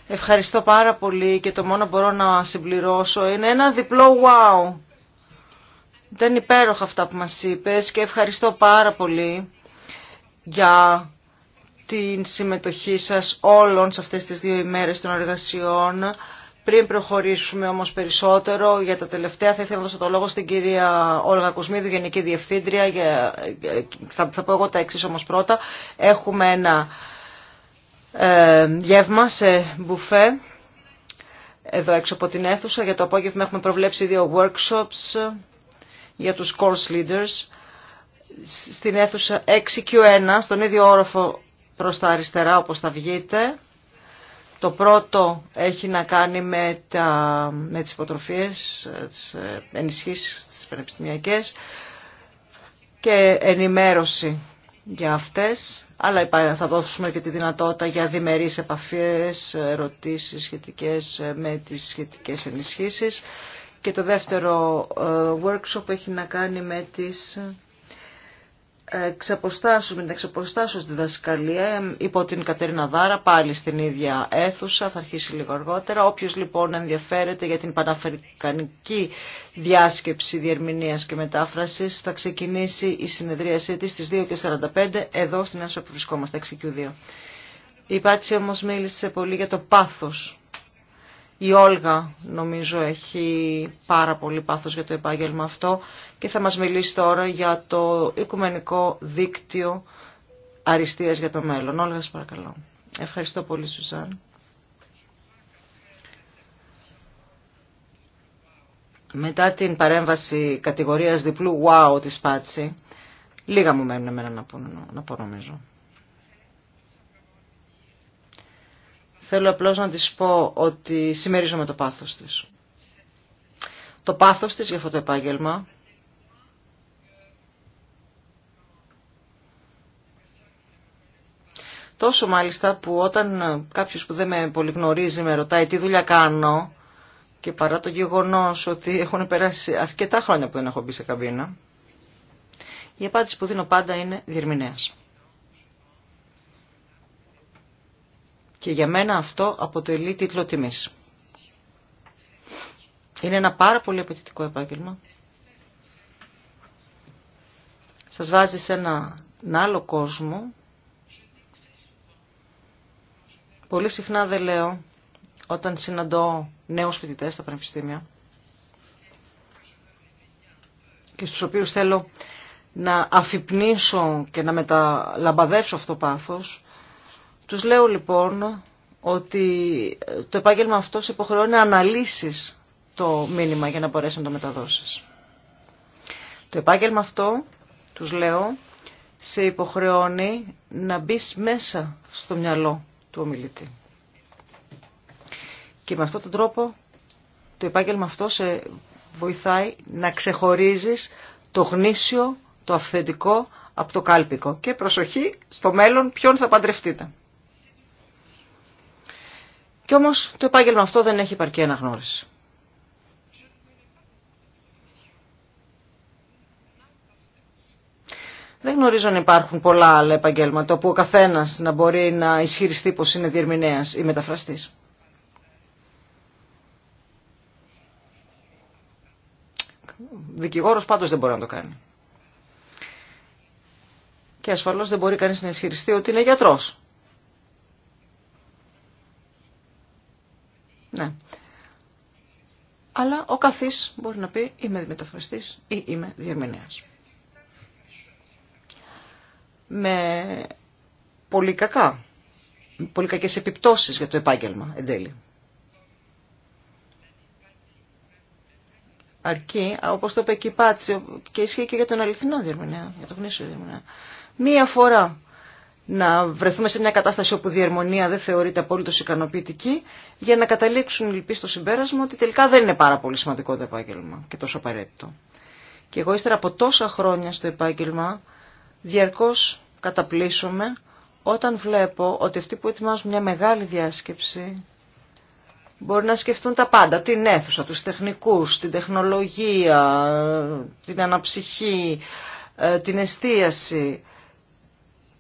Ευχαριστώ πάρα πολύ και το μόνο μπορώ να συμπληρώσω είναι ένα διπλό wow. Δεν υπέροχα αυτά που μας είπες και ευχαριστώ πάρα πολύ για την συμμετοχή σας όλων σε αυτές τις δύο ημέρες των εργασιών. Πριν προχωρήσουμε όμως περισσότερο για τα τελευταία θα ήθελα να δώσω το λόγο στην κυρία Όλγα Κουσμίδου, Γενική Διευθύντρια. Θα πω εγώ τα εξής όμως πρώτα. Έχουμε ένα ε, γεύμα σε μπουφέ εδώ έξω από την αίθουσα. Για το απόγευμα έχουμε προβλέψει δύο workshops για τους course leaders στην αίθουσα 6Q1, στον ίδιο όροφο προς τα αριστερά όπως θα βγείτε. Το πρώτο έχει να κάνει με, τα, με τις υποτροφίες, τις ε, ενισχύσεις, τις πανεπιστημιακές και ενημέρωση για αυτές, αλλά θα δώσουμε και τη δυνατότητα για διμερείς επαφές, ερωτήσεις σχετικές ε, με τις σχετικές ενισχύσεις. Και το δεύτερο ε, workshop έχει να κάνει με τις εξαποστάσεως, με την στη διδασκαλία υπό την Κατερίνα Δάρα πάλι στην ίδια αίθουσα, θα αρχίσει λίγο αργότερα. Όποιος λοιπόν ενδιαφέρεται για την παναφρικανική διάσκεψη διερμηνίας και μετάφρασης θα ξεκινήσει η συνεδρίασή της στις 2.45 εδώ στην αίθουσα που βρισκόμαστε, 6Q2. Η Πάτση όμως μίλησε πολύ για το πάθος η Όλγα νομίζω έχει πάρα πολύ πάθος για το επάγγελμα αυτό και θα μας μιλήσει τώρα για το Οικουμενικό Δίκτυο Αριστείας για το Μέλλον. Όλγα, σας παρακαλώ. Ευχαριστώ πολύ, Σουζάν. Μετά την παρέμβαση κατηγορίας διπλού wow της Πάτσι, λίγα μου μένουν εμένα να πω, να πω νομίζω. Θέλω απλώς να της πω ότι συμμερίζομαι το πάθος της. Το πάθος της για αυτό το επάγγελμα Τόσο μάλιστα που όταν κάποιος που δεν με πολύ γνωρίζει με ρωτάει τι δουλειά κάνω και παρά το γεγονός ότι έχουν περάσει αρκετά χρόνια που δεν έχω μπει σε καμπίνα, η απάντηση που δίνω πάντα είναι διερμηνέας. Και για μένα αυτό αποτελεί τίτλο τιμής. Είναι ένα πάρα πολύ απαιτητικό επάγγελμα. Σας βάζει σε ένα, άλλο κόσμο. Πολύ συχνά δεν λέω όταν συναντώ νέους φοιτητές στα πανεπιστήμια και στους οποίους θέλω να αφυπνίσω και να μεταλαμπαδεύσω αυτό το πάθος τους λέω λοιπόν ότι το επάγγελμα αυτό σε υποχρεώνει να αναλύσεις το μήνυμα για να μπορέσει να το μεταδώσεις. Το επάγγελμα αυτό, τους λέω, σε υποχρεώνει να μπει μέσα στο μυαλό του ομιλητή. Και με αυτόν τον τρόπο το επάγγελμα αυτό σε βοηθάει να ξεχωρίζεις το γνήσιο, το αυθεντικό από το κάλπικο. Και προσοχή στο μέλλον ποιον θα παντρευτείτε. Κι όμως το επάγγελμα αυτό δεν έχει επαρκή αναγνώριση. Δεν γνωρίζω αν υπάρχουν πολλά άλλα επαγγέλματα όπου ο καθένας να μπορεί να ισχυριστεί πως είναι διερμηνέας ή μεταφραστής. Δικηγόρος πάντως δεν μπορεί να το κάνει. Και ασφαλώς δεν μπορεί κανείς να ισχυριστεί ότι είναι γιατρός. Ναι. Αλλά ο καθής μπορεί να πει είμαι μεταφραστή ή είμαι διερμηνέας. Με πολύ κακά, πολύ κακές επιπτώσεις για το επάγγελμα εν τέλει. Αρκεί, όπως το είπε και η Πάτση, και ισχύει και για τον αληθινό διερμηνέα, για τον γνήσιο διερμηνέα. Μία φορά να βρεθούμε σε μια κατάσταση όπου η διερμονία δεν θεωρείται απόλυτο ικανοποιητική, για να καταλήξουν οι στο συμπέρασμα ότι τελικά δεν είναι πάρα πολύ σημαντικό το επάγγελμα και τόσο απαραίτητο. Και εγώ ύστερα από τόσα χρόνια στο επάγγελμα διαρκώς καταπλήσωμαι όταν βλέπω ότι αυτοί που ετοιμάζουν μια μεγάλη διάσκεψη μπορεί να σκεφτούν τα πάντα, την αίθουσα, τους τεχνικούς, την τεχνολογία, την αναψυχή, ε, την εστίαση,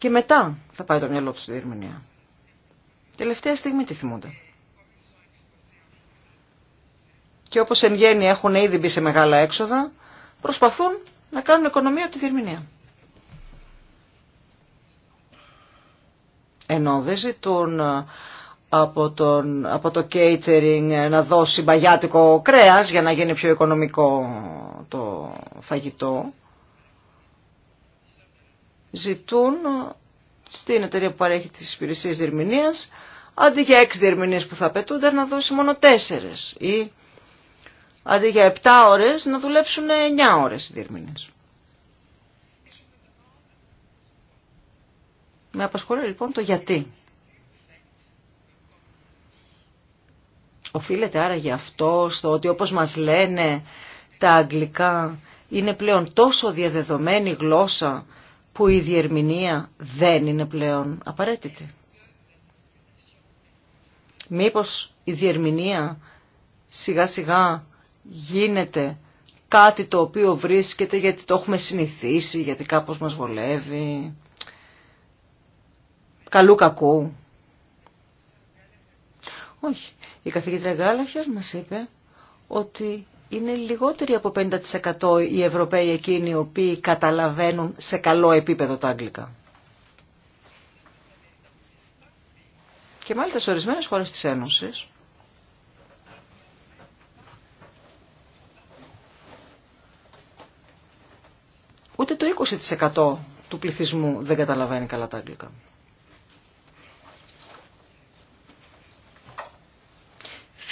και μετά θα πάει το μυαλό του στη διερμηνία. Τελευταία στιγμή τι θυμούνται. Και όπως εν γέννη έχουν ήδη μπει σε μεγάλα έξοδα, προσπαθούν να κάνουν οικονομία από τη Διερμηνία. Ενώ δεν ζητούν ε, από, τον, από το catering ε, να δώσει μπαγιάτικο κρέας για να γίνει πιο οικονομικό το φαγητό ζητούν στην εταιρεία που παρέχει τις υπηρεσίες διερμηνίας αντί για έξι διερμηνίες που θα απαιτούνται να δώσει μόνο τέσσερες ή αντί για επτά ώρες να δουλέψουν εννιά ώρες οι διερμηνίες. Με απασχολεί λοιπόν το γιατί. Οφείλεται άραγε αυτό στο ότι όπως μας λένε τα αγγλικά είναι πλέον τόσο διαδεδομένη γλώσσα που η διερμηνία δεν είναι πλέον απαραίτητη. Μήπως η διερμηνία σιγά σιγά γίνεται κάτι το οποίο βρίσκεται γιατί το έχουμε συνηθίσει, γιατί κάπως μας βολεύει. Καλού κακού. Όχι. Η καθηγήτρια Γκάλαχερ μας είπε ότι είναι λιγότεροι από 50% οι Ευρωπαίοι εκείνοι οι οποίοι καταλαβαίνουν σε καλό επίπεδο τα Αγγλικά. Και μάλιστα σε ορισμένες χώρες της Ένωσης. Ούτε το 20% του πληθυσμού δεν καταλαβαίνει καλά τα Αγγλικά.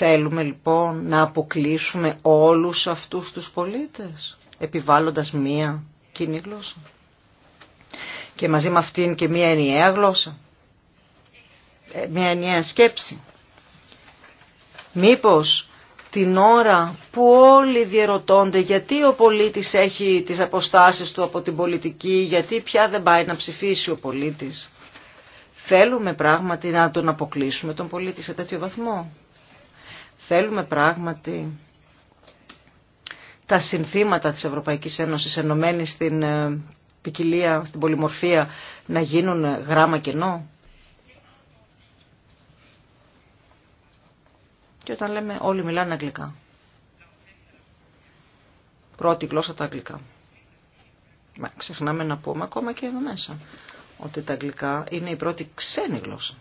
Θέλουμε λοιπόν να αποκλείσουμε όλους αυτούς τους πολίτες επιβάλλοντας μία κοινή γλώσσα. Και μαζί με αυτήν και μία ενιαία γλώσσα. Ε, μία ενιαία σκέψη. Μήπως την ώρα που όλοι διερωτώνται γιατί ο πολίτης έχει τις αποστάσεις του από την πολιτική, γιατί πια δεν πάει να ψηφίσει ο πολίτης. Θέλουμε πράγματι να τον αποκλείσουμε τον πολίτη σε τέτοιο βαθμό. Θέλουμε πράγματι τα συνθήματα της Ευρωπαϊκής Ένωσης ενωμένη στην ε, ποικιλία, στην πολυμορφία να γίνουν ε, γράμμα κενό. Και όταν λέμε όλοι μιλάνε αγγλικά. Πρώτη γλώσσα τα αγγλικά. Μα ξεχνάμε να πούμε ακόμα και εδώ μέσα ότι τα αγγλικά είναι η πρώτη ξένη γλώσσα.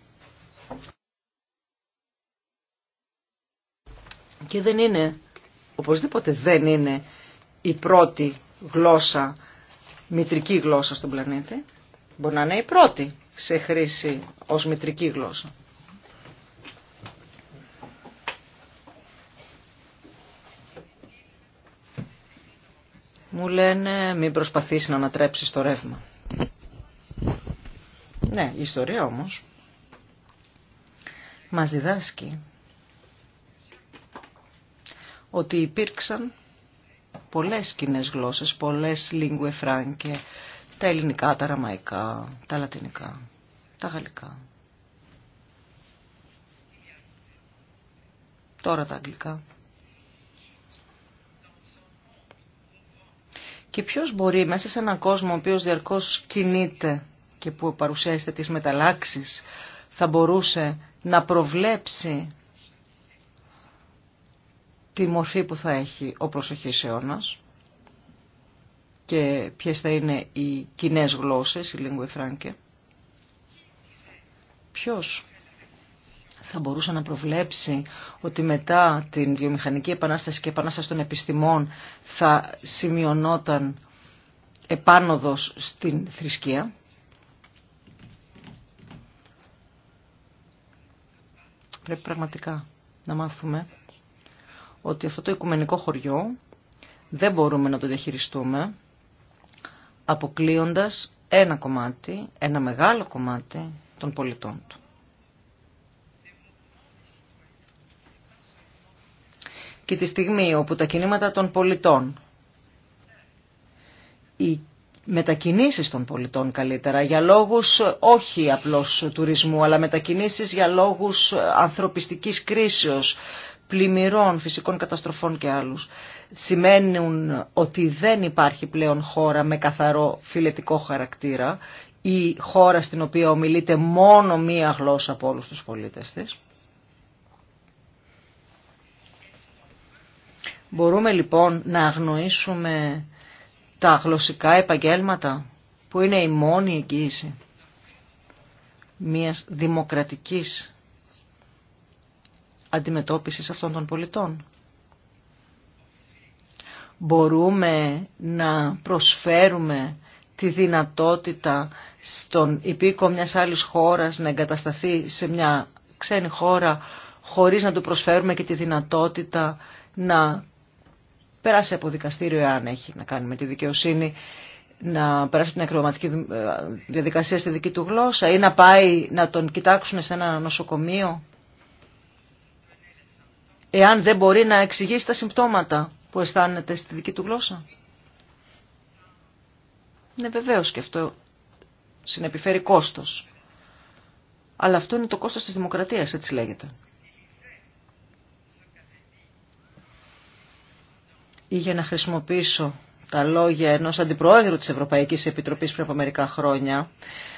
και δεν είναι, οπωσδήποτε δεν είναι η πρώτη γλώσσα, μητρική γλώσσα στον πλανήτη. Μπορεί να είναι η πρώτη σε χρήση ως μητρική γλώσσα. Μου λένε μην προσπαθήσει να ανατρέψει το ρεύμα. Ναι, η ιστορία όμως μας διδάσκει ότι υπήρξαν πολλές κοινέ γλώσσες, πολλές Λίγκου φράγκε, τα ελληνικά, τα ραμαϊκά, τα λατινικά, τα γαλλικά. Τώρα τα αγγλικά. Και ποιος μπορεί μέσα σε έναν κόσμο ο οποίος διαρκώς κινείται και που παρουσιάζεται τις μεταλλάξεις θα μπορούσε να προβλέψει τη μορφή που θα έχει ο προσοχής αιώνας και ποιες θα είναι οι κοινέ γλώσσες, η lingua franca. Ποιος θα μπορούσε να προβλέψει ότι μετά την βιομηχανική επανάσταση και επανάσταση των επιστημών θα σημειωνόταν επάνωδος στην θρησκεία. Πρέπει πραγματικά να μάθουμε ότι αυτό το οικουμενικό χωριό δεν μπορούμε να το διαχειριστούμε αποκλείοντας ένα κομμάτι, ένα μεγάλο κομμάτι των πολιτών του. Και τη στιγμή όπου τα κινήματα των πολιτών, μετακινήσεις των πολιτών καλύτερα, για λόγους όχι απλώς τουρισμού, αλλά μετακινήσεις για λόγους ανθρωπιστικής κρίσεως, πλημμυρών, φυσικών καταστροφών και άλλους. Σημαίνουν ότι δεν υπάρχει πλέον χώρα με καθαρό φιλετικό χαρακτήρα ή χώρα στην οποία ομιλείται μόνο μία γλώσσα από όλους τους πολίτες της. Μπορούμε λοιπόν να αγνοήσουμε τα γλωσσικά επαγγέλματα που είναι η μόνη εγγύηση μιας δημοκρατικής αντιμετώπισης αυτών των πολιτών. Μπορούμε να προσφέρουμε τη δυνατότητα στον υπήκο μιας άλλης χώρας να εγκατασταθεί σε μια ξένη χώρα χωρίς να του προσφέρουμε και τη δυνατότητα να περάσει από δικαστήριο εάν έχει να κάνει με τη δικαιοσύνη να περάσει την ακροματική ε, διαδικασία στη δική του γλώσσα ή να πάει να τον κοιτάξουν σε ένα νοσοκομείο εάν δεν μπορεί να εξηγήσει τα συμπτώματα που αισθάνεται στη δική του γλώσσα. Ναι βεβαίως και αυτό συνεπιφέρει κόστος. Αλλά αυτό είναι το κόστος της δημοκρατίας, έτσι λέγεται. ή για να χρησιμοποιήσω τα λόγια ενός αντιπρόεδρου της Ευρωπαϊκής Επιτροπής πριν από μερικά χρόνια,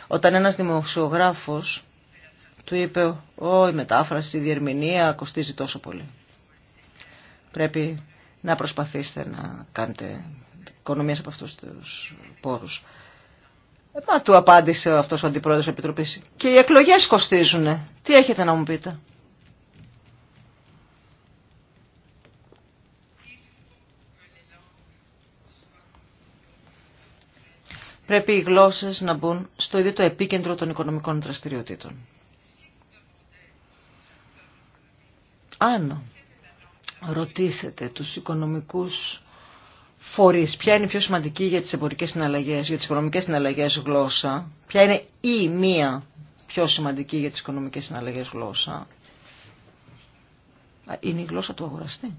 όταν ένας δημοσιογράφος του είπε «Ω, η μετάφραση, η διερμηνία κοστίζει τόσο πολύ. Πρέπει να προσπαθήσετε να κάνετε οικονομίες από αυτούς τους πόρους». Ε, μα του απάντησε αυτός ο αντιπρόεδρος Επιτροπής «Και οι εκλογές κοστίζουν. Τι έχετε να μου πείτε». πρέπει οι γλώσσες να μπουν στο ίδιο το επίκεντρο των οικονομικών δραστηριοτήτων. Αν ρωτήσετε τους οικονομικούς φορείς ποια είναι η πιο σημαντική για τις εμπορικές συναλλαγές, για τις οικονομικές συναλλαγές γλώσσα, ποια είναι η μία πιο σημαντική για τις οικονομικές συναλλαγές γλώσσα, είναι η γλώσσα του αγοραστή.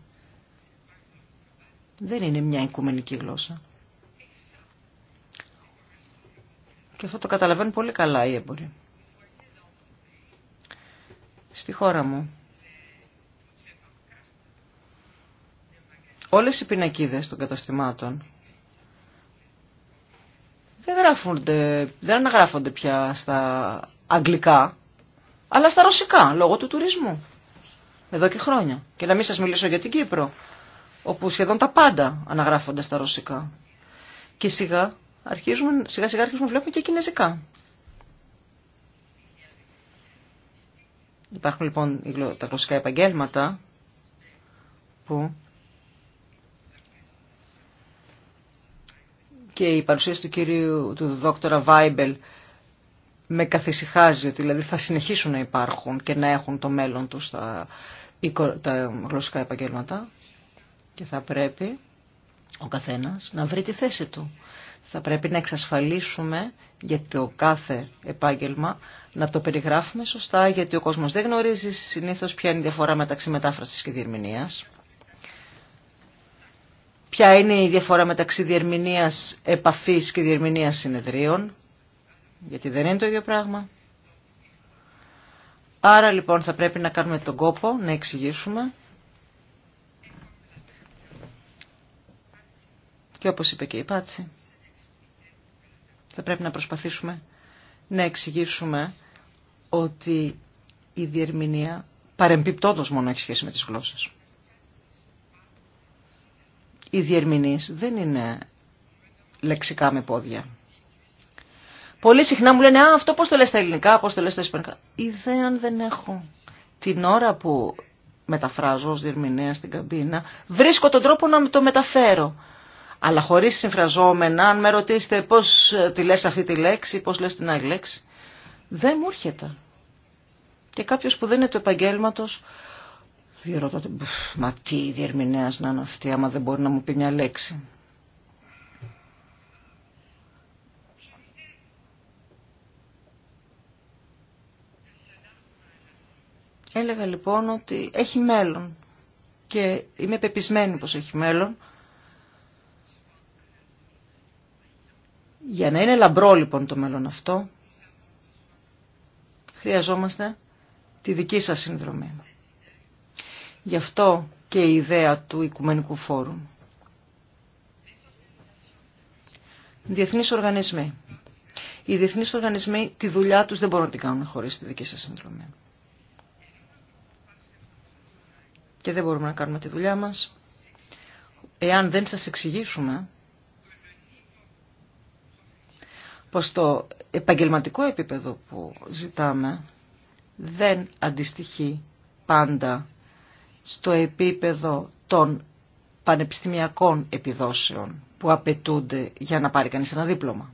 Δεν είναι μια οικουμενική γλώσσα. Και αυτό το καταλαβαίνουν πολύ καλά οι έμποροι. Στη χώρα μου. Όλες οι πινακίδες των καταστημάτων δεν, γράφονται, δεν αναγράφονται πια στα αγγλικά, αλλά στα ρωσικά, λόγω του τουρισμού. Εδώ και χρόνια. Και να μην σας μιλήσω για την Κύπρο, όπου σχεδόν τα πάντα αναγράφονται στα ρωσικά. Και σιγά αρχίζουμε, σιγά σιγά αρχίζουμε να βλέπουμε και κινέζικα. Υπάρχουν λοιπόν τα γλωσσικά επαγγέλματα που και η παρουσίαση του κυρίου, του δόκτωρα Βάιμπελ με καθησυχάζει ότι δηλαδή θα συνεχίσουν να υπάρχουν και να έχουν το μέλλον τους τα, τα γλωσσικά επαγγέλματα και θα πρέπει ο καθένας να βρει τη θέση του θα πρέπει να εξασφαλίσουμε για το κάθε επάγγελμα να το περιγράφουμε σωστά γιατί ο κόσμος δεν γνωρίζει συνήθως ποια είναι η διαφορά μεταξύ μετάφρασης και διερμηνίας. Ποια είναι η διαφορά μεταξύ διερμηνίας επαφής και διερμηνίας συνεδρίων, γιατί δεν είναι το ίδιο πράγμα. Άρα λοιπόν θα πρέπει να κάνουμε τον κόπο, να εξηγήσουμε. Και όπως είπε και η Πάτση θα πρέπει να προσπαθήσουμε να εξηγήσουμε ότι η διερμηνία παρεμπιπτόντως μόνο έχει σχέση με τις γλώσσες. Οι διερμηνείς δεν είναι λεξικά με πόδια. Πολύ συχνά μου λένε «Α, αυτό πώς το λες στα ελληνικά, πώς το λες στα ισπανικά». Ιδέα δεν έχω. Την ώρα που μεταφράζω ως διερμηνέα στην καμπίνα, βρίσκω τον τρόπο να το μεταφέρω. Αλλά χωρίς συμφραζόμενα, αν με ρωτήσετε πώς ε, τη λες αυτή τη λέξη, πώς λες την άλλη λέξη, δεν μου έρχεται. Και κάποιος που δεν είναι του επαγγέλματος, διερωτάται, μα τι διερμηνέας να είναι αυτή, άμα δεν μπορεί να μου πει μια λέξη. Έλεγα λοιπόν ότι έχει μέλλον και είμαι πεπισμένη πως έχει μέλλον Για να είναι λαμπρό λοιπόν το μέλλον αυτό, χρειαζόμαστε τη δική σας συνδρομή. Γι' αυτό και η ιδέα του Οικουμενικού Φόρουμ. Διεθνείς οργανισμοί. Οι διεθνείς οργανισμοί τη δουλειά τους δεν μπορούν να την κάνουν χωρίς τη δική σας συνδρομή. Και δεν μπορούμε να κάνουμε τη δουλειά μας. Εάν δεν σας εξηγήσουμε πως το επαγγελματικό επίπεδο που ζητάμε δεν αντιστοιχεί πάντα στο επίπεδο των πανεπιστημιακών επιδόσεων που απαιτούνται για να πάρει κανείς ένα δίπλωμα.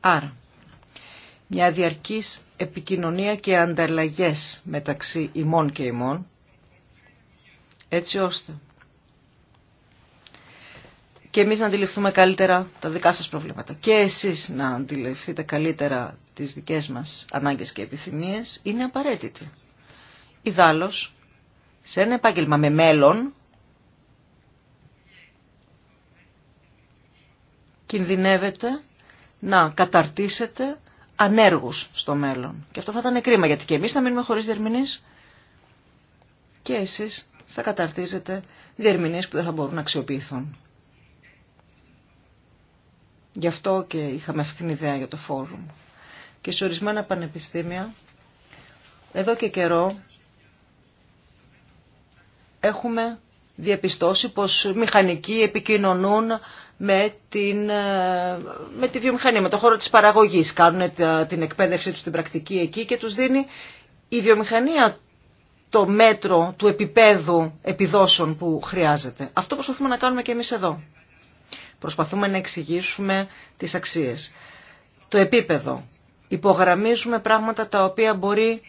Άρα, μια διαρκής επικοινωνία και ανταλλαγές μεταξύ ημών και ημών, έτσι ώστε και εμείς να αντιληφθούμε καλύτερα τα δικά σας προβλήματα και εσείς να αντιληφθείτε καλύτερα τις δικές μας ανάγκες και επιθυμίες είναι απαραίτητη. Ιδάλλως, σε ένα επάγγελμα με μέλλον κινδυνεύεται να καταρτήσετε ανέργους στο μέλλον. Και αυτό θα ήταν κρίμα γιατί και εμείς θα μείνουμε χωρίς διερμηνείς και εσείς θα καταρτίζετε διερμηνείς που δεν θα μπορούν να αξιοποιηθούν. Γι' αυτό και είχαμε αυτήν την ιδέα για το φόρουμ. Και σε ορισμένα πανεπιστήμια, εδώ και καιρό, έχουμε διαπιστώσει πως μηχανικοί επικοινωνούν με, την, ε, με τη βιομηχανία, με το χώρο της παραγωγής. Κάνουν την εκπαίδευση τους στην πρακτική εκεί και τους δίνει η βιομηχανία το μέτρο του επίπεδου επιδόσεων που χρειάζεται. Αυτό προσπαθούμε να κάνουμε και εμείς εδώ. Προσπαθούμε να εξηγήσουμε τις αξίες. Το επίπεδο. Υπογραμμίζουμε πράγματα τα οποία μπορεί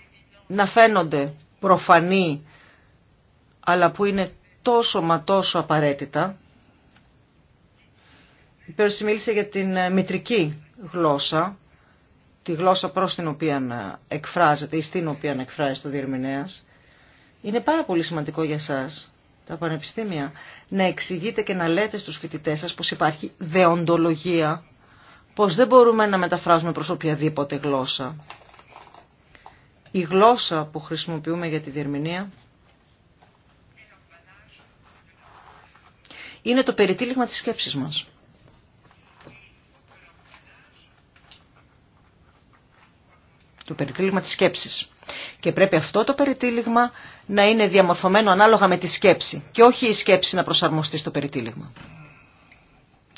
να φαίνονται προφανή, αλλά που είναι τόσο μα τόσο απαραίτητα. Η Πέρση μίλησε για την ε, μητρική γλώσσα, τη γλώσσα προς την οποία ε, εκφράζεται ή στην οποία εκφράζεται ο διερμηνέας. Είναι πάρα πολύ σημαντικό για σας τα πανεπιστήμια, να εξηγείτε και να λέτε στους φοιτητές σας πως υπάρχει δεοντολογία, πως δεν μπορούμε να μεταφράζουμε προς οποιαδήποτε γλώσσα. Η γλώσσα που χρησιμοποιούμε για τη διερμηνία είναι το περιτύλιγμα της σκέψης μας. Το περιτύλιγμα της σκέψης. Και πρέπει αυτό το περιτύλιγμα να είναι διαμορφωμένο ανάλογα με τη σκέψη και όχι η σκέψη να προσαρμοστεί στο περιτύλιγμα.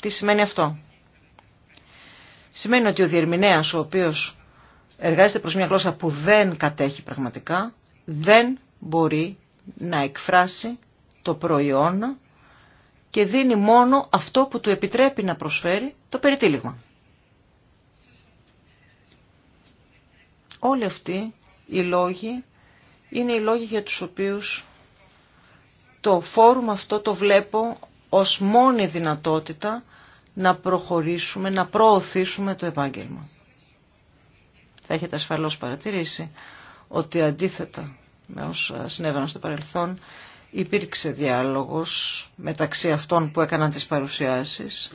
Τι σημαίνει αυτό. Σημαίνει ότι ο διερμηνέας ο οποίος εργάζεται προς μια γλώσσα που δεν κατέχει πραγματικά, δεν μπορεί να εκφράσει το προϊόν και δίνει μόνο αυτό που του επιτρέπει να προσφέρει το περιτύλιγμα. Όλοι αυτοί οι λόγοι είναι οι λόγοι για τους οποίους το φόρουμ αυτό το βλέπω ως μόνη δυνατότητα να προχωρήσουμε, να προωθήσουμε το επάγγελμα. Θα έχετε ασφαλώς παρατηρήσει ότι αντίθετα με όσα συνέβαιναν στο παρελθόν υπήρξε διάλογος μεταξύ αυτών που έκαναν τις παρουσιάσεις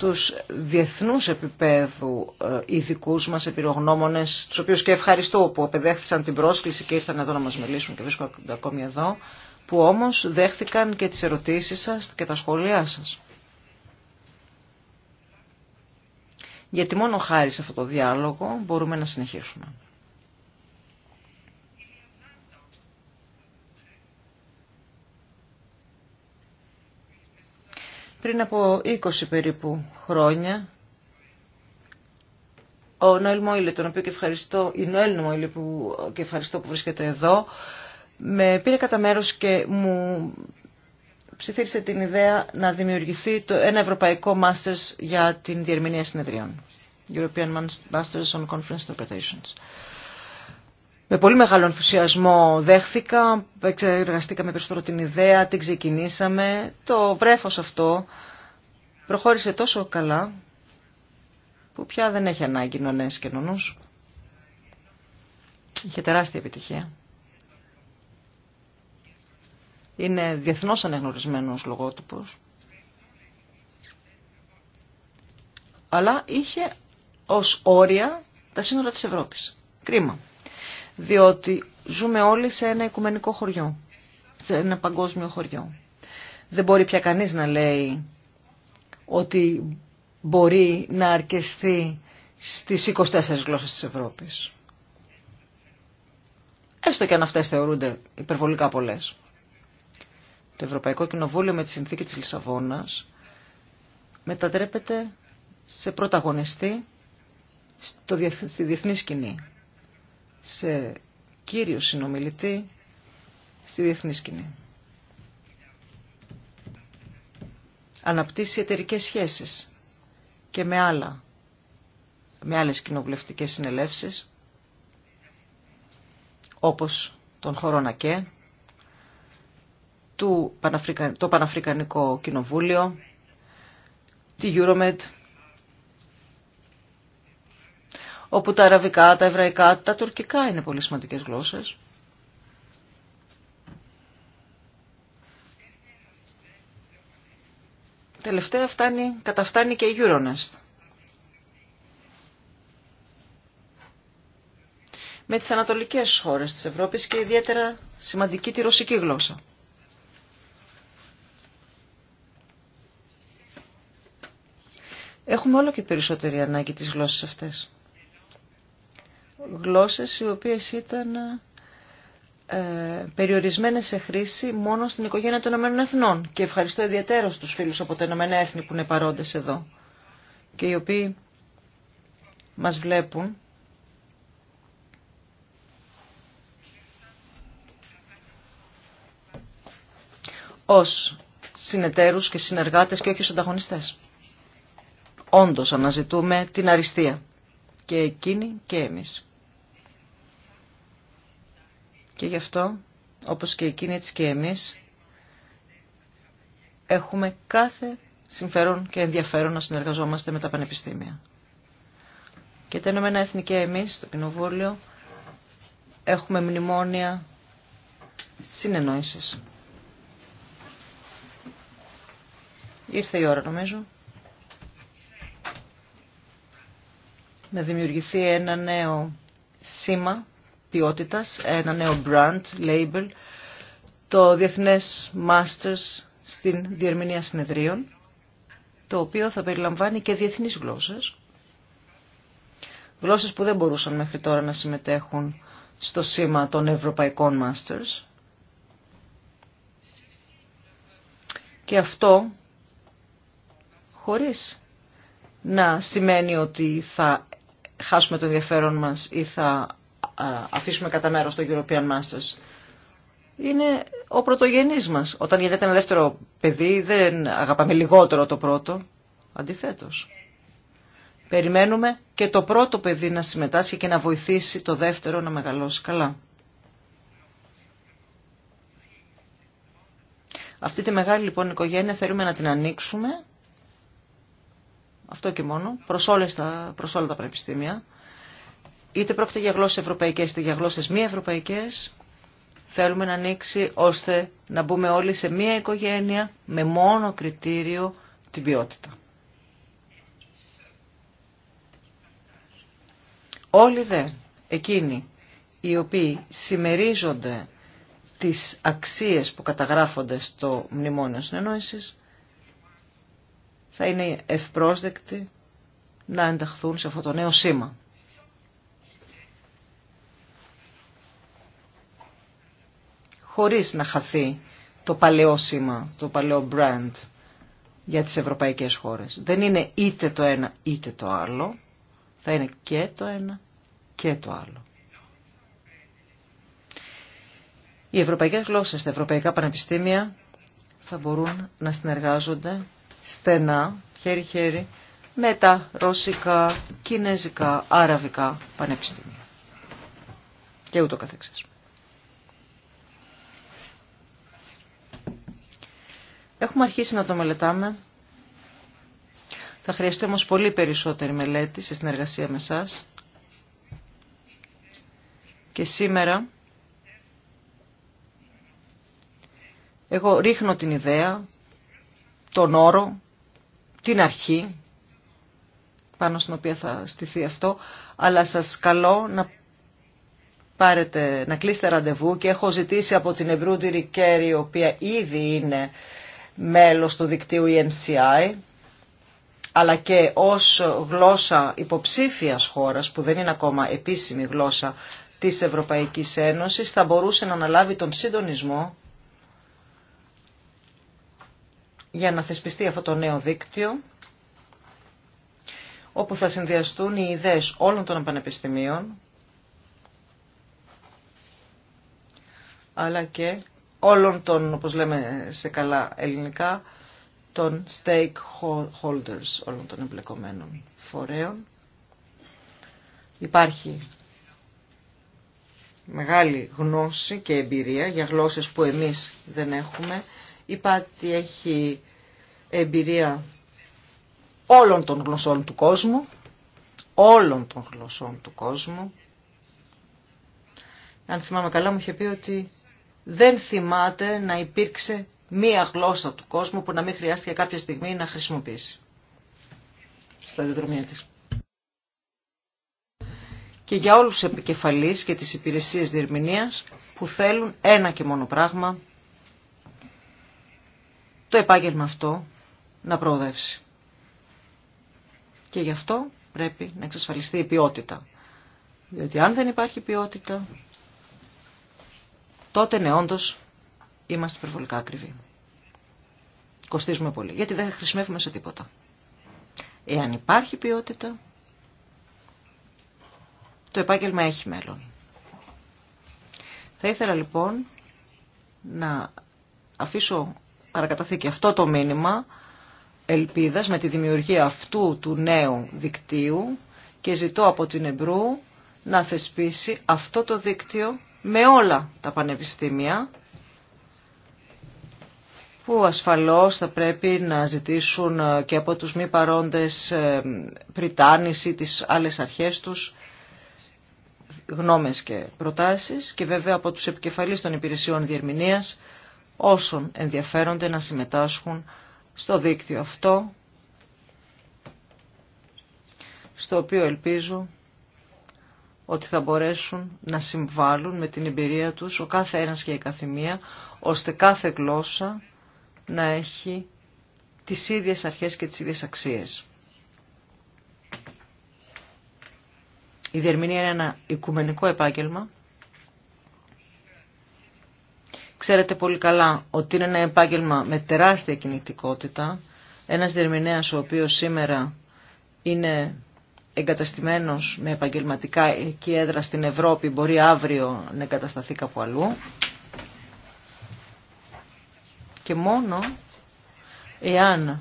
τους διεθνούς επίπεδου ε, ειδικού μας επιρογνώμονες, τους οποίους και ευχαριστώ που απεδέχθησαν την πρόσκληση και ήρθαν εδώ να μας μιλήσουν και βρίσκονται ακόμη εδώ, που όμως δέχθηκαν και τις ερωτήσεις σας και τα σχόλιά σας. Γιατί μόνο χάρη σε αυτό το διάλογο μπορούμε να συνεχίσουμε. Πριν από 20 περίπου χρόνια, ο Νοέλ Μόιλε, τον οποίο και ευχαριστώ, η Νοέλ Μόιλε που και ευχαριστώ που βρίσκεται εδώ, με πήρε κατά μέρο και μου ψήφισε την ιδέα να δημιουργηθεί το, ένα ευρωπαϊκό Masters για την διερμηνία συνεδριών. European Masters on Conference Interpretations με πολύ μεγάλο ενθουσιασμό δέχθηκα, εξεργαστήκαμε περισσότερο την ιδέα, την ξεκινήσαμε. Το βρέφος αυτό προχώρησε τόσο καλά που πια δεν έχει ανάγκη νονές και νονούς. Είχε τεράστια επιτυχία. Είναι διεθνώς αναγνωρισμένος λογότυπος. Αλλά είχε ως όρια τα σύνορα της Ευρώπης. Κρίμα διότι ζούμε όλοι σε ένα οικουμενικό χωριό, σε ένα παγκόσμιο χωριό. Δεν μπορεί πια κανείς να λέει ότι μπορεί να αρκεστεί στις 24 γλώσσες της Ευρώπης. Έστω και αν αυτές θεωρούνται υπερβολικά πολλές. Το Ευρωπαϊκό Κοινοβούλιο με τη συνθήκη της Λισαβόνας μετατρέπεται σε πρωταγωνιστή στη διεθνή σκηνή σε κύριο συνομιλητή στη διεθνή σκηνή. Αναπτύσσει εταιρικέ σχέσεις και με άλλα, με άλλες κοινοβουλευτικές συνελεύσεις, όπως τον χωρό Νακέ, το Παναφρικανικό Κοινοβούλιο, τη Euromed, όπου τα αραβικά, τα εβραϊκά, τα τουρκικά είναι πολύ σημαντικές γλώσσες. Τελευταία φτάνει, καταφτάνει και η Euronest. Με τις ανατολικές χώρες της Ευρώπης και ιδιαίτερα σημαντική τη ρωσική γλώσσα. Έχουμε όλο και περισσότερη ανάγκη τις γλώσσες αυτές γλώσσες οι οποίες ήταν ε, περιορισμένες σε χρήση μόνο στην οικογένεια των Ηνωμένων Εθνών. Και ευχαριστώ ιδιαίτερα τους φίλους από τα Ηνωμένα Έθνη που είναι παρόντες εδώ και οι οποίοι μας βλέπουν. ως συνεταίρους και συνεργάτες και όχι ως ανταγωνιστές. Όντως αναζητούμε την αριστεία. Και εκείνοι και εμείς. Και γι' αυτό, όπως και εκείνοι έτσι και εμείς, έχουμε κάθε συμφέρον και ενδιαφέρον να συνεργαζόμαστε με τα πανεπιστήμια. Και τα με Έθνη και εμείς, το Κοινοβούλιο, έχουμε μνημόνια συνεννόησης. Ήρθε η ώρα νομίζω να δημιουργηθεί ένα νέο σήμα ποιότητας, ένα νέο brand, label, το Διεθνές Masters στην Διερμηνία Συνεδρίων, το οποίο θα περιλαμβάνει και διεθνείς γλώσσες, γλώσσες που δεν μπορούσαν μέχρι τώρα να συμμετέχουν στο σήμα των Ευρωπαϊκών Masters. Και αυτό χωρίς να σημαίνει ότι θα χάσουμε το ενδιαφέρον μας ή θα αφήσουμε κατά μέρο το European Masters. Είναι ο πρωτογενής μας. Όταν γίνεται ένα δεύτερο παιδί δεν αγαπάμε λιγότερο το πρώτο. Αντιθέτως. Περιμένουμε και το πρώτο παιδί να συμμετάσχει και να βοηθήσει το δεύτερο να μεγαλώσει καλά. Αυτή τη μεγάλη λοιπόν οικογένεια θέλουμε να την ανοίξουμε, αυτό και μόνο, προς, τα, προς όλα τα πανεπιστήμια είτε πρόκειται για γλώσσες ευρωπαϊκές είτε για γλώσσες μη ευρωπαϊκές, θέλουμε να ανοίξει ώστε να μπούμε όλοι σε μία οικογένεια με μόνο κριτήριο την ποιότητα. Όλοι δε εκείνοι οι οποίοι συμμερίζονται τις αξίες που καταγράφονται στο μνημόνιο συνεννόησης θα είναι ευπρόσδεκτοι να ενταχθούν σε αυτό το νέο σήμα. χωρίς να χαθεί το παλαιό σήμα, το παλαιό brand για τις ευρωπαϊκές χώρες. Δεν είναι είτε το ένα είτε το άλλο, θα είναι και το ένα και το άλλο. Οι ευρωπαϊκές γλώσσες τα ευρωπαϊκά πανεπιστήμια θα μπορούν να συνεργάζονται στενά, χέρι-χέρι, με τα ρώσικα, κινέζικα, αραβικά πανεπιστήμια. Και ούτω καθεξής. Έχουμε αρχίσει να το μελετάμε. Θα χρειαστεί όμως πολύ περισσότερη μελέτη σε συνεργασία με εσά. Και σήμερα εγώ ρίχνω την ιδέα, τον όρο, την αρχή πάνω στην οποία θα στηθεί αυτό, αλλά σας καλώ να πάρετε, να κλείσετε ραντεβού και έχω ζητήσει από την Εμπρούντιρη Κέρι, η οποία ήδη είναι μέλος του δικτύου EMCI, αλλά και ως γλώσσα υποψήφιας χώρας, που δεν είναι ακόμα επίσημη γλώσσα της Ευρωπαϊκής Ένωσης, θα μπορούσε να αναλάβει τον συντονισμό για να θεσπιστεί αυτό το νέο δίκτυο, όπου θα συνδυαστούν οι ιδέες όλων των πανεπιστημίων, αλλά και όλων των, όπως λέμε σε καλά ελληνικά, των stakeholders, όλων των εμπλεκομένων φορέων. Υπάρχει μεγάλη γνώση και εμπειρία για γλώσσες που εμείς δεν έχουμε. Η Πάτη έχει εμπειρία όλων των γλωσσών του κόσμου, όλων των γλωσσών του κόσμου. Αν θυμάμαι καλά μου είχε πει ότι δεν θυμάται να υπήρξε μία γλώσσα του κόσμου που να μην χρειάστηκε κάποια στιγμή να χρησιμοποιήσει στα διδρομία της. Και για όλους τους επικεφαλείς και τις υπηρεσίες διερμηνίας που θέλουν ένα και μόνο πράγμα, το επάγγελμα αυτό να προοδεύσει. Και γι' αυτό πρέπει να εξασφαλιστεί η ποιότητα. Διότι αν δεν υπάρχει ποιότητα, τότε ναι, όντω είμαστε υπερβολικά ακριβοί. Κοστίζουμε πολύ, γιατί δεν χρησιμεύουμε σε τίποτα. Εάν υπάρχει ποιότητα, το επάγγελμα έχει μέλλον. Θα ήθελα λοιπόν να αφήσω παρακαταθήκη αυτό το μήνυμα ελπίδας με τη δημιουργία αυτού του νέου δικτύου και ζητώ από την Εμπρού να θεσπίσει αυτό το δίκτυο με όλα τα πανεπιστήμια που ασφαλώς θα πρέπει να ζητήσουν ε, και από τους μη παρόντες ε, πριτάνης ή τις άλλες αρχές τους γνώμες και προτάσεις και βέβαια από τους επικεφαλείς των υπηρεσιών διερμηνίας όσων ενδιαφέρονται να συμμετάσχουν στο δίκτυο αυτό στο οποίο ελπίζω ότι θα μπορέσουν να συμβάλλουν με την εμπειρία τους ο κάθε ένας και η καθημεία, ώστε κάθε γλώσσα να έχει τις ίδιες αρχές και τις ίδιες αξίες. Η διερμηνία είναι ένα οικουμενικό επάγγελμα. Ξέρετε πολύ καλά ότι είναι ένα επάγγελμα με τεράστια κινητικότητα. Ένας διερμηνέας ο οποίος σήμερα είναι εγκαταστημένος με επαγγελματικά εκεί έδρα στην Ευρώπη μπορεί αύριο να εγκατασταθεί κάπου αλλού. Και μόνο εάν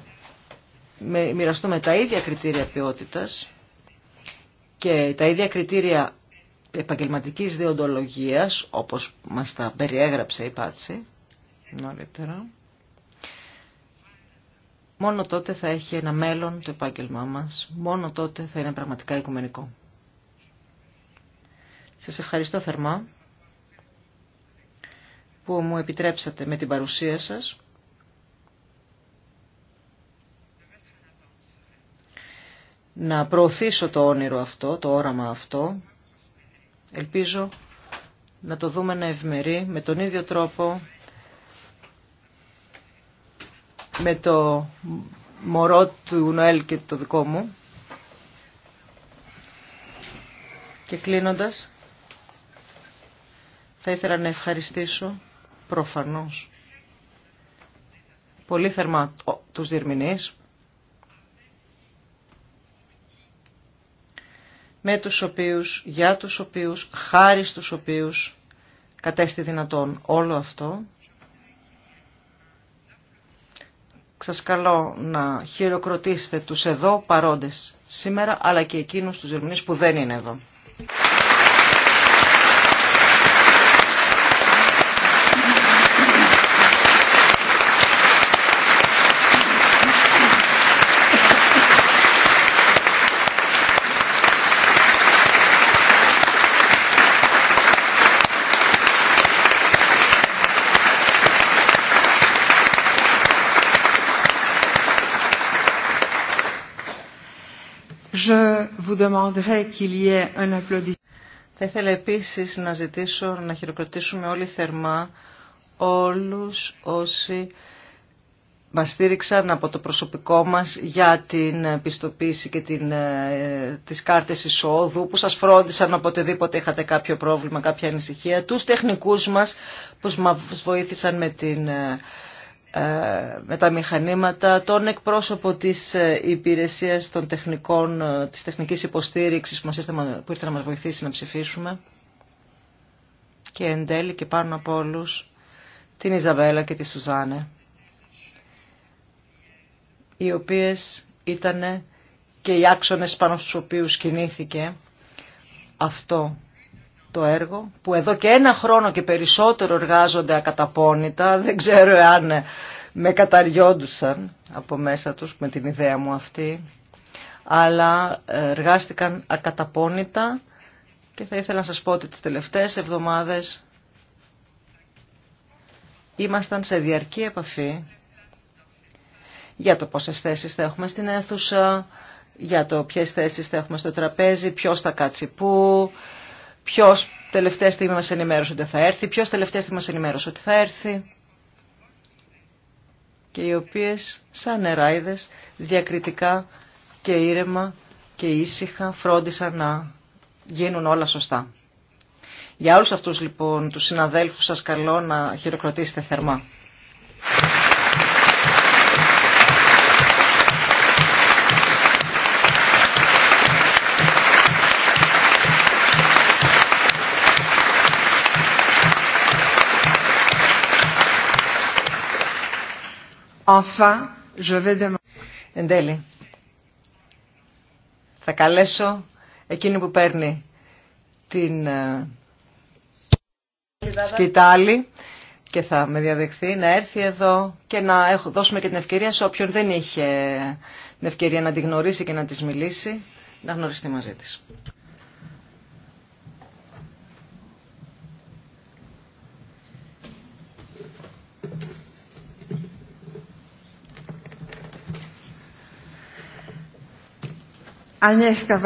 μοιραστούμε τα ίδια κριτήρια ποιότητας και τα ίδια κριτήρια επαγγελματικής διοντολογίας, όπως μας τα περιέγραψε η Πάτση νωρίτερα, Μόνο τότε θα έχει ένα μέλλον το επάγγελμά μας. Μόνο τότε θα είναι πραγματικά οικουμενικό. Σας ευχαριστώ θερμά που μου επιτρέψατε με την παρουσία σας. Να προωθήσω το όνειρο αυτό, το όραμα αυτό. Ελπίζω να το δούμε να ευμερεί με τον ίδιο τρόπο με το μωρό του Νοέλ και το δικό μου. Και κλείνοντας, θα ήθελα να ευχαριστήσω προφανώς πολύ θερμά τους διερμηνείς, με τους οποίους, για τους οποίους, χάρη στους οποίους κατέστη δυνατόν όλο αυτό. Σας καλώ να χειροκροτήσετε τους εδώ παρόντες σήμερα, αλλά και εκείνους τους Γερμανείς που δεν είναι εδώ. Θα ήθελα επίσης να ζητήσω να χειροκροτήσουμε όλοι θερμά όλους όσοι μας στήριξαν από το προσωπικό μας για την πιστοποίηση και την, ε, τις κάρτες εισόδου, που σας φρόντισαν οποτεδήποτε είχατε κάποιο πρόβλημα, κάποια ανησυχία, τους τεχνικούς μας που μας βοήθησαν με την ε, ε, με τα μηχανήματα, τον εκπρόσωπο της ε, υπηρεσίας των τεχνικών, ε, της τεχνικής υποστήριξης που, μας ήρθε, που ήρθε να μας βοηθήσει να ψηφίσουμε και εν τέλει και πάνω από όλους την Ιζαβέλα και τη Σουζάνε οι οποίες ήταν και οι άξονες πάνω στους οποίους κινήθηκε αυτό το έργο που εδώ και ένα χρόνο και περισσότερο εργάζονται ακαταπώνητα. Δεν ξέρω αν ε, με καταριόντουσαν από μέσα τους με την ιδέα μου αυτή. Αλλά ε, εργάστηκαν ακαταπώνητα και θα ήθελα να σας πω ότι τις τελευταίες εβδομάδες ήμασταν σε διαρκή επαφή για το πόσες θέσεις θα έχουμε στην αίθουσα, για το ποιες θέσει θα έχουμε στο τραπέζι, ποιος θα κάτσει πού, Ποιο τελευταία στιγμή μα ενημέρωσε ότι θα έρθει, ποιο τελευταία στιγμή μα ενημέρωσε ότι θα έρθει. Και οι οποίε, σαν νεράιδε, διακριτικά και ήρεμα και ήσυχα φρόντισαν να γίνουν όλα σωστά. Για όλους αυτούς λοιπόν τους συναδέλφους σας καλώ να χειροκροτήσετε θερμά. Enfin, je vais Εν τέλει, θα καλέσω εκείνη που παίρνει την ε, σκητάλη και θα με διαδεχθεί να έρθει εδώ και να δώσουμε και την ευκαιρία σε όποιον δεν είχε την ευκαιρία να τη γνωρίσει και να της μιλήσει, να γνωριστεί μαζί της. Αγνιέσκα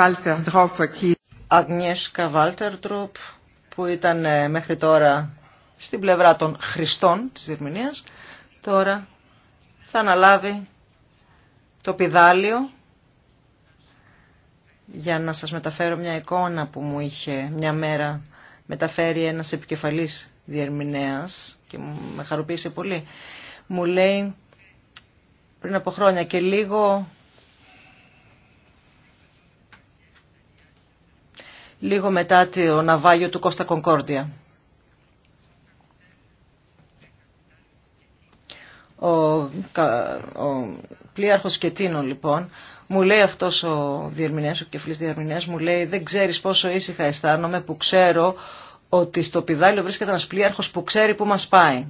Βάλτερ που ήταν ε, μέχρι τώρα στην πλευρά των Χριστών της Γερμανίας, τώρα θα αναλάβει το πιδάλιο για να σας μεταφέρω μια εικόνα που μου είχε μια μέρα μεταφέρει ένας επικεφαλής διερμηνέας και με χαροποίησε πολύ. Μου λέει πριν από χρόνια και λίγο λίγο μετά το ναυάγιο του Κώστα Κονκόρδια. Ο, ο πλοίαρχος Κετίνο λοιπόν μου λέει αυτός ο διερμηνέας, ο κεφλής διερμηνέας μου λέει δεν ξέρεις πόσο ήσυχα αισθάνομαι που ξέρω ότι στο πιδάλιο βρίσκεται ένας πλοίαρχος που ξέρει που μας πάει.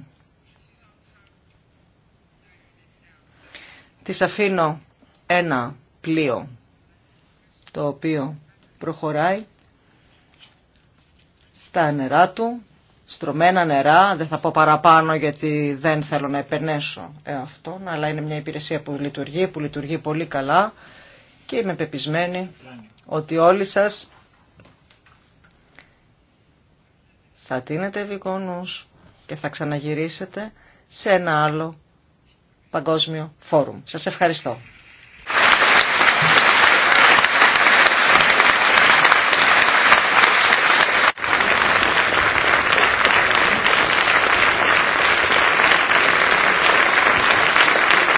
Της αφήνω ένα πλοίο το οποίο προχωράει στα νερά του, στρωμένα νερά, δεν θα πω παραπάνω γιατί δεν θέλω να επενέσω αυτόν, αλλά είναι μια υπηρεσία που λειτουργεί, που λειτουργεί πολύ καλά και είμαι πεπισμένη ότι όλοι σας θα τίνετε ευηγόνους και θα ξαναγυρίσετε σε ένα άλλο παγκόσμιο φόρουμ. Σας ευχαριστώ.